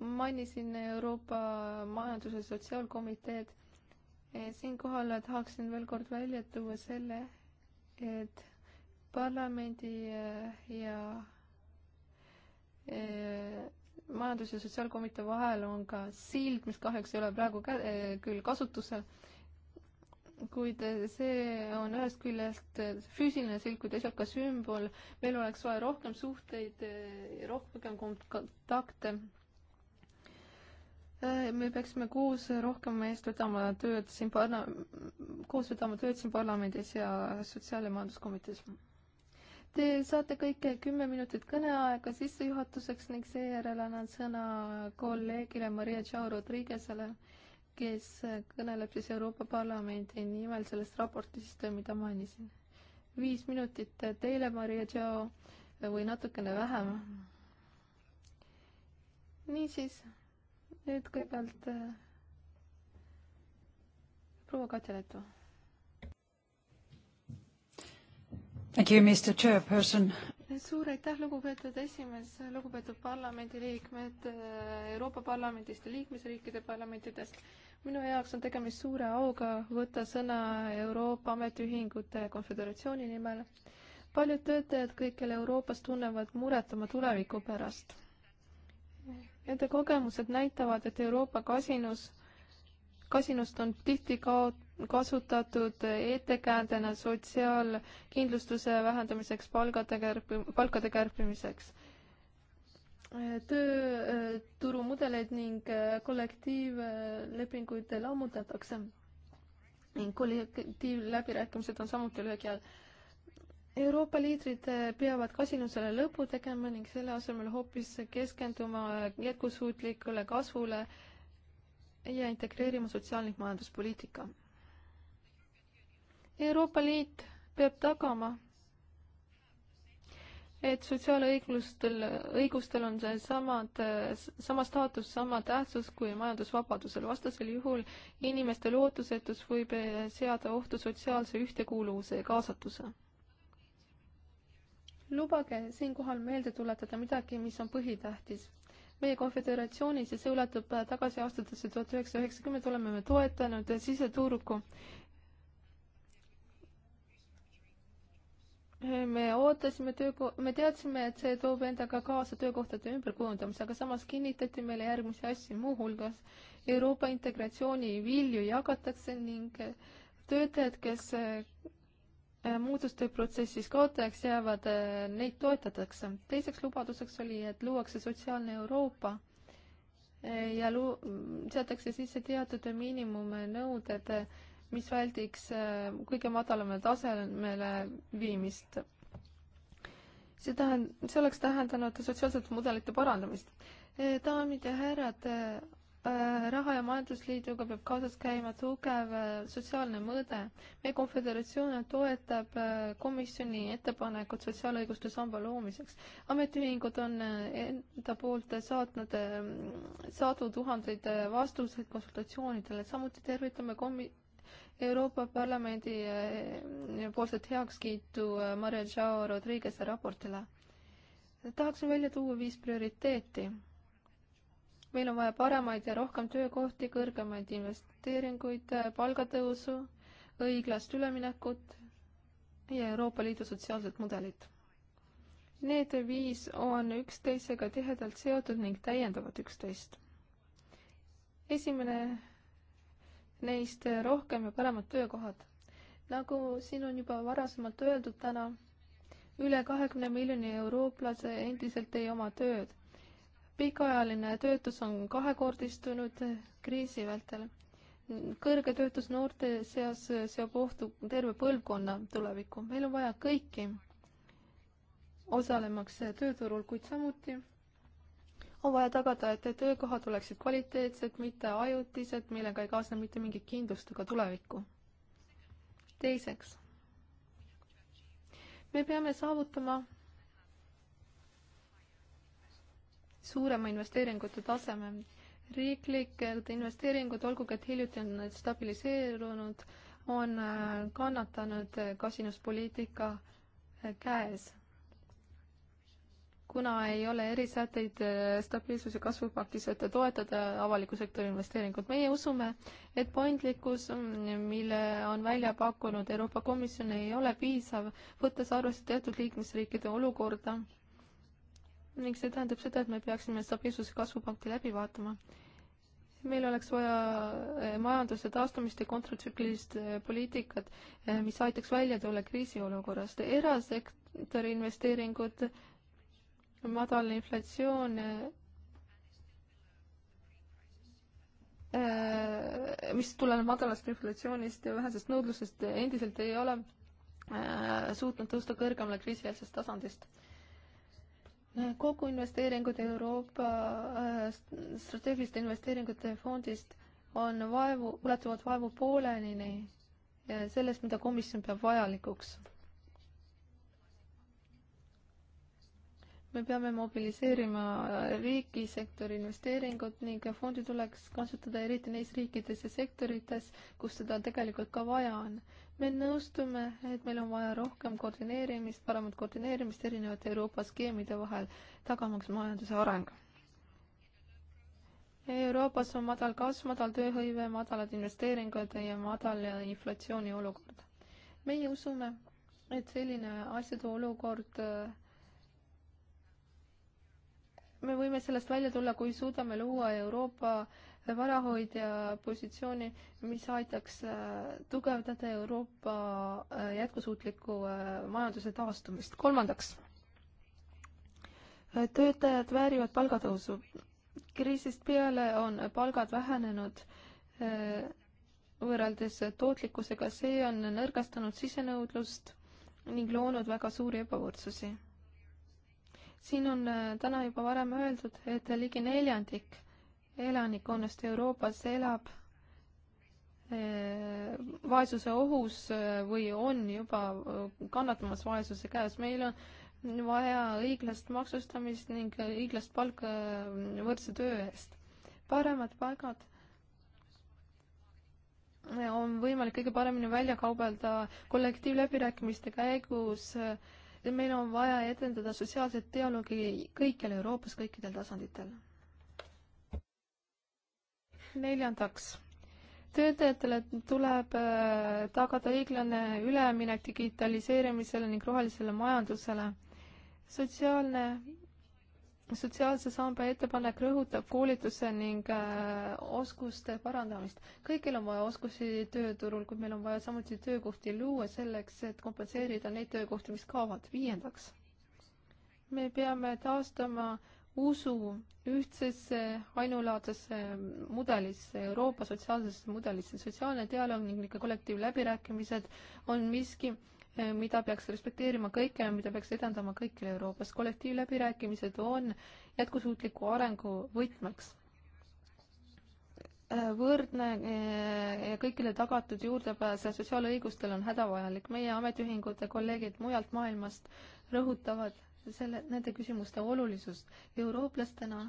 mainisin Euroopa Majandus- ja Sotsiaalkomiteed Eh, siinkohal tahaksin veel kord välja tuua selle, et parlamendi eh, ja eh, majandus- ja sotsiaalkomitee vahel on ka sild, mis kahjuks ei ole praegu kä-, küll kasutusel, kuid see on ühest küljest füüsiline sild, kuid teisalt ka sümbol, meil oleks vaja rohkem suhteid, rohkem kontakte Äh, me peaksime koos rohkem eest vedama tööd siin parla-, koos vedama tööd siin parlamendis ja Sotsiaal- ja Majanduskomitees. Te saate kõik kümme minutit kõneaega sissejuhatuseks ning seejärel annan sõna kolleegile Maria Tšau Rodriguez'ele, kes kõneleb siis Euroopa Parlamendi nimel sellest raportist, mida mainisin. viis minutit teile, Maria Tšau, või natukene vähem. niisiis nüüd kõigepealt äh, proua Katja Leto. Thank you, Mr Chairperson suur aitäh, lugupeetud esimees, lugupeetud parlamendiliikmed äh, Euroopa Parlamendist ja liikmesriikide parlamentidest. minu jaoks on tegemist suure auga võtta sõna Euroopa Ametiühingute Konföderatsiooni nimel. paljud töötajad kõikjal Euroopas tunnevad muret oma tuleviku pärast. Nende kogemused näitavad, et Euroopa kasinus, kasinust on tihti kaot-, kasutatud ettekäändena sotsiaalkindlustuse vähendamiseks, palgade kärpi-, palkade kärpimiseks. tööturumudeleid ning kollektiivlepinguid lammutatakse ning kollektiivläbirääkimised on samuti löögi all Euroopa liidrid eh, peavad kasinusele lõpu tegema ning selle asemel hoopis keskenduma eh, jätkusuutlikule kasvule ja integreerima sotsiaal- ning majanduspoliitika. Euroopa Liit peab tagama, et sotsiaalõiglustel, õigustel on see samad, eh, sama staatus, sama tähtsus kui majandusvabadusel, vastasel juhul inimeste lootusetus võib seada ohtu sotsiaalse ühtekuuluvuse ja kaasatuse lubage siinkohal meelde tuletada midagi, mis on põhitähtis. meie konföderatsioonis ja see ulatub äh, tagasi aastatesse tuhat üheksasada üheksakümmend, oleme me toetanud äh, siseturgu. me ootasime tööko-, me teadsime, et see toob endaga kaasa töökohtade ümberkujundamise, aga samas kinnitati meile järgmisi asju, muuhulgas Euroopa integratsiooni vilju jagatakse ning äh, töötajad, kes Äh, muutuste protsessis kaotajaks jäävad, äh, neid toetatakse. teiseks lubaduseks oli, et luuakse sotsiaalne Euroopa äh, ja lu-, seatakse sisse teatud miinimumnõuded, mis väldiks kõige madalamale tasemele viimist. see tähend-, see oleks tähendanud sotsiaalsete mudelite parandamist. daamid ja härrad, Äh, raha- ja majandusliiduga peab kaasas käima tugev äh, sotsiaalne mõõde. meie konföderatsioon toetab äh, komisjoni ettepanekut sotsiaalõiguste samba loomiseks. ametiühingud on enda poolt saatnud sadu tuhandeid vastuseid konsultatsioonidele, samuti tervitame komi-, Euroopa Parlamendi poolset heakskiitu Maria Joao Rodriguez'e raportile. tahaksin välja tuua viis prioriteeti meil on vaja paremaid ja rohkem töökohti, kõrgemaid investeeringuid, palgatõusu, õiglast üleminekut ja Euroopa Liidu sotsiaalset mudelit. Need viis on üksteisega tihedalt seotud ning täiendavad üksteist. esimene neist rohkem ja paremad töökohad. nagu siin on juba varasemalt öeldud täna, üle kahekümne miljoni eurooplase endiselt ei oma tööd pikaajaline töötus on kahekordistunud kriisi vältel. kõrge töötus noorte seas seob ohtu terve põlvkonna tulevikku. meil on vaja kõiki osalemaks tööturul, kuid samuti on vaja tagada, et töökohad oleksid kvaliteetsed, mitte ajutised, millega ei kaasne mitte mingit kindlust ega tulevikku. teiseks, me peame saavutama suurema investeeringute taseme. riiklikud investeeringud, olgugi et hiljuti on need stabiliseerunud, on äh, kannatanud äh, kasinuspoliitika äh, käes. kuna ei ole erisäteid stabiilsuse kasvupaktis, et toetada avaliku sektori investeeringut, meie usume, et paindlikkus, mm, mille on välja pakkunud Euroopa Komisjon, ei ole piisav, võttes arvesse teatud liikmesriikide olukorda ning see tähendab seda, et me peaksime stabiilsuse kasvupakti läbi vaatama. meil oleks vaja eh, majanduse taastumist ja kontratsüklilist eh, poliitikat, eh, mis aitaks välja tulla kriisiolukorrast. erasektori investeeringud, madal inflatsioon, mis tuleneb madalast inflatsioonist ja vähesest nõudlusest, endiselt ei ole suutnud tõusta kõrgemale kriisieelsest tasandist kogu investeeringud Euroopa äh, strateegiliste investeeringute fondist on vaevu, ulatuvad vaevu pooleni sellest, mida komisjon peab vajalikuks. me peame mobiliseerima riigisektori investeeringud ning fondi tuleks kasutada eriti neis riikides ja sektorites, kus seda tegelikult ka vaja on me nõustume, et meil on vaja rohkem koordineerimist, paremat koordineerimist erinevate Euroopa skeemide vahel, tagamaks majanduse areng. Euroopas on madal kasv, madal tööhõive, madalad investeeringud ja madal inflatsiooni olukord. meie usume, et selline asjade olukord me võime sellest välja tulla, kui suudame luua Euroopa äh, varahoidja positsiooni, mis aitaks äh, tugevdada Euroopa äh, jätkusuutliku äh, majanduse taastumist. kolmandaks, töötajad väärivad palgatõusu. kriisist peale on palgad vähenenud võrreldes tootlikkusega, see on nõrgestanud sisenõudlust ning loonud väga suuri ebavõrdsusi. siin on täna juba varem öeldud, et ligi neljandik elanikkonnast Euroopas elab eh, vaesuse ohus eh, või on juba eh, kannatamas vaesuse käes. meil on vaja õiglast maksustamist ning õiglast palka võrdse töö eest. paremad palgad on võimalik kõige paremini välja kaubelda kollektiivläbirääkimiste käigus. meil on vaja edendada sotsiaalset dialoogi kõikjal Euroopas, kõikidel tasanditel neljandaks, töötajatele tuleb äh, tagada õiglane üleminek digitaliseerimisele ning rohelisele majandusele. sotsiaalne, sotsiaalse samba ettepanek rõhutab koolituse ning äh, oskuste parandamist. kõigil on vaja oskusi tööturul, kuid meil on vaja samuti töökohti luua selleks, et kompenseerida neid töökohti, mis kaovad. viiendaks, me peame taastama usu ühtsesse ainulaadsesse mudelisse, Euroopa sotsiaalsesse mudelisse. sotsiaalne dialoog ning kollektiivläbirääkimised on miski, eh, mida peaks respekteerima kõike, mida peaks edendama kõikjal Euroopas. kollektiivläbirääkimised on jätkusuutliku arengu võtmeks. Eh, võrdne eh, ja kõigile tagatud juurdepääs sotsiaalõigustel on hädavajalik. meie ametiühingute kolleegid mujalt maailmast rõhutavad selle, nende küsimuste olulisust. eurooplastena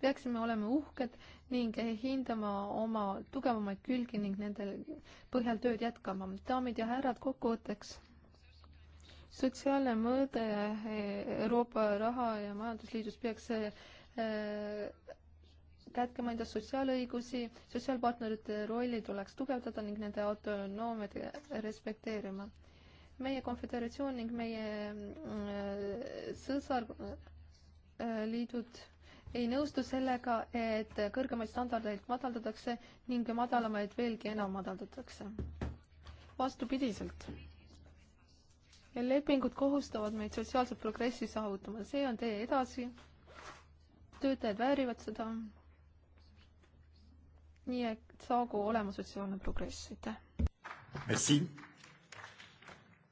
peaksime olema uhked ning hindama oma tugevamaid külgi ning nende põhjal tööd jätkama. daamid ja härrad, kokkuvõtteks. sotsiaalne mõõde Euroopa raha ja majandusliidus peaks äh, kätkema enda sotsiaalõigusi, sotsiaalpartnerite rolli tuleks tugevdada ning nende autonoomiat respekteerima meie konföderatsioon ning meie äh, sõsarliidud äh, ei nõustu sellega, et kõrgemaid standardeid madaldatakse ning madalamaid veelgi enam madaldatakse. vastupidiselt. lepingud kohustavad meid sotsiaalset progressi saavutama, see on tee edasi. töötajad väärivad seda. nii et saagu olema sotsiaalne progress, aitäh. Merci.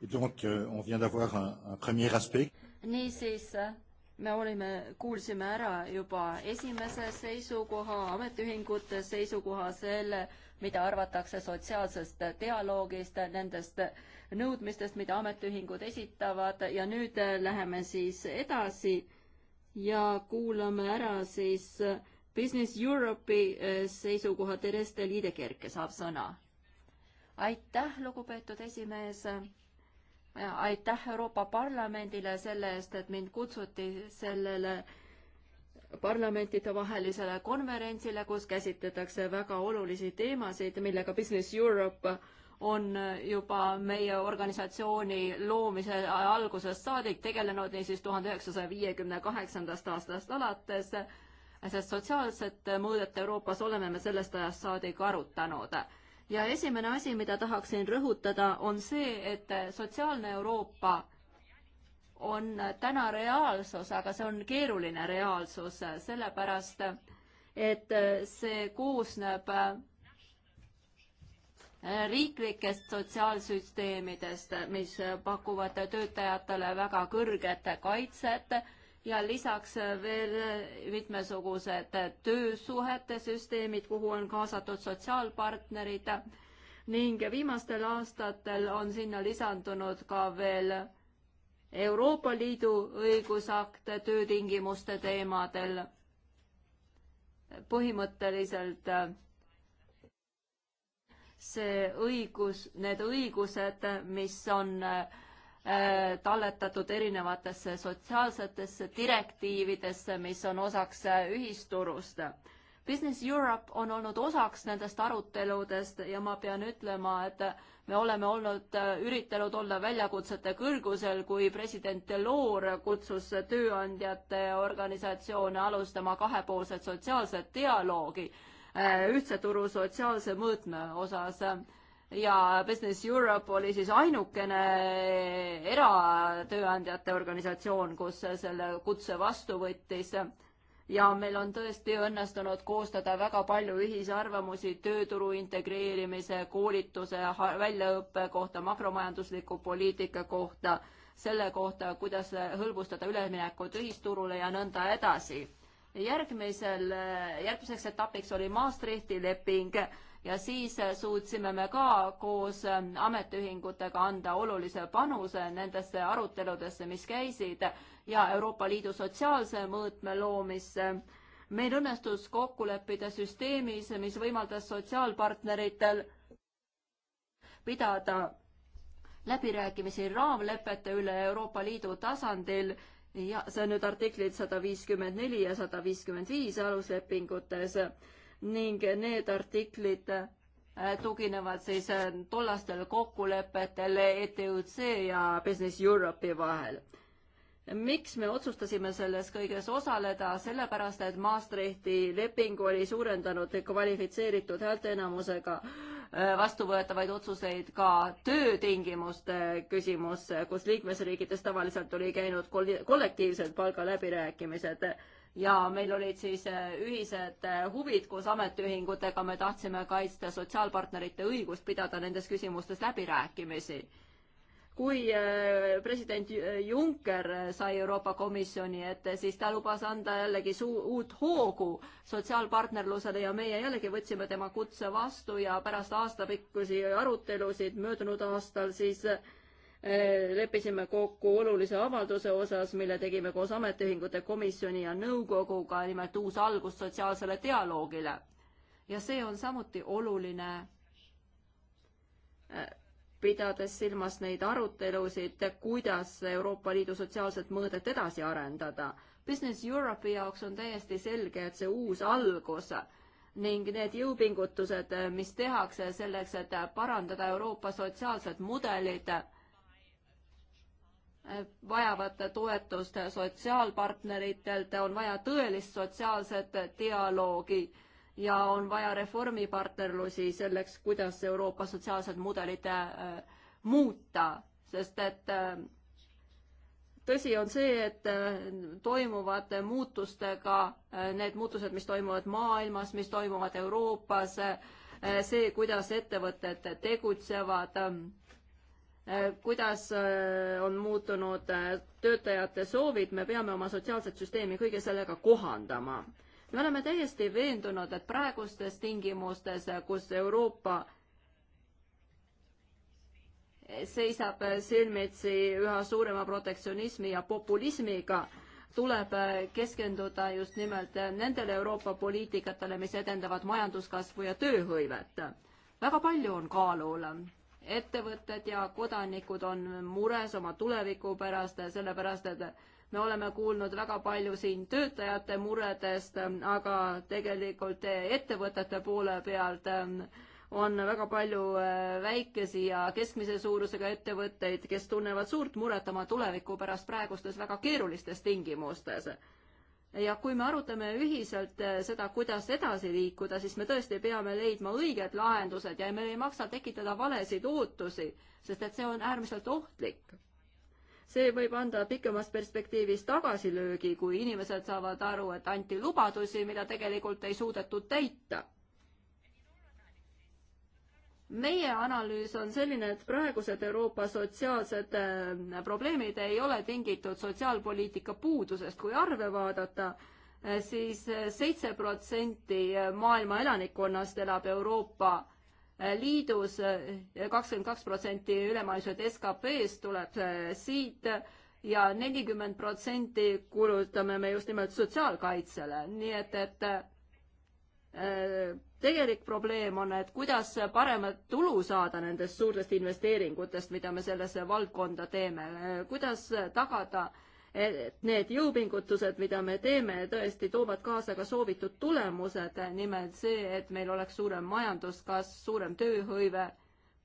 Et donc, euh, on vient d'avoir un, un premier aspect. Niisiis, äh, me olime, kuulsime ära juba esimese seisukoha, ametiühingute seisukoha selle, mida arvatakse sotsiaalsest dialoogist, nendest nõudmistest, mida ametiühingud esitavad ja nüüd äh, läheme siis edasi ja kuulame ära siis äh, Business Europe'i seisukoha, Therese Lideker, kes saab sõna. aitäh, lugupeetud esimees aitäh Euroopa Parlamendile selle eest, et mind kutsuti sellele parlamentidevahelisele konverentsile, kus käsitletakse väga olulisi teemasid, millega Business Europe on juba meie organisatsiooni loomise algusest saadik tegelenud, niisiis tuhande üheksasaja viiekümne kaheksandast aastast alates, sest sotsiaalset mõõdet Euroopas oleme me sellest ajast saadik arutanud ja esimene asi, mida tahaksin rõhutada, on see, et sotsiaalne Euroopa on täna reaalsus, aga see on keeruline reaalsus, sellepärast et see koosneb riiklikest sotsiaalsüsteemidest, mis pakuvad töötajatele väga kõrget kaitset ja lisaks äh, veel äh, mitmesugused äh, töösuhete süsteemid, kuhu on kaasatud sotsiaalpartnerid ning viimastel aastatel on sinna lisandunud ka veel Euroopa Liidu õigusakte töötingimuste teemadel. põhimõtteliselt see õigus, need õigused, mis on äh, Äh, talletatud erinevatesse sotsiaalsetesse direktiividesse, mis on osaks äh, ühisturust. Business Europe on olnud osaks nendest aruteludest ja ma pean ütlema, et me oleme olnud, äh, üritanud olla väljakutsete kõrgusel, kui president Delors kutsus tööandjate organisatsioone alustama kahepoolset sotsiaalset dialoogi ühtse turu sotsiaalse mõõtme osas ja Business Europe oli siis ainukene eratööandjate organisatsioon, kus selle kutse vastu võttis. ja meil on tõesti õnnestunud koostada väga palju ühisarvamusi tööturu integreerimise, koolituse, väljaõppe kohta, makromajandusliku poliitika kohta, selle kohta, kuidas hõlbustada üleminekut ühisturule ja nõnda edasi. järgmisel, järgmiseks etapiks oli Maastrichti leping ja siis äh, suutsime me ka koos ähm, ametiühingutega anda olulise panuse nendesse aruteludesse, mis käisid ja Euroopa Liidu sotsiaalse mõõtme loomisse meil õnnestus kokku leppida süsteemis, mis võimaldas sotsiaalpartneritel pidada läbirääkimisi raamlepete üle Euroopa Liidu tasandil ja see on nüüd artiklid sada viiskümmend neli ja sada viiskümmend viis aluslepingutes ning need artiklid äh, tuginevad siis äh, tollastel kokkulepetel ETÜC ja Business Europe'i vahel. miks me otsustasime selles kõiges osaleda, sellepärast et Maastrichti leping oli suurendanud kvalifitseeritud häälteenamusega äh, vastuvõetavaid otsuseid ka töötingimuste küsimus, kus liikmesriikides tavaliselt oli käinud kollektiivsed palgaläbirääkimised ja meil olid siis äh, ühised äh, huvid koos ametiühingutega, me tahtsime kaitsta sotsiaalpartnerite õigust pidada nendes küsimustes läbirääkimisi. kui äh, president Juncker sai Euroopa Komisjoni ette, siis ta lubas anda jällegi suu-, uut hoogu sotsiaalpartnerlusele ja meie jällegi võtsime tema kutse vastu ja pärast aastapikkusi arutelusid möödunud aastal siis äh, leppisime kokku olulise avalduse osas, mille tegime koos ametiühingute komisjoni ja nõukoguga, nimelt uus algus sotsiaalsele dialoogile. ja see on samuti oluline, äh, pidades silmas neid arutelusid, kuidas Euroopa Liidu sotsiaalset mõõdet edasi arendada. Business Europe'i jaoks on täiesti selge, et see uus algus ning need jõupingutused, mis tehakse selleks, et parandada Euroopa sotsiaalsed mudelid, vajavad toetust sotsiaalpartneritelt, on vaja tõelist sotsiaalset dialoogi ja on vaja reformipartnerlusi selleks, kuidas Euroopa sotsiaalsed mudelid äh, muuta, sest et äh, tõsi on see, et äh, toimuvate muutustega, need muutused, mis toimuvad maailmas, mis toimuvad Euroopas, see, kuidas ettevõtted tegutsevad, Äh, kuidas äh, on muutunud äh, töötajate soovid, me peame oma sotsiaalset süsteemi kõige sellega kohandama. me oleme täiesti veendunud, et praegustes tingimustes, kus Euroopa seisab silmitsi üha suurema protektsionismi ja populismiga, tuleb keskenduda just nimelt nendele Euroopa poliitikatele, mis edendavad majanduskasvu ja tööhõivet. väga palju on kaalul ettevõtted ja kodanikud on mures oma tuleviku pärast, sellepärast et me oleme kuulnud väga palju siin töötajate muredest, aga tegelikult ettevõtete poole pealt ähm, on väga palju äh, väikesi ja keskmise suurusega ettevõtteid, kes tunnevad suurt muret oma tuleviku pärast praegustes väga keerulistes tingimustes ja kui me arutame ühiselt eh, seda, kuidas edasi liikuda, siis me tõesti peame leidma õiged lahendused ja meil ei maksa tekitada valesid ootusi, sest et see on äärmiselt ohtlik. see võib anda pikemas perspektiivis tagasilöögi, kui inimesed saavad aru, et anti lubadusi, mida tegelikult ei suudetud täita meie analüüs on selline, et praegused Euroopa sotsiaalsed äh, probleemid ei ole tingitud sotsiaalpoliitika puudusest, kui arve vaadata, äh, siis äh, seitse protsenti maailma elanikkonnast elab Euroopa Liidus, kakskümmend kaks protsenti ülemaailmset SKP-st tuleb siit ja nelikümmend protsenti kulutame me just nimelt sotsiaalkaitsele, nii et, et tegelik probleem on, et kuidas paremat tulu saada nendest suurtest investeeringutest, mida me sellesse valdkonda teeme, kuidas tagada, et need jõupingutused, mida me teeme, tõesti toovad kaasa ka soovitud tulemused, nimelt see, et meil oleks suurem majanduskasv, suurem tööhõive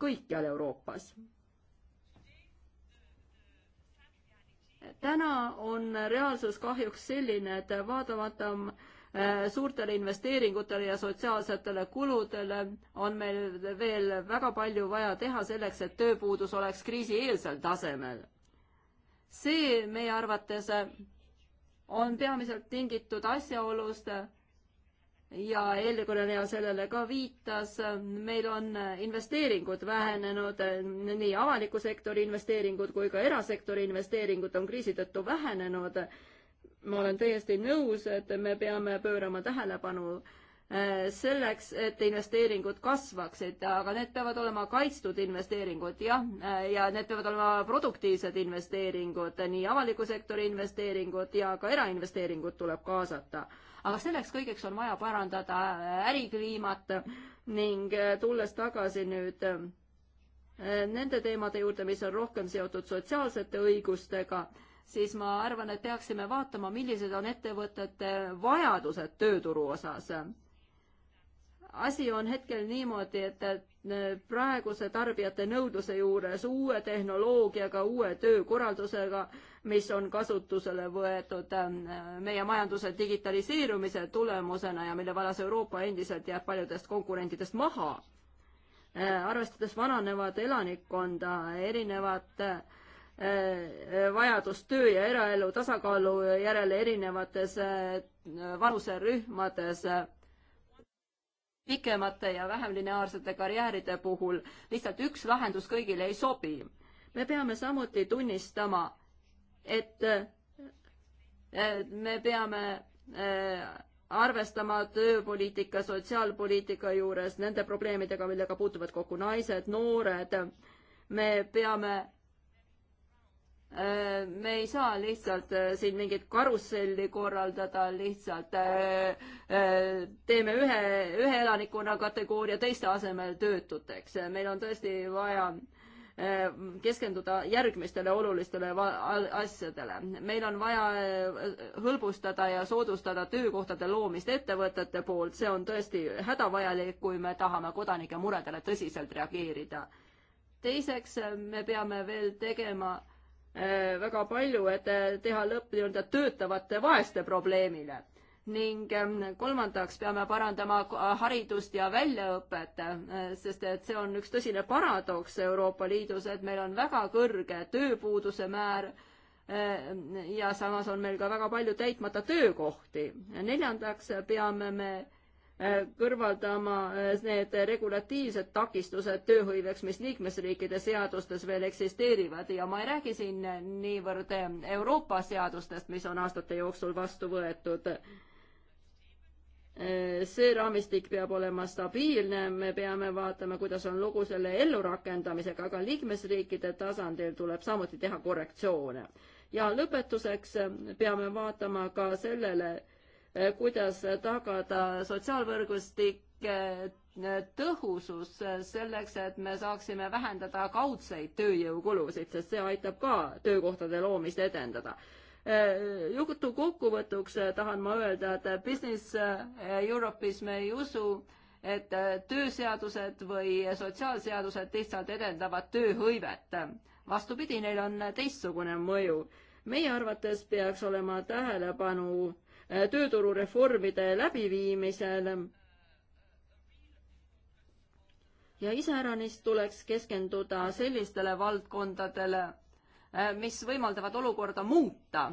kõikjal Euroopas. täna on reaalsus kahjuks selline, et vaatamata Äh, suurtele investeeringutele ja sotsiaalsetele kuludele on meil veel väga palju vaja teha selleks, et tööpuudus oleks kriisieelsel tasemel. see meie arvates on peamiselt tingitud asjaolust ja eelkõneleja sellele ka viitas, meil on investeeringud vähenenud, nii avaliku sektori investeeringud kui ka erasektori investeeringud on kriisi tõttu vähenenud ma olen täiesti nõus, et me peame pöörama tähelepanu äh, selleks, et investeeringud kasvaksid, aga need peavad olema kaitstud investeeringud, jah, äh, ja need peavad olema produktiivsed investeeringud, nii avaliku sektori investeeringud ja ka erainvesteeringud tuleb kaasata. aga selleks kõigeks on vaja parandada äh, ärikliimat ning tulles tagasi nüüd nende teemade juurde, mis on rohkem seotud sotsiaalsete õigustega siis ma arvan, et peaksime vaatama, millised on ettevõtete vajadused tööturu osas. asi on hetkel niimoodi, et praeguse tarbijate nõudluse juures uue tehnoloogiaga, uue töökorraldusega, mis on kasutusele võetud ähm, meie majanduse digitaliseerumise tulemusena ja mille vallas Euroopa endiselt jääb paljudest konkurentidest maha äh, arvestades vananevat elanikkonda, erinevat äh, Äh, vajadus töö ja eraelu tasakaalu järele erinevates äh, vanuserühmades äh, pikemate ja vähem lineaarsete karjääride puhul lihtsalt üks lahendus kõigile ei sobi. me peame samuti tunnistama, et me peame arvestama tööpoliitika, sotsiaalpoliitika juures nende probleemidega, millega puutuvad kokku naised, noored. me peame Äh, me ei saa lihtsalt äh, siin mingit karusselli korraldada, lihtsalt äh, teeme ühe, ühe elanikkonna kategooria teiste asemel töötuteks. meil on tõesti vaja keskenduda järgmistele olulistele asjadele. meil on vaja hõlbustada ja soodustada töökohtade loomist ettevõtete poolt, see on tõesti hädavajalik, kui me tahame kodanike muredele tõsiselt reageerida. teiseks, me peame veel tegema äh, Äh, väga palju, et äh, teha lõpp nii-öelda töötavate vaeste probleemile. ning ähm, kolmandaks peame parandama äh, haridust ja väljaõpet, sest et see on üks tõsine paradoks Euroopa Liidus, et meil on väga kõrge tööpuuduse määr ja samas on meil ka väga palju täitmata töökohti. neljandaks peame me Äh, kõrvaldama äh, need regulatiivsed takistused tööhõiveks, mis liikmesriikide seadustes veel eksisteerivad ja ma ei räägi siin niivõrd äh, Euroopa seadustest, mis on aastate jooksul vastu võetud. see raamistik peab olema stabiilne, me peame vaatama, kuidas on lugu selle ellurakendamisega, aga liikmesriikide tasandil tuleb samuti teha korrektsioone. ja lõpetuseks peame vaatama ka sellele, kuidas tagada sotsiaalvõrgustike tõhusus selleks, et me saaksime vähendada kaudseid tööjõukulusid, sest see aitab ka töökohtade loomist edendada jutu kokkuvõtuks tahan ma öelda, et Business Europe'is me ei usu, et tööseadused või sotsiaalseadused lihtsalt edendavad tööhõivet. vastupidi, neil on teistsugune mõju. meie arvates peaks olema tähelepanu Äh, tööturureformide läbiviimisel. ja iseäranis tuleks keskenduda sellistele valdkondadele, äh, mis võimaldavad olukorda muuta.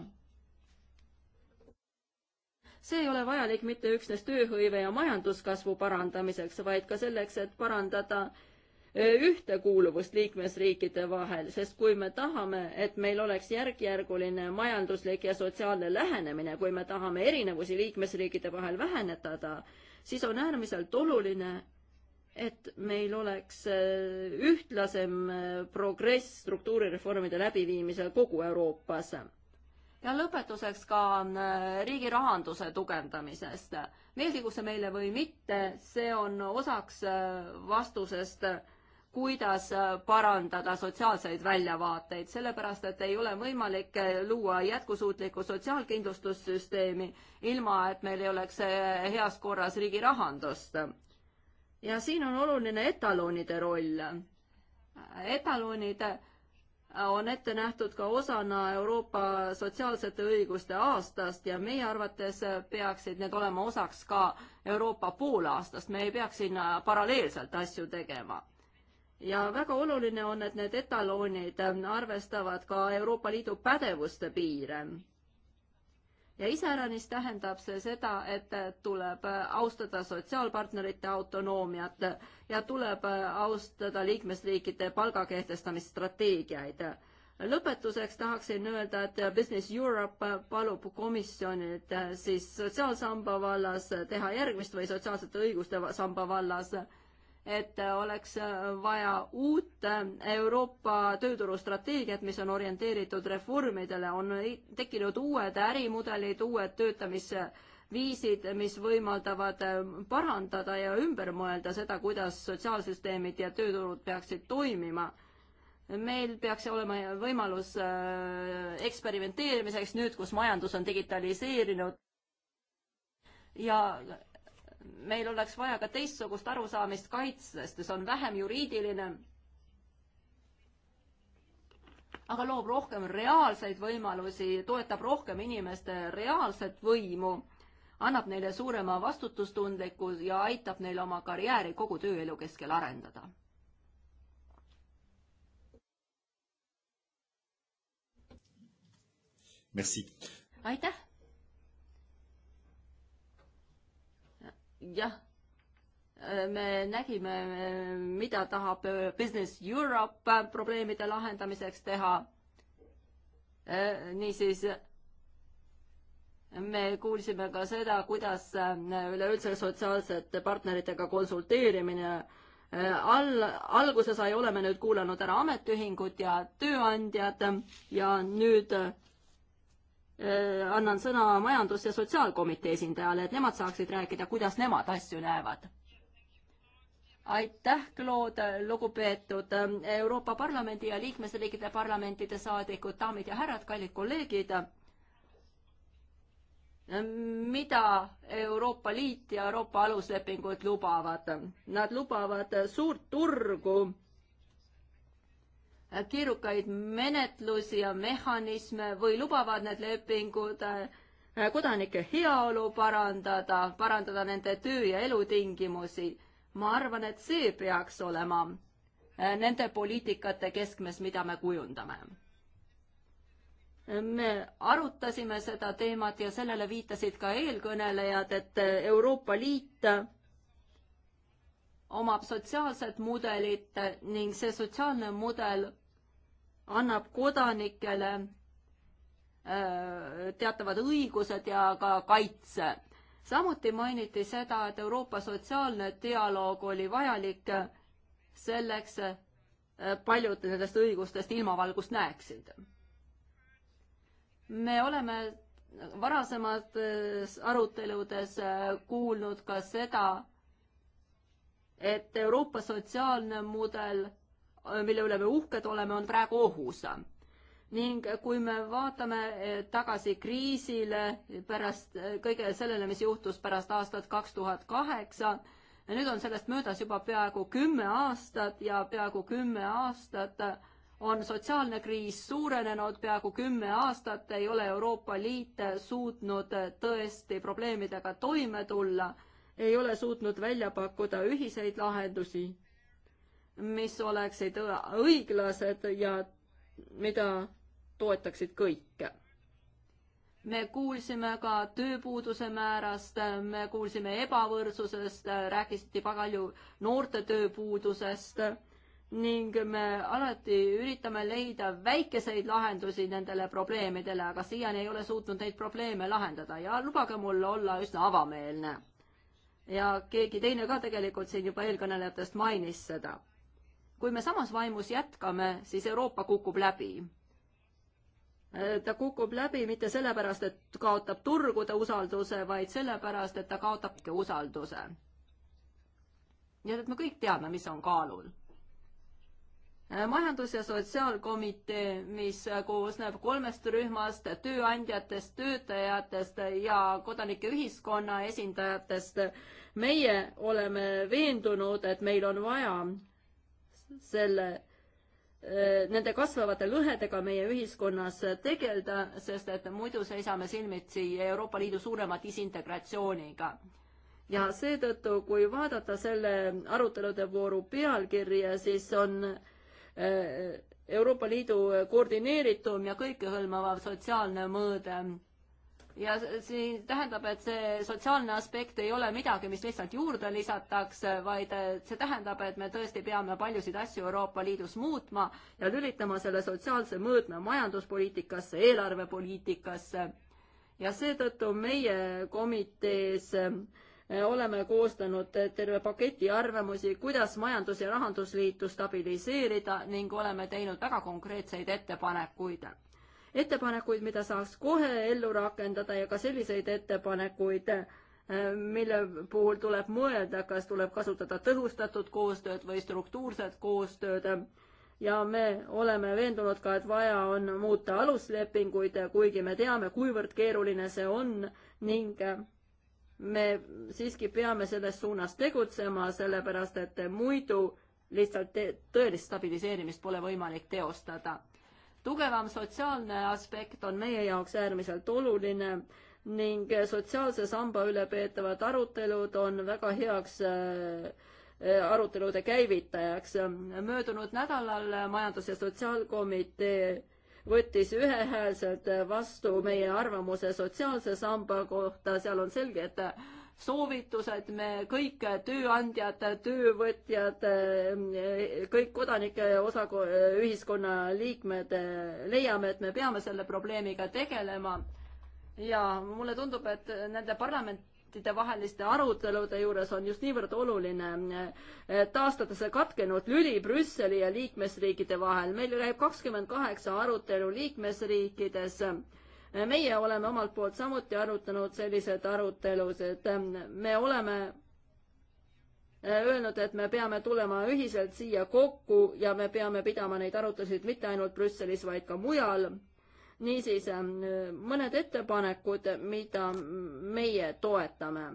see ei ole vajalik mitte üksnes tööhõive ja majanduskasvu parandamiseks, vaid ka selleks, et parandada äh, ühtekuuluvust liikmesriikide vahel, sest kui me tahame, et meil oleks järk-järguline majanduslik ja sotsiaalne lähenemine, kui me tahame erinevusi liikmesriikide vahel vähenetada, siis on äärmiselt oluline, et meil oleks äh, ühtlasem äh, progress struktuurireformide läbiviimisel kogu Euroopas. ja lõpetuseks ka äh, riigi rahanduse tugevdamisest. meeldigu see meile või mitte, see on osaks vastusest äh, kuidas äh, parandada sotsiaalseid väljavaateid, sellepärast et ei ole võimalik äh, luua jätkusuutlikku sotsiaalkindlustussüsteemi, ilma et meil ei oleks äh, heas korras riigi rahandust. ja siin on oluline etalonide roll. etalonid on ette nähtud ka osana Euroopa sotsiaalsete õiguste aastast ja meie arvates peaksid need olema osaks ka Euroopa poolaastast, me ei peaks sinna paralleelselt asju tegema ja väga oluline on, et need etaloonid ähm, arvestavad ka Euroopa Liidu pädevuste piire. ja iseäranis tähendab see seda, et tuleb äh, austada sotsiaalpartnerite autonoomiat ja tuleb äh, austada liikmesriikide palgakehtestamisstrateegiaid. lõpetuseks tahaksin öelda, et Business Europe äh, palub komisjonilt siis sotsiaalsamba vallas teha järgmist või sotsiaalsete õiguste samba vallas et oleks vaja uut Euroopa tööturustrateegiat, mis on orienteeritud reformidele, on tekkinud uued ärimudelid, uued töötamisviisid, mis võimaldavad parandada ja ümber mõelda seda, kuidas sotsiaalsüsteemid ja tööturud peaksid toimima. meil peaks olema võimalus äh, eksperimenteerimiseks nüüd, kus majandus on digitaliseerinud ja meil oleks vaja ka teistsugust arusaamist kaitsest, see on vähem juriidiline, aga loob rohkem reaalseid võimalusi, toetab rohkem inimeste reaalset võimu, annab neile suurema vastutustundlikku ja aitab neil oma karjääri kogu tööelu keskel arendada. aitäh! jah, me nägime, mida tahab Business Europe probleemide lahendamiseks teha. niisiis me kuulsime ka seda, kuidas üleüldse sotsiaalsete partneritega konsulteerimine all, alguse sai, oleme nüüd kuulanud ära ametiühingud ja tööandjad ja nüüd Äh, annan sõna Majandus- ja Sotsiaalkomitee esindajale, et nemad saaksid rääkida, kuidas nemad asju näevad. aitäh, Claude, lugupeetud ähm, Euroopa Parlamendi ja liikmesriikide parlamentide saadikud, daamid ja härrad, kallid kolleegid. Ähm, mida Euroopa Liit ja Euroopa aluslepingud lubavad? Nad lubavad suurt turgu keerukaid menetlusi ja mehhanisme või lubavad need lepingud äh, kodanike heaolu parandada, parandada nende töö ja elutingimusi. ma arvan, et see peaks olema äh, nende poliitikate keskmes, mida me kujundame. me arutasime seda teemat ja sellele viitasid ka eelkõnelejad, et Euroopa Liit omab sotsiaalset mudelit ning see sotsiaalne mudel annab kodanikele äh, teatavad õigused ja ka kaitse. samuti mainiti seda, et Euroopa sotsiaalne dialoog oli vajalik selleks, äh, paljud nendest õigustest ilmavalgust näeksid. me oleme varasemates aruteludes äh, kuulnud ka seda, et Euroopa sotsiaalne mudel, mille üle me uhked oleme, on praegu ohus. ning kui me vaatame eh, tagasi kriisile pärast eh, kõige sellele, mis juhtus pärast aastat kaks tuhat kaheksa, nüüd on sellest möödas juba peaaegu kümme aastat ja peaaegu kümme aastat on sotsiaalne kriis suurenenud, peaaegu kümme aastat ei ole Euroopa Liit suutnud tõesti probleemidega toime tulla ei ole suutnud välja pakkuda ühiseid lahendusi, mis oleksid õiglased ja mida toetaksid kõik. me kuulsime ka tööpuuduse määrast, me kuulsime ebavõrdsusest, rääkisiti palju noorte tööpuudusest ning me alati üritame leida väikeseid lahendusi nendele probleemidele, aga siiani ei ole suutnud neid probleeme lahendada ja lubage mul olla üsna avameelne ja keegi teine ka tegelikult siin juba eelkõnelejatest mainis seda. kui me samas vaimus jätkame, siis Euroopa kukub läbi. ta kukub läbi mitte sellepärast, et kaotab turgude usalduse, vaid sellepärast, et ta kaotabki usalduse. nii et me kõik teame, mis on kaalul majandus- ja sotsiaalkomitee, mis koosneb kolmest rühmast, tööandjatest, töötajatest ja kodanike ühiskonna esindajatest. meie oleme veendunud, et meil on vaja selle eh, nende kasvavate lõhedega meie ühiskonnas tegeleda, sest et muidu seisame silmitsi Euroopa Liidu suurema disintegratsiooniga. ja seetõttu, kui vaadata selle arutelude vooru pealkirja, siis on äh, Euroopa Liidu koordineeritum ja kõikehõlmavam sotsiaalne mõõde. ja see tähendab, et see sotsiaalne aspekt ei ole midagi, mis lihtsalt juurde lisatakse, vaid see tähendab, et me tõesti peame paljusid asju Euroopa Liidus muutma ja lülitama selle sotsiaalse mõõtme majanduspoliitikasse, eelarvepoliitikasse ja seetõttu meie komitees äh, Eh, oleme koostanud terve paketi arvamusi, kuidas Majandus- ja Rahandusliitu stabiliseerida ning oleme teinud väga konkreetseid ettepanekuid. ettepanekuid, mida saaks kohe ellu rakendada ja ka selliseid ettepanekuid, eh, mille puhul tuleb mõelda, kas tuleb kasutada tõhustatud koostööd või struktuurset koostööd ja me oleme veendunud ka, et vaja on muuta aluslepinguid, kuigi me teame, kuivõrd keeruline see on ning me siiski peame selles suunas tegutsema, sellepärast et muidu lihtsalt tõelist stabiliseerimist pole võimalik teostada. tugevam sotsiaalne aspekt on meie jaoks äärmiselt oluline ning sotsiaalse samba üle peetavad arutelud on väga heaks äh, arutelude käivitajaks. möödunud nädalal Majandus- ja Sotsiaalkomitee võttis ühehäälselt vastu meie arvamuse sotsiaalse samba kohta, seal on selged soovitused, me kõik tööandjad, töövõtjad, kõik kodanike osa, ühiskonna liikmed leiame, et me peame selle probleemiga tegelema ja mulle tundub, et nende parlament parlamentide vaheliste arutelude juures on just niivõrd oluline taastada see katkenud lüli Brüsseli ja liikmesriikide vahel. meil käib kakskümmend kaheksa arutelu liikmesriikides meie oleme omalt poolt samuti arutanud sellised arutelusid, me oleme öelnud, et me peame tulema ühiselt siia kokku ja me peame pidama neid arutelusid mitte ainult Brüsselis, vaid ka mujal niisiis ähm, mõned ettepanekud, mida meie toetame.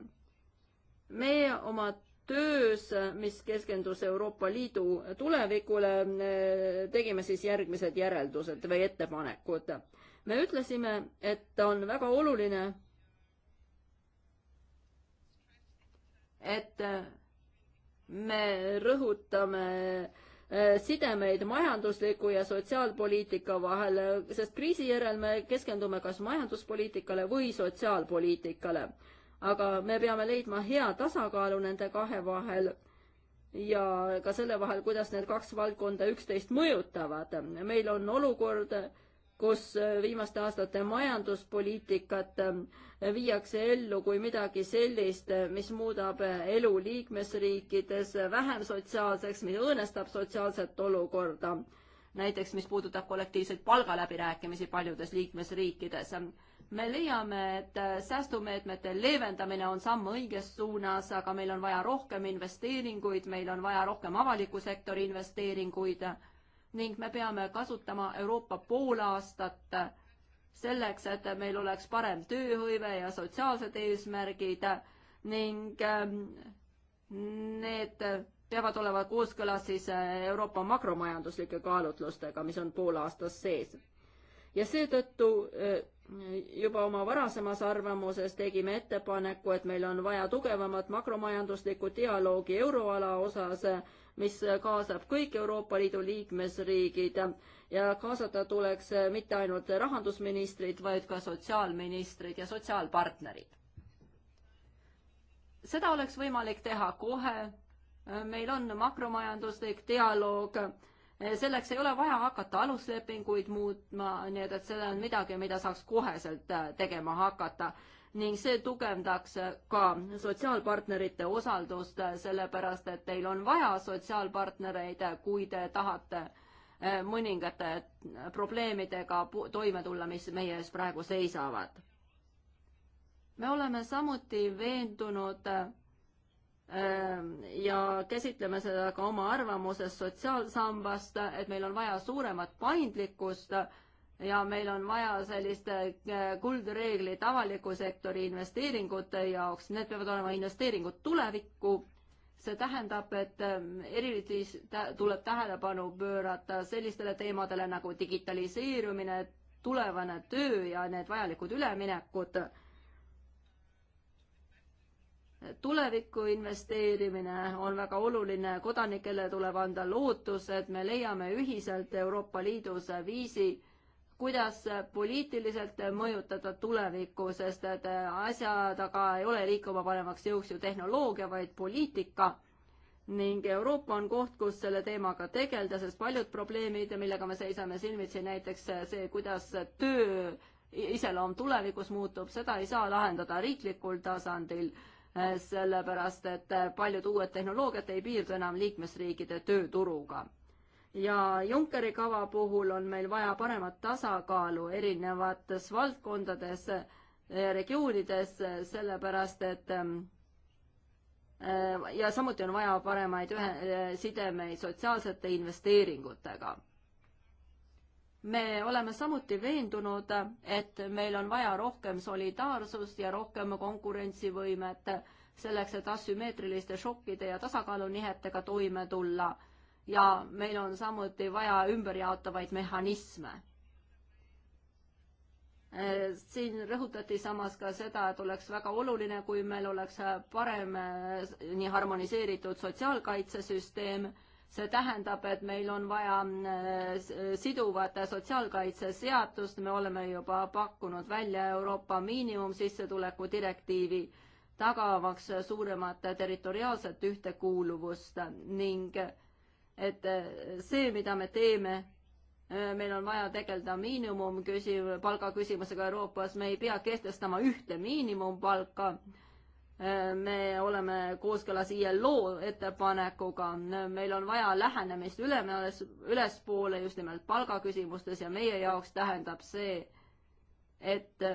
meie oma töös, mis keskendus Euroopa Liidu tulevikule, äh, tegime siis järgmised järeldused või ettepanekud. me ütlesime, et on väga oluline, et äh, me rõhutame äh, Äh, sidemeid majandusliku ja sotsiaalpoliitika vahel, sest kriisi järel me keskendume kas majanduspoliitikale või sotsiaalpoliitikale. aga me peame leidma hea tasakaalu nende kahe vahel ja ka selle vahel, kuidas need kaks valdkonda üksteist mõjutavad. meil on olukord, kus äh, viimaste aastate majanduspoliitikat äh, viiakse ellu kui midagi sellist, äh, mis muudab elu liikmesriikides vähem sotsiaalseks, mis õõnestab sotsiaalset olukorda. näiteks, mis puudutab kollektiivseid palgaläbirääkimisi paljudes liikmesriikides. me leiame, et säästumeetmete leevendamine on samm õiges suunas, aga meil on vaja rohkem investeeringuid, meil on vaja rohkem avaliku sektori investeeringuid ning me peame kasutama Euroopa poolaastat selleks, et meil oleks parem tööhõive ja sotsiaalsed eesmärgid ning ähm, need peavad olema kooskõlas siis äh, Euroopa makromajanduslike kaalutlustega, mis on poolaastas sees. ja seetõttu äh, juba oma varasemas arvamuses tegime ettepaneku, et meil on vaja tugevamat makromajanduslikku dialoogi euroala osas mis kaasab kõik Euroopa Liidu liikmesriigid ja kaasata tuleks mitte ainult rahandusministrid, vaid ka sotsiaalministrid ja sotsiaalpartnerid. seda oleks võimalik teha kohe, meil on makromajanduslik dialoog Eh, selleks ei ole vaja hakata aluslepinguid muutma, nii et, et see on midagi, mida saaks koheselt äh, tegema hakata ning see tugevdaks äh, ka sotsiaalpartnerite osaldust, äh, sellepärast et teil on vaja sotsiaalpartnereid, kui te tahate mõningate probleemidega toime tulla, mis meie ees praegu seisavad. me oleme samuti veendunud Ehm, ja käsitleme seda ka oma arvamuses sotsiaalsambast, et meil on vaja suuremat paindlikkust ja meil on vaja sellist eh, kuldreeglit avaliku sektori investeeringute jaoks, need peavad olema investeeringud tulevikku. see tähendab, et ehm, eriti tuleb tähelepanu pöörata sellistele teemadele nagu digitaliseerumine, tulevane töö ja need vajalikud üleminekud tulevikku investeerimine on väga oluline, kodanikele tuleb anda lootus, et me leiame ühiselt Euroopa Liidus viisi, kuidas poliitiliselt mõjutada tulevikku, sest et asja taga ei ole liikuma panemaks jõuks ju tehnoloogia, vaid poliitika. ning Euroopa on koht, kus selle teemaga tegeleda, sest paljud probleemid, millega me seisame silmitsi, näiteks see, kuidas töö iseloom tulevikus muutub, seda ei saa lahendada riiklikul tasandil Eh, sellepärast et eh, paljud uued tehnoloogiad ei piirdu enam liikmesriikide tööturuga. ja Junckeri kava puhul on meil vaja paremat tasakaalu erinevates valdkondades, eh, regioonides, sellepärast et ja samuti on vaja paremaid ühe, sidemeid sotsiaalsete investeeringutega me oleme samuti veendunud, et meil on vaja rohkem solidaarsust ja rohkem konkurentsivõimet selleks, et asümmeetriliste šokkide ja tasakaalunihetega toime tulla. ja meil on samuti vaja ümberjaotavaid mehhanisme. siin rõhutati samas ka seda, et oleks väga oluline, kui meil oleks parem eh, nii harmoniseeritud sotsiaalkaitsesüsteem see tähendab, et meil on vaja äh, siduvat sotsiaalkaitseseadust, me oleme juba pakkunud välja Euroopa miinimumsissetuleku direktiivi, tagamaks suuremat territoriaalset ühtekuuluvust ning et äh, see, mida me teeme, äh, meil on vaja tegeleda miinimumküsi-, palgaküsimusega Euroopas, me ei pea kehtestama ühte miinimumpalka me oleme kooskõlas ILO ettepanekuga, meil on vaja lähenemist ülemees, ülespoole just nimelt palgaküsimustes ja meie jaoks tähendab see, et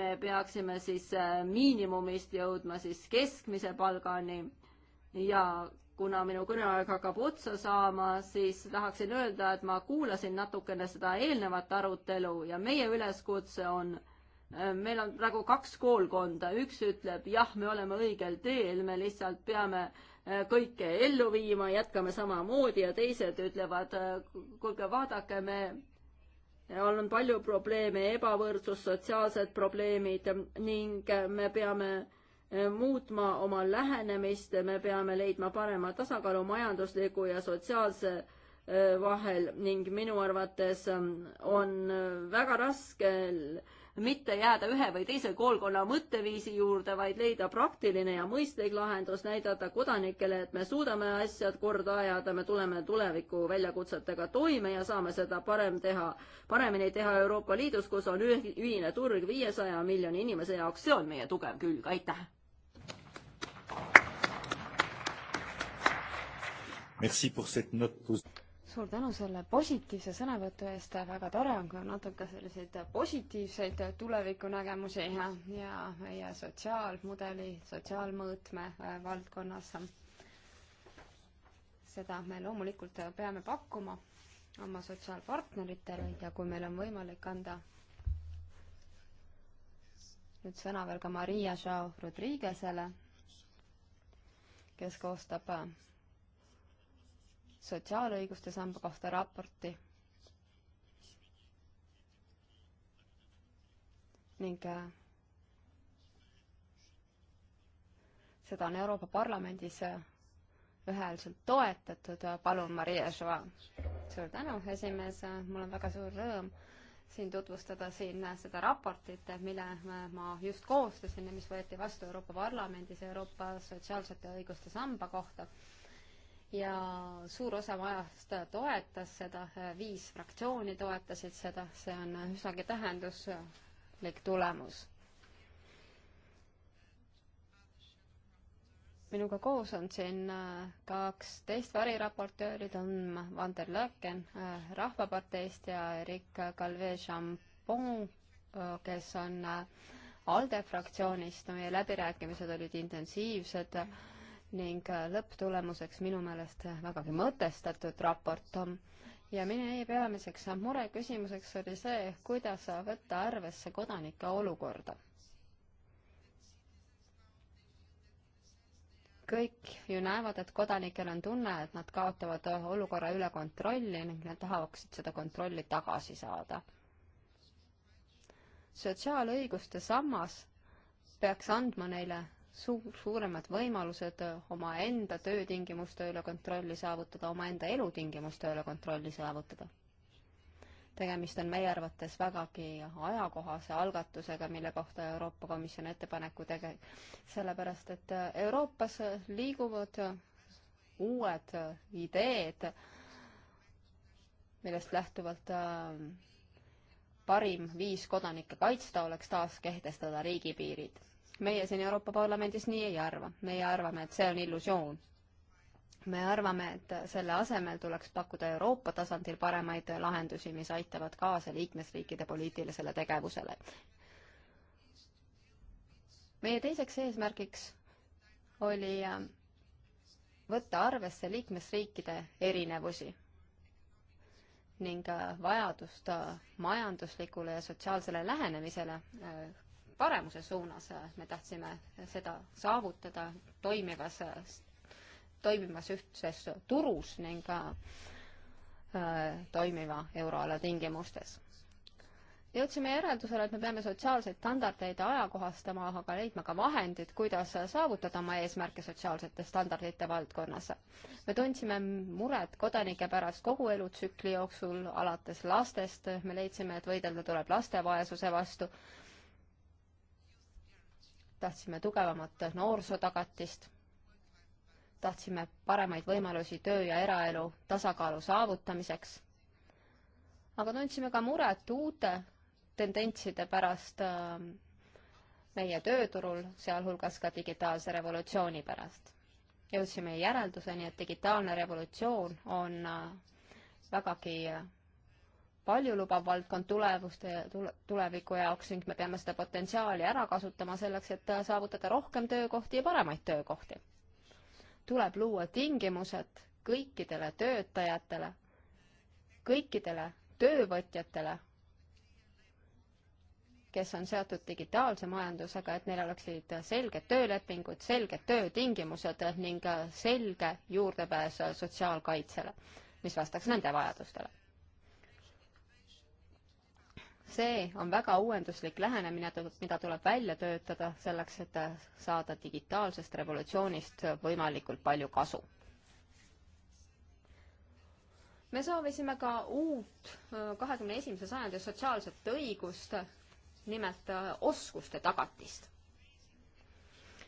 me peaksime siis äh, miinimumist jõudma siis keskmise palgani ja kuna minu kõneaeg hakkab otsa saama, siis tahaksin öelda, et ma kuulasin natukene seda eelnevat arutelu ja meie üleskutse on äh, Äh, meil on praegu kaks koolkonda, üks ütleb jah, me oleme õigel teel, me lihtsalt peame äh, kõike ellu viima, jätkame samamoodi ja teised ütlevad, äh, kuulge, vaadake, me on palju probleeme, ebavõrdsus, sotsiaalsed probleemid ning me peame muutma oma lähenemist, me peame leidma parema tasakaalu majandusliku ja sotsiaalse vahel ning minu arvates ähm, on väga raske mitte jääda ühe või teise koolkonna mõtteviisi juurde, vaid leida praktiline ja mõistlik lahendus, näidata kodanikele, et me suudame asjad korda ajada, me tuleme tuleviku väljakutsetega toime ja saame seda parem teha, paremini teha Euroopa Liidus, kus on ühine turg viiesaja miljoni inimese jaoks, see on meie tugev külg, aitäh! Merci pour cette note positive suur tänu selle positiivse sõnavõtu eest, väga tore on ka natuke selliseid positiivseid tulevikunägemusi ja, ja meie sotsiaalmudeli, sotsiaalmõõtme äh, valdkonnas. seda me loomulikult peame pakkuma oma sotsiaalpartneritele ja kui meil on võimalik anda nüüd sõna veel ka Maria Joao Rodriguez'ele, kes koostab äh, sotsiaalõiguste samba kohta raporti ning äh, seda on Euroopa Parlamendis äh, ühehäälselt toetatud, äh, palun, Maria Joa. suur tänu, esimees, mul on väga suur rõõm siin tutvustada siin seda raportit, mille ma just koostasin ja mis võeti vastu Euroopa Parlamendis Euroopa sotsiaalsete õiguste samba kohta ja suur osa majast toetas seda, viis fraktsiooni toetasid seda, see on üsnagi tähenduslik tulemus. minuga koos on siin äh, kaks teist variraportööri, Tom van der Löken äh, Rahvaparteist ja Erik Calvet-Champon, äh, kes on ALDE fraktsioonist, meie läbirääkimised olid intensiivsed mm. -hmm ning äh, lõpptulemuseks minu meelest vägagi mõtestatud raport. ja meie peamiseks mureküsimuseks oli see, kuidas võtta arvesse kodanike olukorda. kõik ju näevad, et kodanikel on tunne, et nad kaotavad olukorra üle kontrolli ning nad tahaksid seda kontrolli tagasi saada. sotsiaalõiguste sammas peaks andma neile suur, suuremad võimalused omaenda töötingimuste üle kontrolli saavutada, omaenda elutingimuste üle kontrolli saavutada. tegemist on meie arvates vägagi ajakohase algatusega, mille kohta Euroopa Komisjon ettepaneku tege-, sellepärast et Euroopas liiguvad uued ideed, millest lähtuvalt äh, parim viis kodanikke kaitsta oleks taas kehtestada riigipiirid meie siin Euroopa Parlamendis nii ei arva. meie arvame, et see on illusioon. me arvame, et selle asemel tuleks pakkuda Euroopa tasandil paremaid lahendusi, mis aitavad kaasa liikmesriikide poliitilisele tegevusele. meie teiseks eesmärgiks oli äh, võtta arvesse liikmesriikide erinevusi ning äh, vajadust äh, majanduslikule ja sotsiaalsele lähenemisele paremuse suunas, äh, me tahtsime seda saavutada toimivas, toimivas ühtses turus ning ka äh, toimiva euroala tingimustes. jõudsime järeldusele, et me peame sotsiaalseid standardeid ajakohastama, aga leidma ka vahendid, kuidas saavutada oma eesmärke sotsiaalsete standardite valdkonnas. me tundsime muret kodanike pärast kogu elutsükli jooksul, alates lastest, me leidsime, et võidelda tuleb laste vaesuse vastu tahtsime tugevamat noorsootagatist, tahtsime paremaid võimalusi töö ja eraelu tasakaalu saavutamiseks, aga tundsime ka muret uute tendentside pärast äh, meie tööturul, sealhulgas ka digitaalse revolutsiooni pärast. jõudsime järelduseni, et digitaalne revolutsioon on äh, vägagi äh, paljulubav valdkond tulevuste, tuleviku jaoks ning me peame seda potentsiaali ära kasutama selleks, et äh, saavutada rohkem töökohti ja paremaid töökohti. tuleb luua tingimused kõikidele töötajatele, kõikidele töövõtjatele, kes on seotud digitaalse majandusega, et neil oleksid selged töölepingud, selged töötingimused ning äh, selge juurdepääs äh, sotsiaalkaitsele, mis vastaks nende vajadustele see on väga uuenduslik lähenemine, mida tuleb välja töötada selleks, et saada digitaalsest revolutsioonist võimalikult palju kasu. me soovisime ka uut äh, kahekümne esimese sajandi sotsiaalset õigust, nimelt äh, oskuste tagatist.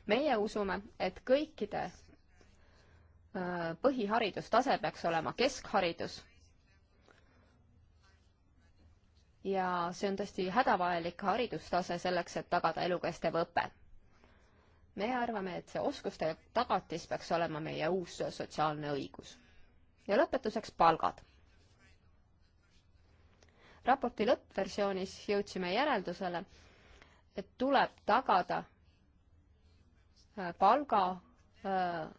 meie usume, et kõikide äh, põhiharidustase peaks olema keskharidus ja see on tõesti hädavajalik haridustase selleks, et tagada elukestev õpe. me arvame, et see oskuste tagatis peaks olema meie uus sotsiaalne õigus. ja lõpetuseks palgad. raporti lõppversioonis jõudsime järeldusele, et tuleb tagada äh, palga äh,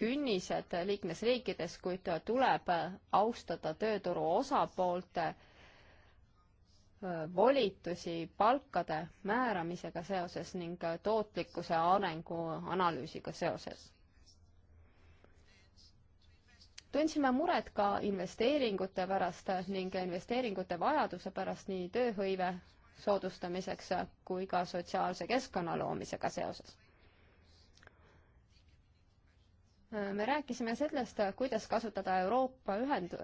künnised liikmesriikides, kuid tuleb austada tööturu osapoolte äh, volitusi palkade määramisega seoses ning tootlikkuse arengu analüüsiga seoses. tundsime muret ka investeeringute pärast ning investeeringute vajaduse pärast nii tööhõive soodustamiseks kui ka sotsiaalse keskkonna loomisega seoses me rääkisime sellest, kuidas kasutada Euroopa ühend-,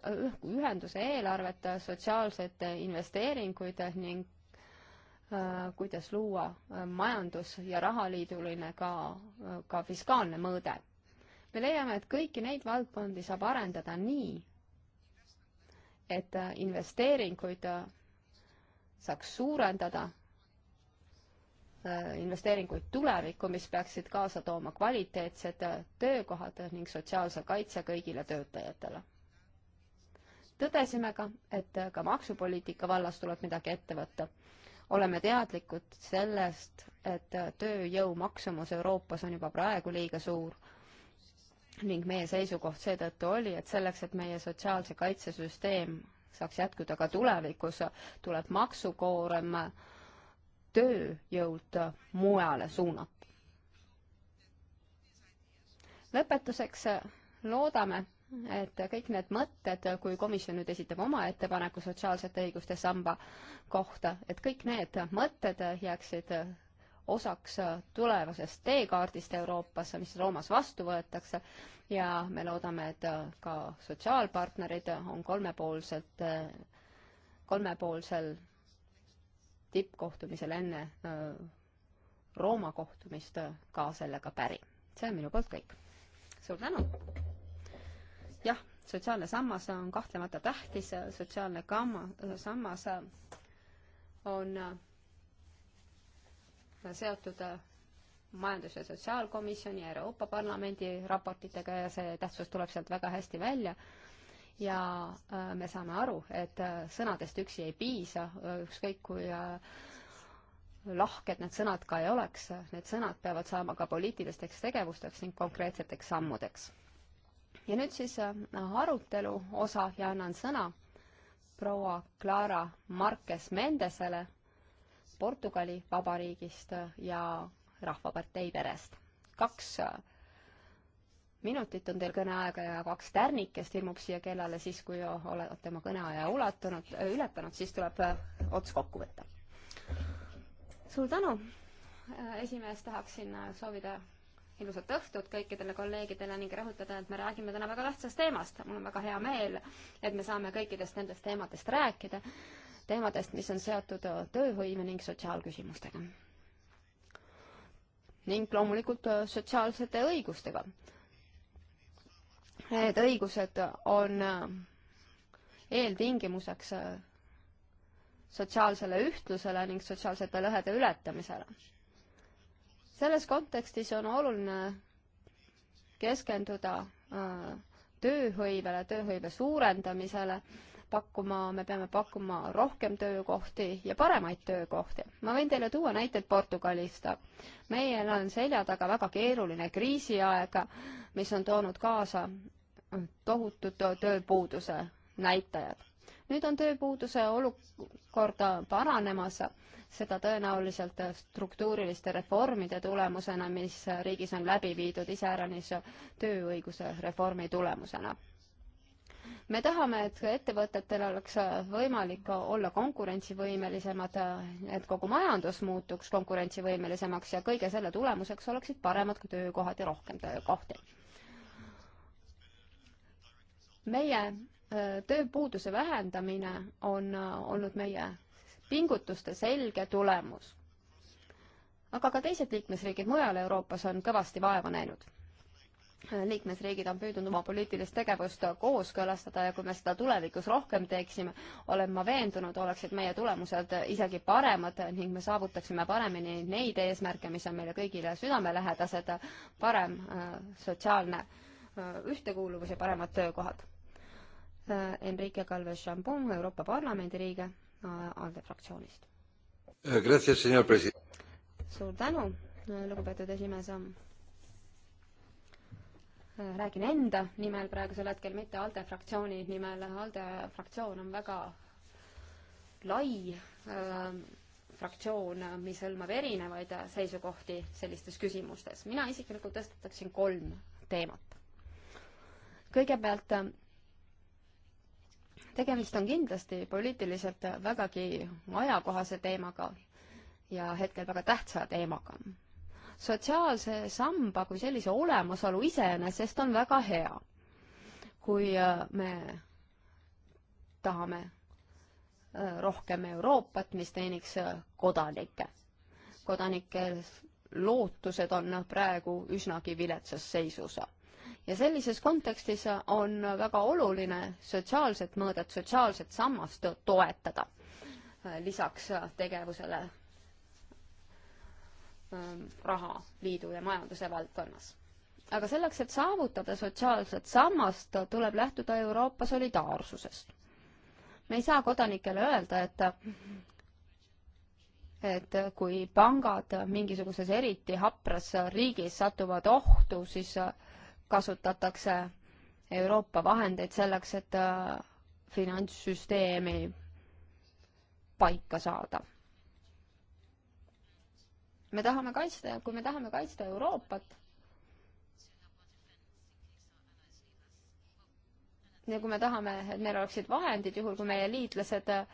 ühenduse eelarvet, sotsiaalseid investeeringuid ning äh, kuidas luua äh, majandus- ja rahaliiduline ka, äh, ka fiskaalne mõõde. me leiame, et kõiki neid valdkondi saab arendada nii, et äh, investeeringuid saaks suurendada Äh, investeeringuid tulevikku, mis peaksid kaasa tooma kvaliteetsed äh, töökohad ning sotsiaalse kaitse kõigile töötajatele. tõdesime ka, et äh, ka maksupoliitika vallas tuleb midagi ette võtta. oleme teadlikud sellest, et tööjõu maksumus Euroopas on juba praegu liiga suur ning meie seisukoht seetõttu oli, et selleks, et meie sotsiaalse kaitse süsteem saaks jätkuda ka tulevikus, tuleb maksukoorem äh, tööjõud mujale suunata. lõpetuseks loodame, et kõik need mõtted, kui komisjon nüüd esitab oma ettepaneku sotsiaalsete õiguste samba kohta, et kõik need mõtted jääksid osaks tulevasest teekaardist Euroopas, mis Roomas vastu võetakse ja me loodame, et ka sotsiaalpartnerid on kolmepoolselt, kolmepoolsel tippkohtumisel enne Rooma kohtumist ka sellega päri. see on minu poolt kõik. suur tänu! jah, sotsiaalne sammas on kahtlemata tähtis, sotsiaalne gamma, sammas on seotud majandus- ja sotsiaalkomisjoni ja Euroopa Parlamendi raportitega ja see tähtsus tuleb sealt väga hästi välja ja äh, me saame aru, et äh, sõnadest üksi ei piisa, äh, ükskõik kui lahked need sõnad ka ei oleks, need sõnad peavad saama ka poliitilisteks tegevusteks ning konkreetseteks sammudeks. ja nüüd siis arutelu osa ja annan sõna proua Clara Marques Mendesele Portugali Vabariigist ja Rahvapartei perest. kaks minutit on teil kõneaega ja kaks tärnikest ilmub siia kellale, siis kui olete oma kõneaja ulatunud, äh, ületanud, siis tuleb äh, ots kokku võtta. suur tänu, äh, esimees, tahaksin soovida ilusat õhtut kõikidele kolleegidele ning rõhutada, et me räägime täna väga tähtsast teemast. mul on väga hea meel, et me saame kõikidest nendest teemadest rääkida, teemadest, mis on seotud tööhõive ning sotsiaalküsimustega. ning loomulikult sotsiaalsete õigustega Need õigused on äh, eeltingimuseks äh, sotsiaalsele ühtlusele ning sotsiaalsete lõhede ületamisele. selles kontekstis on oluline keskenduda äh, tööhõivele, tööhõive suurendamisele, pakkuma, me peame pakkuma rohkem töökohti ja paremaid töökohti. ma võin teile tuua näiteid Portugalist. meil on selja taga väga keeruline kriisiaeg, mis on toonud kaasa tohutud tööpuuduse näitajad. nüüd on tööpuuduse olukorda paranemas, seda tõenäoliselt struktuuriliste reformide tulemusena, mis riigis on läbi viidud iseäranis tööõiguse reformi tulemusena. me tahame, et ettevõtetel oleks võimalik olla konkurentsivõimelisemad, et kogu majandus muutuks konkurentsivõimelisemaks ja kõige selle tulemuseks oleksid paremad töökohad ja rohkem töökohti meie tööpuuduse vähendamine on olnud meie pingutuste selge tulemus. aga ka teised liikmesriigid mujal Euroopas on kõvasti vaeva näinud. liikmesriigid on püüdnud oma poliitilist tegevust kooskõlastada ja kui me seda tulevikus rohkem teeksime, olen ma veendunud, oleksid meie tulemused isegi paremad ning me saavutaksime paremini neid eesmärke, mis on meile kõigile südamelähedased, parem äh, sotsiaalne äh, ühtekuuluvus ja paremad töökohad Äh, Enrique Calves Chambon, Euroopa Parlamendi liige äh, ALDE fraktsioonist. Eh, suur tänu, äh, lugupeetud esimees. räägin enda nimel praegusel hetkel, mitte ALDE fraktsiooni nimel. ALDE fraktsioon on väga lai äh, fraktsioon, mis hõlmab erinevaid seisukohti sellistes küsimustes. mina isiklikult tõstataksin kolm teemat. kõigepealt tegemist on kindlasti poliitiliselt vägagi ajakohase teemaga ja hetkel väga tähtsa teemaga. sotsiaalse samba kui sellise olemasolu iseenesest on väga hea, kui äh, me tahame äh, rohkem Euroopat, mis teeniks äh, kodanikke. kodanike lootused on praegu üsnagi viletsas seisus ja sellises kontekstis on väga oluline sotsiaalset mõõdet, sotsiaalset sammast toetada äh, lisaks äh, tegevusele ähm, rahaliidu ja majanduse valdkonnas. aga selleks, et saavutada sotsiaalset sammast, tuleb lähtuda Euroopa solidaarsusest. me ei saa kodanikele öelda, et et kui pangad mingisuguses eriti hapras riigis satuvad ohtu, siis äh, kasutatakse Euroopa vahendeid selleks, et äh, finantssüsteemi paika saada. me tahame kaitsta ja kui me tahame kaitsta Euroopat, ja kui me tahame, et meil oleksid vahendid, juhul kui meie liitlased äh,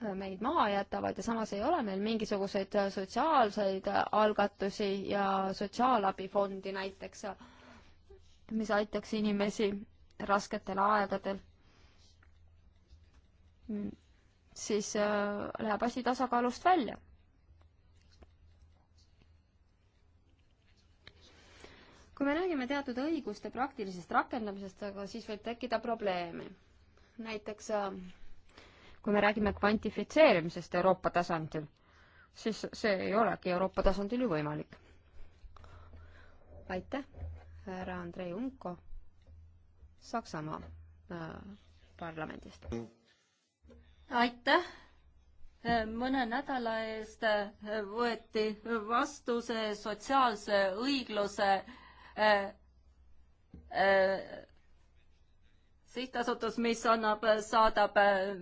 meid maha jätavad ja samas ei ole meil mingisuguseid sotsiaalseid algatusi ja sotsiaalabifondi näiteks, mis aitaks inimesi rasketel aegadel. siis äh, läheb asi tasakaalust välja kui me räägime teatud õiguste praktilisest rakendamisest, aga siis võib tekkida probleeme. näiteks äh, kui me räägime kvantifitseerimisest Euroopa tasandil, siis see ei olegi Euroopa tasandil ju võimalik. aitäh, härra Andrei Unko Saksamaa äh, parlamendist. aitäh mõne nädala eest võeti vastu see sotsiaalse õigluse äh, äh, sihtasutus, mis annab, saadab äh,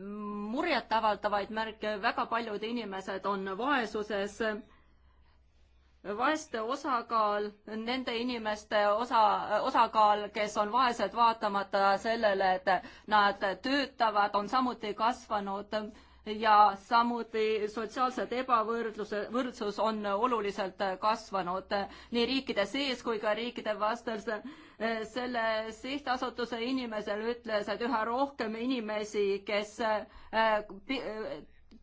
murjetavaldavaid märke, väga paljud inimesed on vaesuses. vaeste osakaal, nende inimeste osa, osakaal, kes on vaesed, vaatamata sellele, et nad töötavad, on samuti kasvanud ja samuti sotsiaalsed ebavõrdluse, võrdsus on oluliselt kasvanud nii riikide sees kui ka riikide vastas selle sihtasutuse inimesel ütles, et üha rohkem inimesi, kes äh,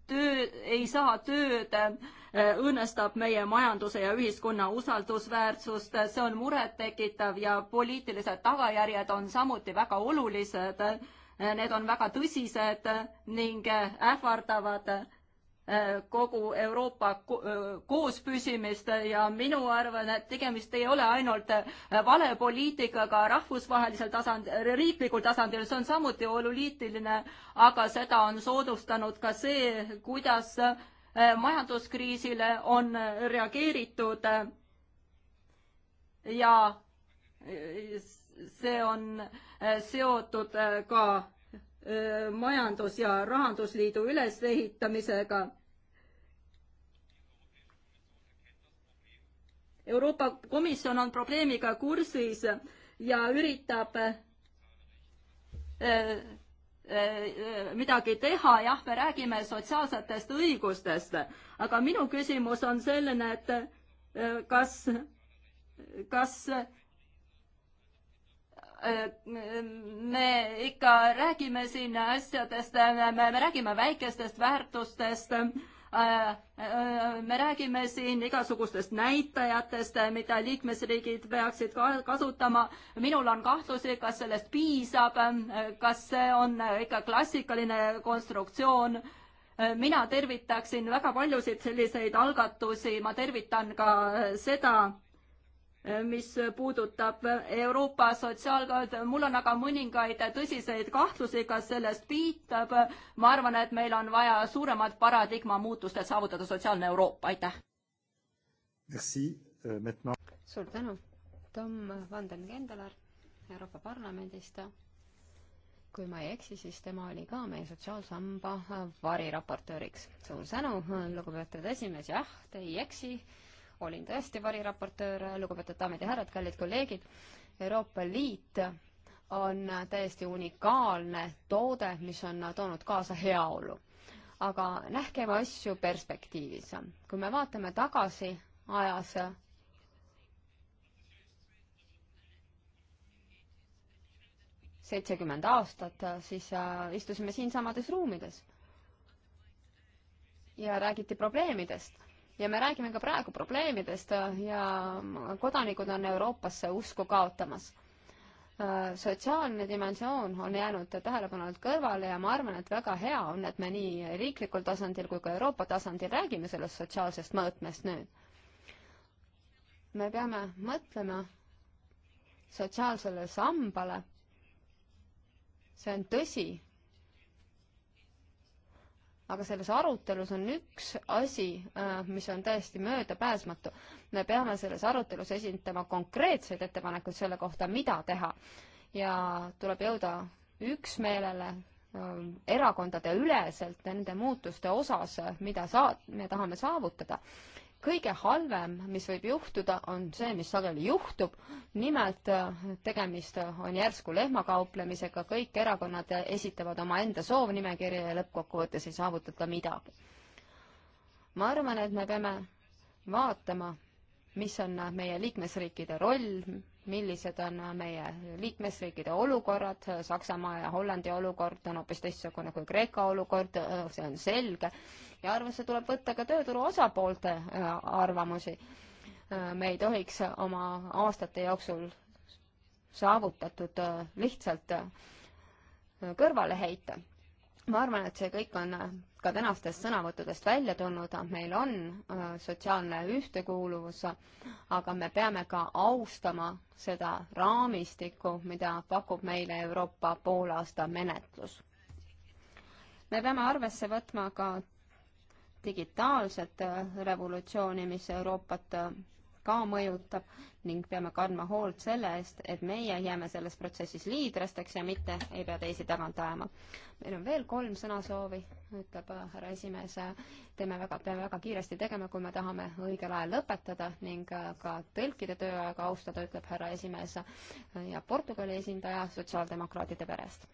töö, ei saa tööd, äh, õõnestab meie majanduse ja ühiskonna usaldusväärsust, see on murettekitav ja poliitilised tagajärjed on samuti väga olulised. Need on väga tõsised ning ähvardavad kogu Euroopa koospüsimist ja minu arvan, et tegemist ei ole ainult vale poliitikaga rahvusvahelisel tasandil, riiklikul tasandil, see on samuti oluliitiline, aga seda on soodustanud ka see, kuidas eh, majanduskriisile on reageeritud ja eh, see on eh, seotud ka majandus- ja rahandusliidu ülesehitamisega. Euroopa Komisjon on probleemiga kursis ja üritab midagi teha, jah, me räägime sotsiaalsetest õigustest, aga minu küsimus on selline, et kas, kas me ikka räägime siin asjadest, me räägime väikestest väärtustest, äh, äh, me räägime siin igasugustest näitajatest, mida liikmesriigid peaksid kasutama. minul on kahtlusi, kas sellest piisab, kas see on ikka klassikaline konstruktsioon mina tervitaksin väga paljusid selliseid algatusi, ma tervitan ka seda, mis puudutab Euroopa sotsiaalkaart, mul on aga mõningaid tõsiseid kahtlusi, kas sellest piitab. ma arvan, et meil on vaja suuremat paradigma muutust, et saavutada sotsiaalne Euroopa, aitäh. Euh, suur tänu, Tom van den Kendelar Euroopa Parlamendist. kui ma ei eksi, siis tema oli ka meie sotsiaalsamba variraportööriks. suur tänu, lugupeetud esimees, jah, te ei eksi olin tõesti variraportöör, lugupeetud daamid ja härrad, kallid kolleegid, Euroopa Liit on täiesti unikaalne toode, mis on toonud kaasa heaolu. aga nähkem asju perspektiivis. kui me vaatame tagasi ajas, seitsekümmend aastat, siis äh, istusime siinsamades ruumides ja räägiti probleemidest ja me räägime ka praegu probleemidest äh, ja kodanikud on Euroopasse usku kaotamas. Äh, sotsiaalne dimensioon on jäänud tähelepanu alt kõrvale ja ma arvan, et väga hea on, et me nii riiklikul tasandil kui ka Euroopa tasandil räägime sellest sotsiaalsest mõõtmest nüüd. me peame mõtlema sotsiaalsele sambale. see on tõsi aga selles arutelus on üks asi, äh, mis on täiesti möödapääsmatu. me peame selles arutelus esitama konkreetseid ettepanekuid selle kohta, mida teha. ja tuleb jõuda üksmeelele äh, erakondade üleselt nende muutuste osas, äh, mida saa-, me tahame saavutada kõige halvem, mis võib juhtuda, on see, mis sageli juhtub. nimelt tegemist on järsku lehmakauplemisega, kõik erakonnad esitavad omaenda soovnimekirja ja lõppkokkuvõttes ei saavutata midagi. ma arvan, et me peame vaatama, mis on meie liikmesriikide roll, millised on meie liikmesriikide olukorrad, Saksamaa ja Hollandi olukord on hoopis teistsugune kui Kreeka olukord, see on selge, ja arvesse tuleb võtta ka tööturu osapoolte äh, arvamusi. Äh, me ei tohiks oma aastate jooksul saavutatud äh, lihtsalt kõrvale heita ma arvan, et see kõik on ka tänastest sõnavõttudest välja tulnud, meil on äh, sotsiaalne ühtekuuluvus, aga me peame ka austama seda raamistikku, mida pakub meile Euroopa poolaasta menetlus. me peame arvesse võtma ka digitaalset äh, revolutsiooni, mis Euroopat äh, ka mõjutab ning peame kandma hoolt selle eest, et meie jääme selles protsessis liidrasteks ja mitte ei pea teisi tagant ajama. meil on veel kolm sõnasoovi, ütleb äh, härra esimees. teeme väga, peame väga kiiresti tegema, kui me tahame õigel ajal lõpetada ning äh, ka tõlkide tööaega austada, ütleb härra esimees ja Portugali esindaja sotsiaaldemokraatide perest.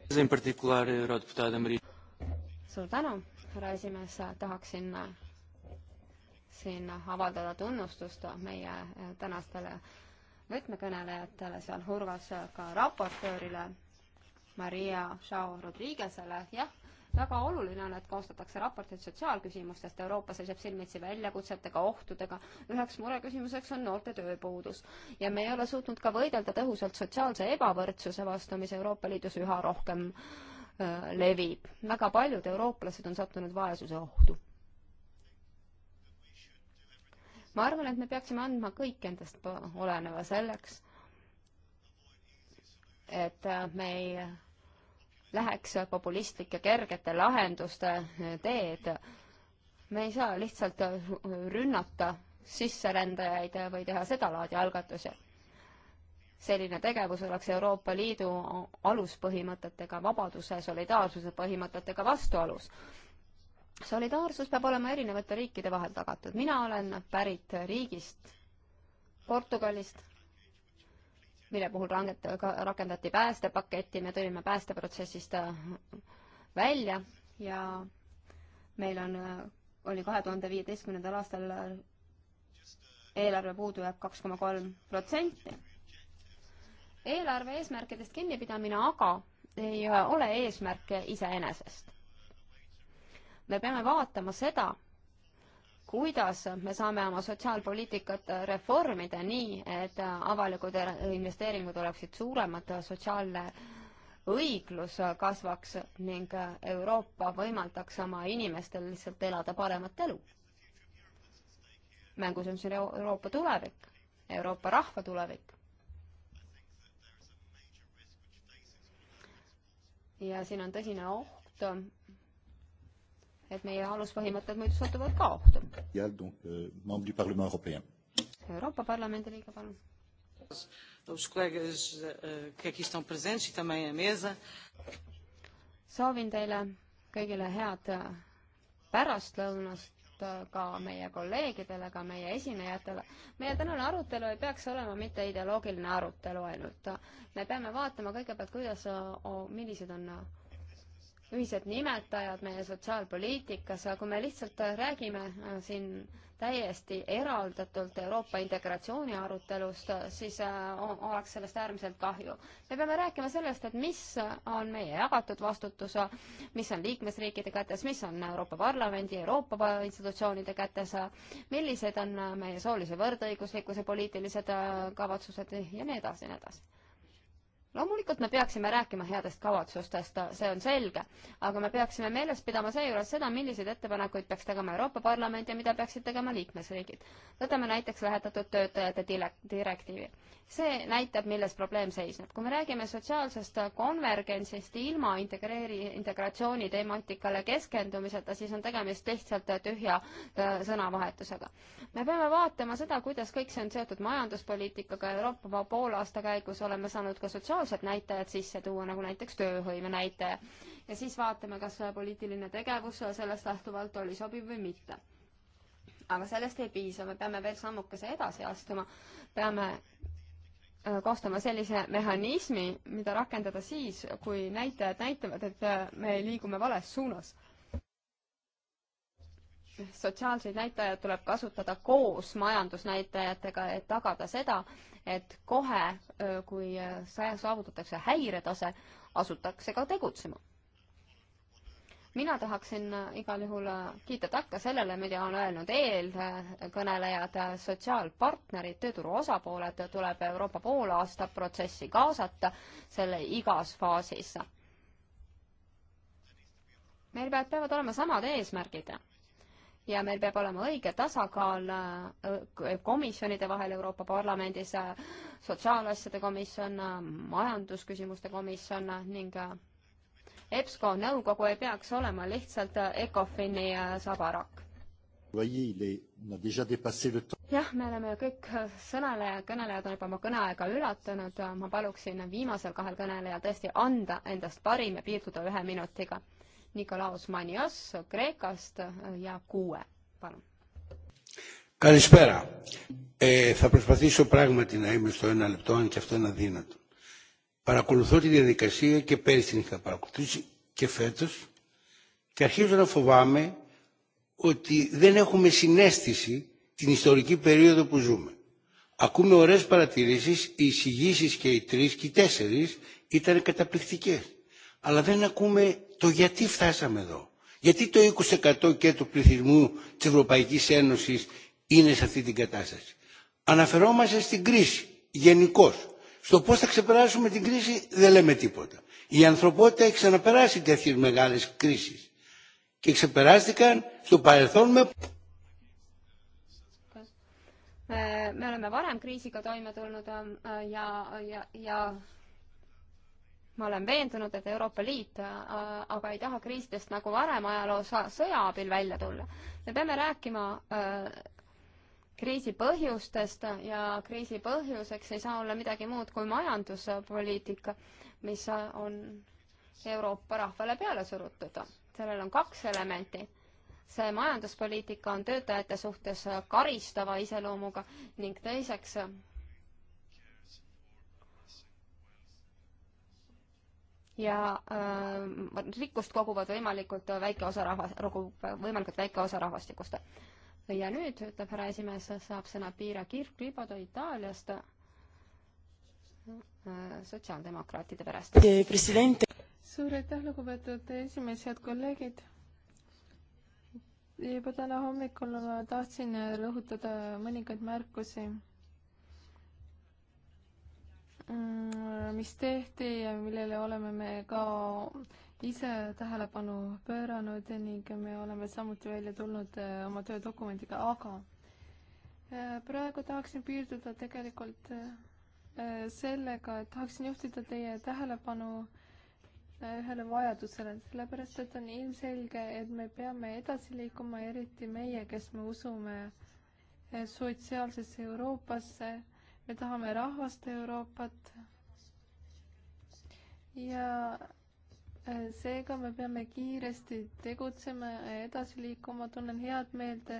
suur tänu, härra esimees, tahaksin äh, tahaksin avaldada tunnustust meie eh, tänastele võtmekõnelejatele, sealhulgas eh, ka raportöörile Maria Chao Rodriguez'ele, jah, väga oluline on, et koostatakse raporteid sotsiaalküsimustest, Euroopa seisab silmitsi väljakutsetega, ohtudega, üheks mureküsimuseks on noorte tööpuudus. ja me ei ole suutnud ka võidelda tõhusalt sotsiaalse ebavõrdsuse vastu, mis Euroopa Liidus üha rohkem öö, eh, levib. väga paljud eurooplased on sattunud vaesuse ohtu ma arvan, et me peaksime andma kõik endast oleneva selleks, et äh, me ei läheks populistlike kergete lahenduste äh, teed. me ei saa lihtsalt äh, rünnata sisserändajaid või teha sedalaadi algatusi. selline tegevus oleks Euroopa Liidu aluspõhimõtetega, vabaduse, solidaarsuse põhimõtetega vastuolus solidaarsus peab olema erinevate riikide vahel tagatud. mina olen pärit riigist, Portugalist, mille puhul rangeta-, rakendati päästepaketti, me tulime päästeprotsessist äh, välja ja meil on, äh, oli kahe tuhande viieteistkümnendal aastal äh, eelarve puudujääk kaks koma kolm protsenti. eelarve eesmärkidest kinnipidamine aga ei ole eesmärk iseenesest me peame vaatama seda, kuidas me saame oma sotsiaalpoliitikat reformida nii, et avalikud investeeringud oleksid suuremad, sotsiaalne õiglus kasvaks ning Euroopa võimaldaks oma inimestel lihtsalt elada paremat elu. mängus on siin Euroopa tulevik, Euroopa rahva tulevik. ja siin on tõsine oht et meie aluspõhimõtted muidu satuvad ka ohtu. Euh, Euroopa Parlamendi liige, palun. Eh, e soovin teile kõigile head eh, pärastlõunast eh, ka meie kolleegidele, ka meie esinejatele. meie tänane arutelu ei peaks olema mitte ideoloogiline arutelu ainult. me peame vaatama kõigepealt, kuidas, millised on ühised nimetajad meie sotsiaalpoliitikas, aga kui me lihtsalt räägime äh, siin täiesti eraldatult Euroopa integratsiooni arutelust, siis äh, oleks sellest äärmiselt kahju. me peame rääkima sellest, et mis on meie jagatud vastutus, mis on liikmesriikide kätes, mis on Euroopa Parlamendi, Euroopa institutsioonide kätes, millised on meie soolise võrdõiguslikkuse poliitilised äh, kavatsused ja nii edasi ja nii edasi loomulikult me peaksime rääkima headest kavatsustest, see on selge, aga me peaksime meeles pidama seejuures seda, milliseid ettepanekuid peaks tegema Euroopa Parlament ja mida peaksid tegema liikmesriigid. võtame näiteks lähetatud töötajate direktiivi. see näitab, milles probleem seisneb. kui me räägime sotsiaalsest konvergentsist ilma integreeri-, integratsiooni temaatikale keskendumiseta, siis on tegemist lihtsalt tühja äh, sõnavahetusega. me peame vaatama seda, kuidas kõik see on seotud majanduspoliitikaga, Euroopa poolaasta käigus oleme saanud ka sotsiaal- sotsiaalsed näitajad sisse tuua, nagu näiteks tööhõive näitaja. ja siis vaatame, kas poliitiline tegevus sellest lähtuvalt oli sobiv või mitte. aga sellest ei piisa, me peame veel sammukese edasi astuma, peame äh, koostama sellise mehhanismi, mida rakendada siis, kui näitajad näitavad, et äh, me liigume vales suunas sotsiaalseid näitajaid tuleb kasutada koos majandusnäitajatega, et tagada seda, et kohe, kui saavutatakse häiretase, asutakse ka tegutsema. mina tahaksin igal juhul kiita takka sellele, mida on öelnud eelkõnelejad, sotsiaalpartnerid, tööturu osapooled tuleb Euroopa poolaasta protsessi kaasata selle igas faasis. meil peavad olema samad eesmärgid ja meil peab olema õige tasakaal äh, komisjonide vahel Euroopa Parlamendis, sotsiaalasjade komisjon, majandusküsimuste komisjon ning äh, EBSCO nõukogu ei peaks olema lihtsalt äh, ECOFIN-i sabarakk. jah, me oleme kõik sõnaleja, kõnelejad on juba oma kõneaega ületanud, ma paluksin viimasel kahel kõnelejal tõesti anda endast parim ja piirduda ühe minutiga Nikolaos Manios Kreekast ja kuue, palun. Καλησπέρα. Ε, θα προσπαθήσω πράγματι να είμαι στο ένα λεπτό, αν και αυτό είναι αδύνατο. Παρακολουθώ τη διαδικασία και πέρσι είχα παρακολουθήσει και φέτος και αρχίζω να φοβάμαι ότι δεν έχουμε συνέστηση την ιστορική περίοδο που ζούμε. Ακούμε ωραίες παρατηρήσεις, οι εισηγήσει και οι τρεις και οι τέσσερις ήταν καταπληκτικές αλλά δεν ακούμε το γιατί φτάσαμε εδώ. Γιατί το 20% και του πληθυσμού της Ευρωπαϊκής Ένωσης είναι σε αυτή την κατάσταση. Αναφερόμαστε στην κρίση γενικώ. Στο πώς θα ξεπεράσουμε την κρίση δεν λέμε τίποτα. Η ανθρωπότητα έχει ξαναπεράσει τέτοιες μεγάλες κρίσεις και ξεπεράστηκαν στο παρελθόν με... Me oleme varem kriisiga toime tulnud ja, ja, ja ma olen veendunud, et Euroopa Liit äh, aga ei taha kriisidest nagu varem ajaloos sõja abil välja tulla. me peame rääkima äh, kriisi põhjustest ja kriisi põhjuseks ei saa olla midagi muud kui majanduspoliitika, mis on Euroopa rahvale peale surutud. sellel on kaks elementi see majanduspoliitika on töötajate suhtes karistava iseloomuga ning teiseks ja äh, rikkust koguvad võimalikult väike osa rahvas, võimalikult väike osa rahvastikust. ja nüüd, ütleb härra esimees, saab sõna Piira Kirk-Ribodo Itaaliast äh, sotsiaaldemokraatide perest. suur aitäh, lugupeetud esimees, head kolleegid! juba täna hommikul ma tahtsin rõhutada mõningaid märkusi Mm, mis tehti ja millele oleme me ka ise tähelepanu pööranud ning me oleme samuti välja tulnud äh, oma töödokumendiga, aga äh, praegu tahaksin piirduda tegelikult äh, sellega, et tahaksin juhtida teie tähelepanu ühele vajadusele, sellepärast et on ilmselge, et me peame edasi liikuma, eriti meie, kes me usume sotsiaalsesse Euroopasse me tahame rahvaste Euroopat. ja äh, seega me peame kiiresti tegutsema ja edasi liikuma, tunnen head meelt,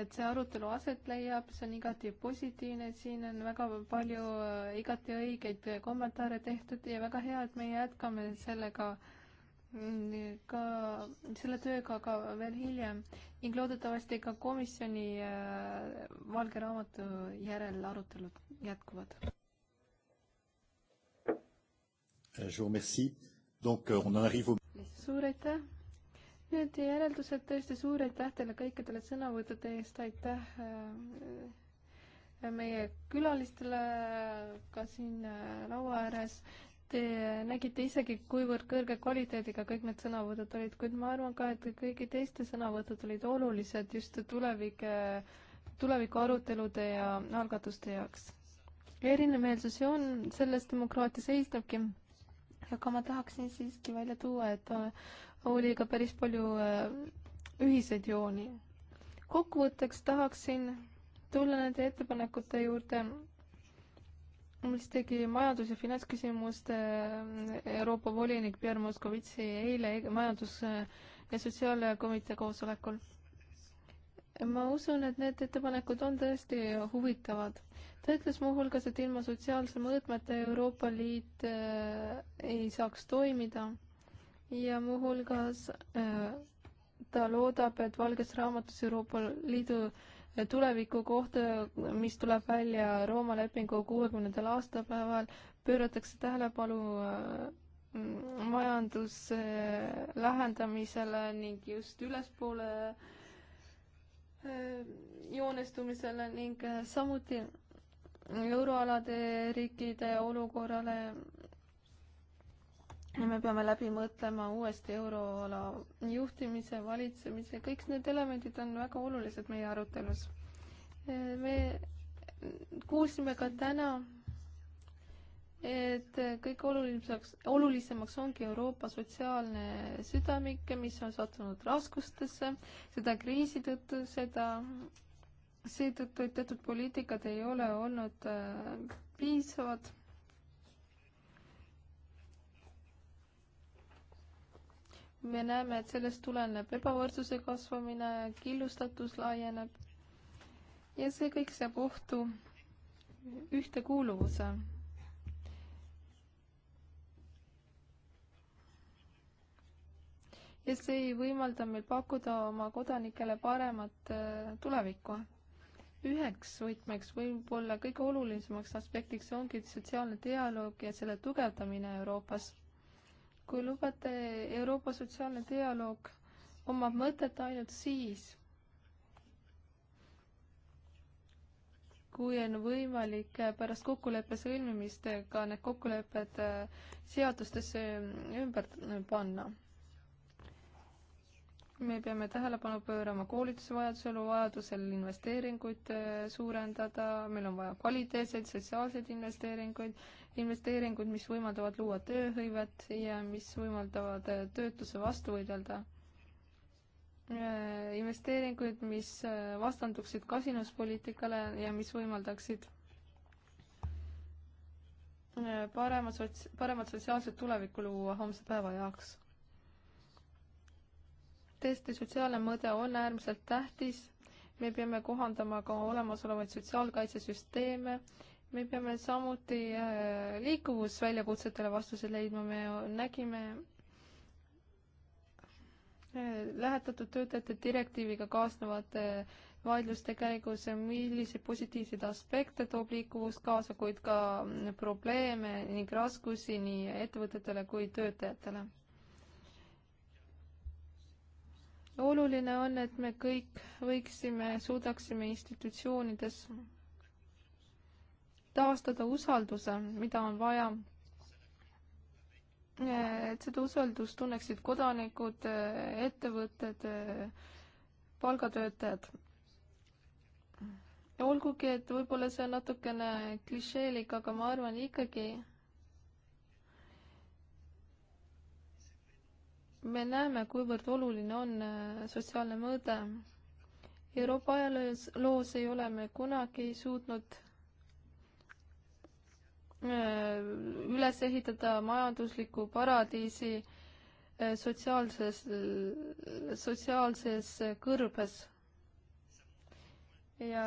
et see arutelu aset leiab, see on igati positiivne, siin on väga palju äh, igati õigeid kommentaare tehtud ja väga hea, et me jätkame sellega mm, ka selle tööga ka veel hiljem ning loodetavasti ka komisjoni äh, valge raamatu järel arutelud jätkuvad. Euh, suur aitäh. nüüd järeldused tõesti suur aitäh teile kõikidele sõnavõttude eest, aitäh äh, meie külalistele ka siin äh, laua ääres Te nägite isegi, kuivõrd kõrge kvaliteediga kõik need sõnavõtud olid, kuid ma arvan ka, et kõigi teiste sõnavõtud olid olulised just tulevike, tuleviku arutelude ja algatuste jaoks. erinemeelsusi on, selles demokraatia seisnebki, aga ma tahaksin siiski välja tuua, et oli ka päris palju äh, ühiseid jooni. kokkuvõtteks tahaksin tulla nende ettepanekute juurde mis tegi majandus- ja finantsküsimuste eh, Euroopa volinik Pierre Moskovitsi eile majandus- ja sotsiaalkomitee koosolekul. ma usun, et need ettepanekud on tõesti huvitavad. ta ütles muuhulgas, et ilma sotsiaalse mõõtmeta Euroopa Liit eh, ei saaks toimida ja muuhulgas eh, ta loodab, et Valges Raamatus Euroopa Liidu äh, tuleviku kohta, mis tuleb välja Rooma lepingu kuuekümnendal aastapäeval, pööratakse tähelepanu äh, majanduse äh, lähendamisele ning just ülespoole äh, joonestumisele ning samuti euroalade riikide olukorrale ja me peame läbi mõtlema uuesti euroala juhtimise, valitsemise, kõik need elemendid on väga olulised meie arutelus. me kuulsime ka täna, et kõige olulisemaks, olulisemaks ongi Euroopa sotsiaalne südamik, mis on sattunud raskustesse, seda kriisi tõttu, seda seetõttu, et teatud poliitikad ei ole olnud äh, piisavad me näeme, et sellest tuleneb ebavõrdsuse kasvamine, killustatus laieneb ja see kõik seab ohtu ühtekuuluvuse. ja see ei võimalda meil pakkuda oma kodanikele paremat äh, tulevikku. üheks võtmeks, võib-olla kõige olulisemaks aspektiks ongi sotsiaalne dialoog ja selle tugevdamine Euroopas kui lubate, Euroopa sotsiaalne dialoog omab mõtet ainult siis, kui on võimalik pärast kokkuleppe sõlmimist ka need kokkulepped äh, seadustesse ümber panna. me peame tähelepanu pöörama koolitusvajadusele, vajadusel investeeringuid äh, suurendada, meil on vaja kvaliteetseid sotsiaalseid investeeringuid investeeringuid, mis võimaldavad luua tööhõivet ja mis võimaldavad äh, töötuse vastu võidelda. Äh, investeeringuid, mis äh, vastanduksid kasinuspoliitikale ja mis võimaldaksid parema sots-, paremat sotsiaalset tulevikku luua homse päeva jaoks. tõesti, sotsiaalne mõõde on äärmiselt tähtis, me peame kohandama ka olemasolevaid sotsiaalkaitsesüsteeme me peame samuti äh, liikuvusväljakutsetele vastused leidma, me nägime äh, lähetatud töötajate direktiiviga kaasnevate äh, vaidluste käigus, milliseid positiivseid aspekte toob liikuvus kaasa, kuid ka mm, probleeme ning raskusi nii ettevõtetele kui töötajatele. oluline on, et me kõik võiksime, suudaksime institutsioonides taastada usalduse, mida on vaja. Äh, et seda usaldust tunneksid kodanikud, äh, ettevõtted, äh, palgatöötajad. olgugi, et võib-olla see on natukene klišeelik, aga ma arvan ikkagi, me näeme, kuivõrd oluline on sotsiaalne mõõde. Euroopa ajaloos ei ole me kunagi suutnud Äh, üles ehitada majandusliku paradiisi äh, sotsiaalses, äh, sotsiaalses kõrbes. ja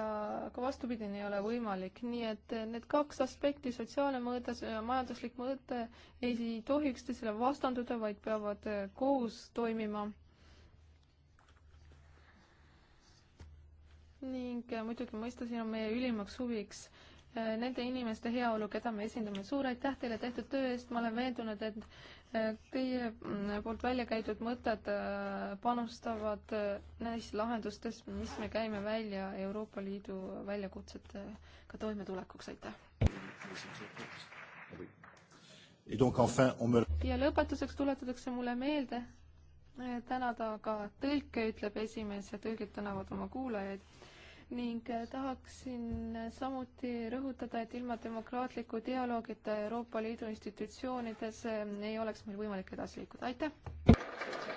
ka vastupidine ei ole võimalik, nii et need kaks aspekti, sotsiaalne mõõde ja majanduslik mõõde, ei tohi üksteisele vastanduda, vaid peavad koos toimima ning muidugi mõista siin on meie ülimaks huviks Äh, nende inimeste heaolu, keda me esindame. suur aitäh teile tehtud töö eest, ma olen veendunud, et äh, teie mm, poolt välja käidud mõtted äh, panustavad neis lahendustes, mis me käime välja Euroopa Liidu väljakutsetega toimetulekuks, aitäh! ja lõpetuseks tuletatakse mulle meelde tänada ka tõlke, ütleb esimees ja tõlgid tänavad oma kuulajaid ning äh, tahaksin äh, samuti rõhutada, et ilma demokraatliku dialoogita Euroopa Liidu institutsioonides äh, ei oleks meil võimalik edasi liikuda, aitäh!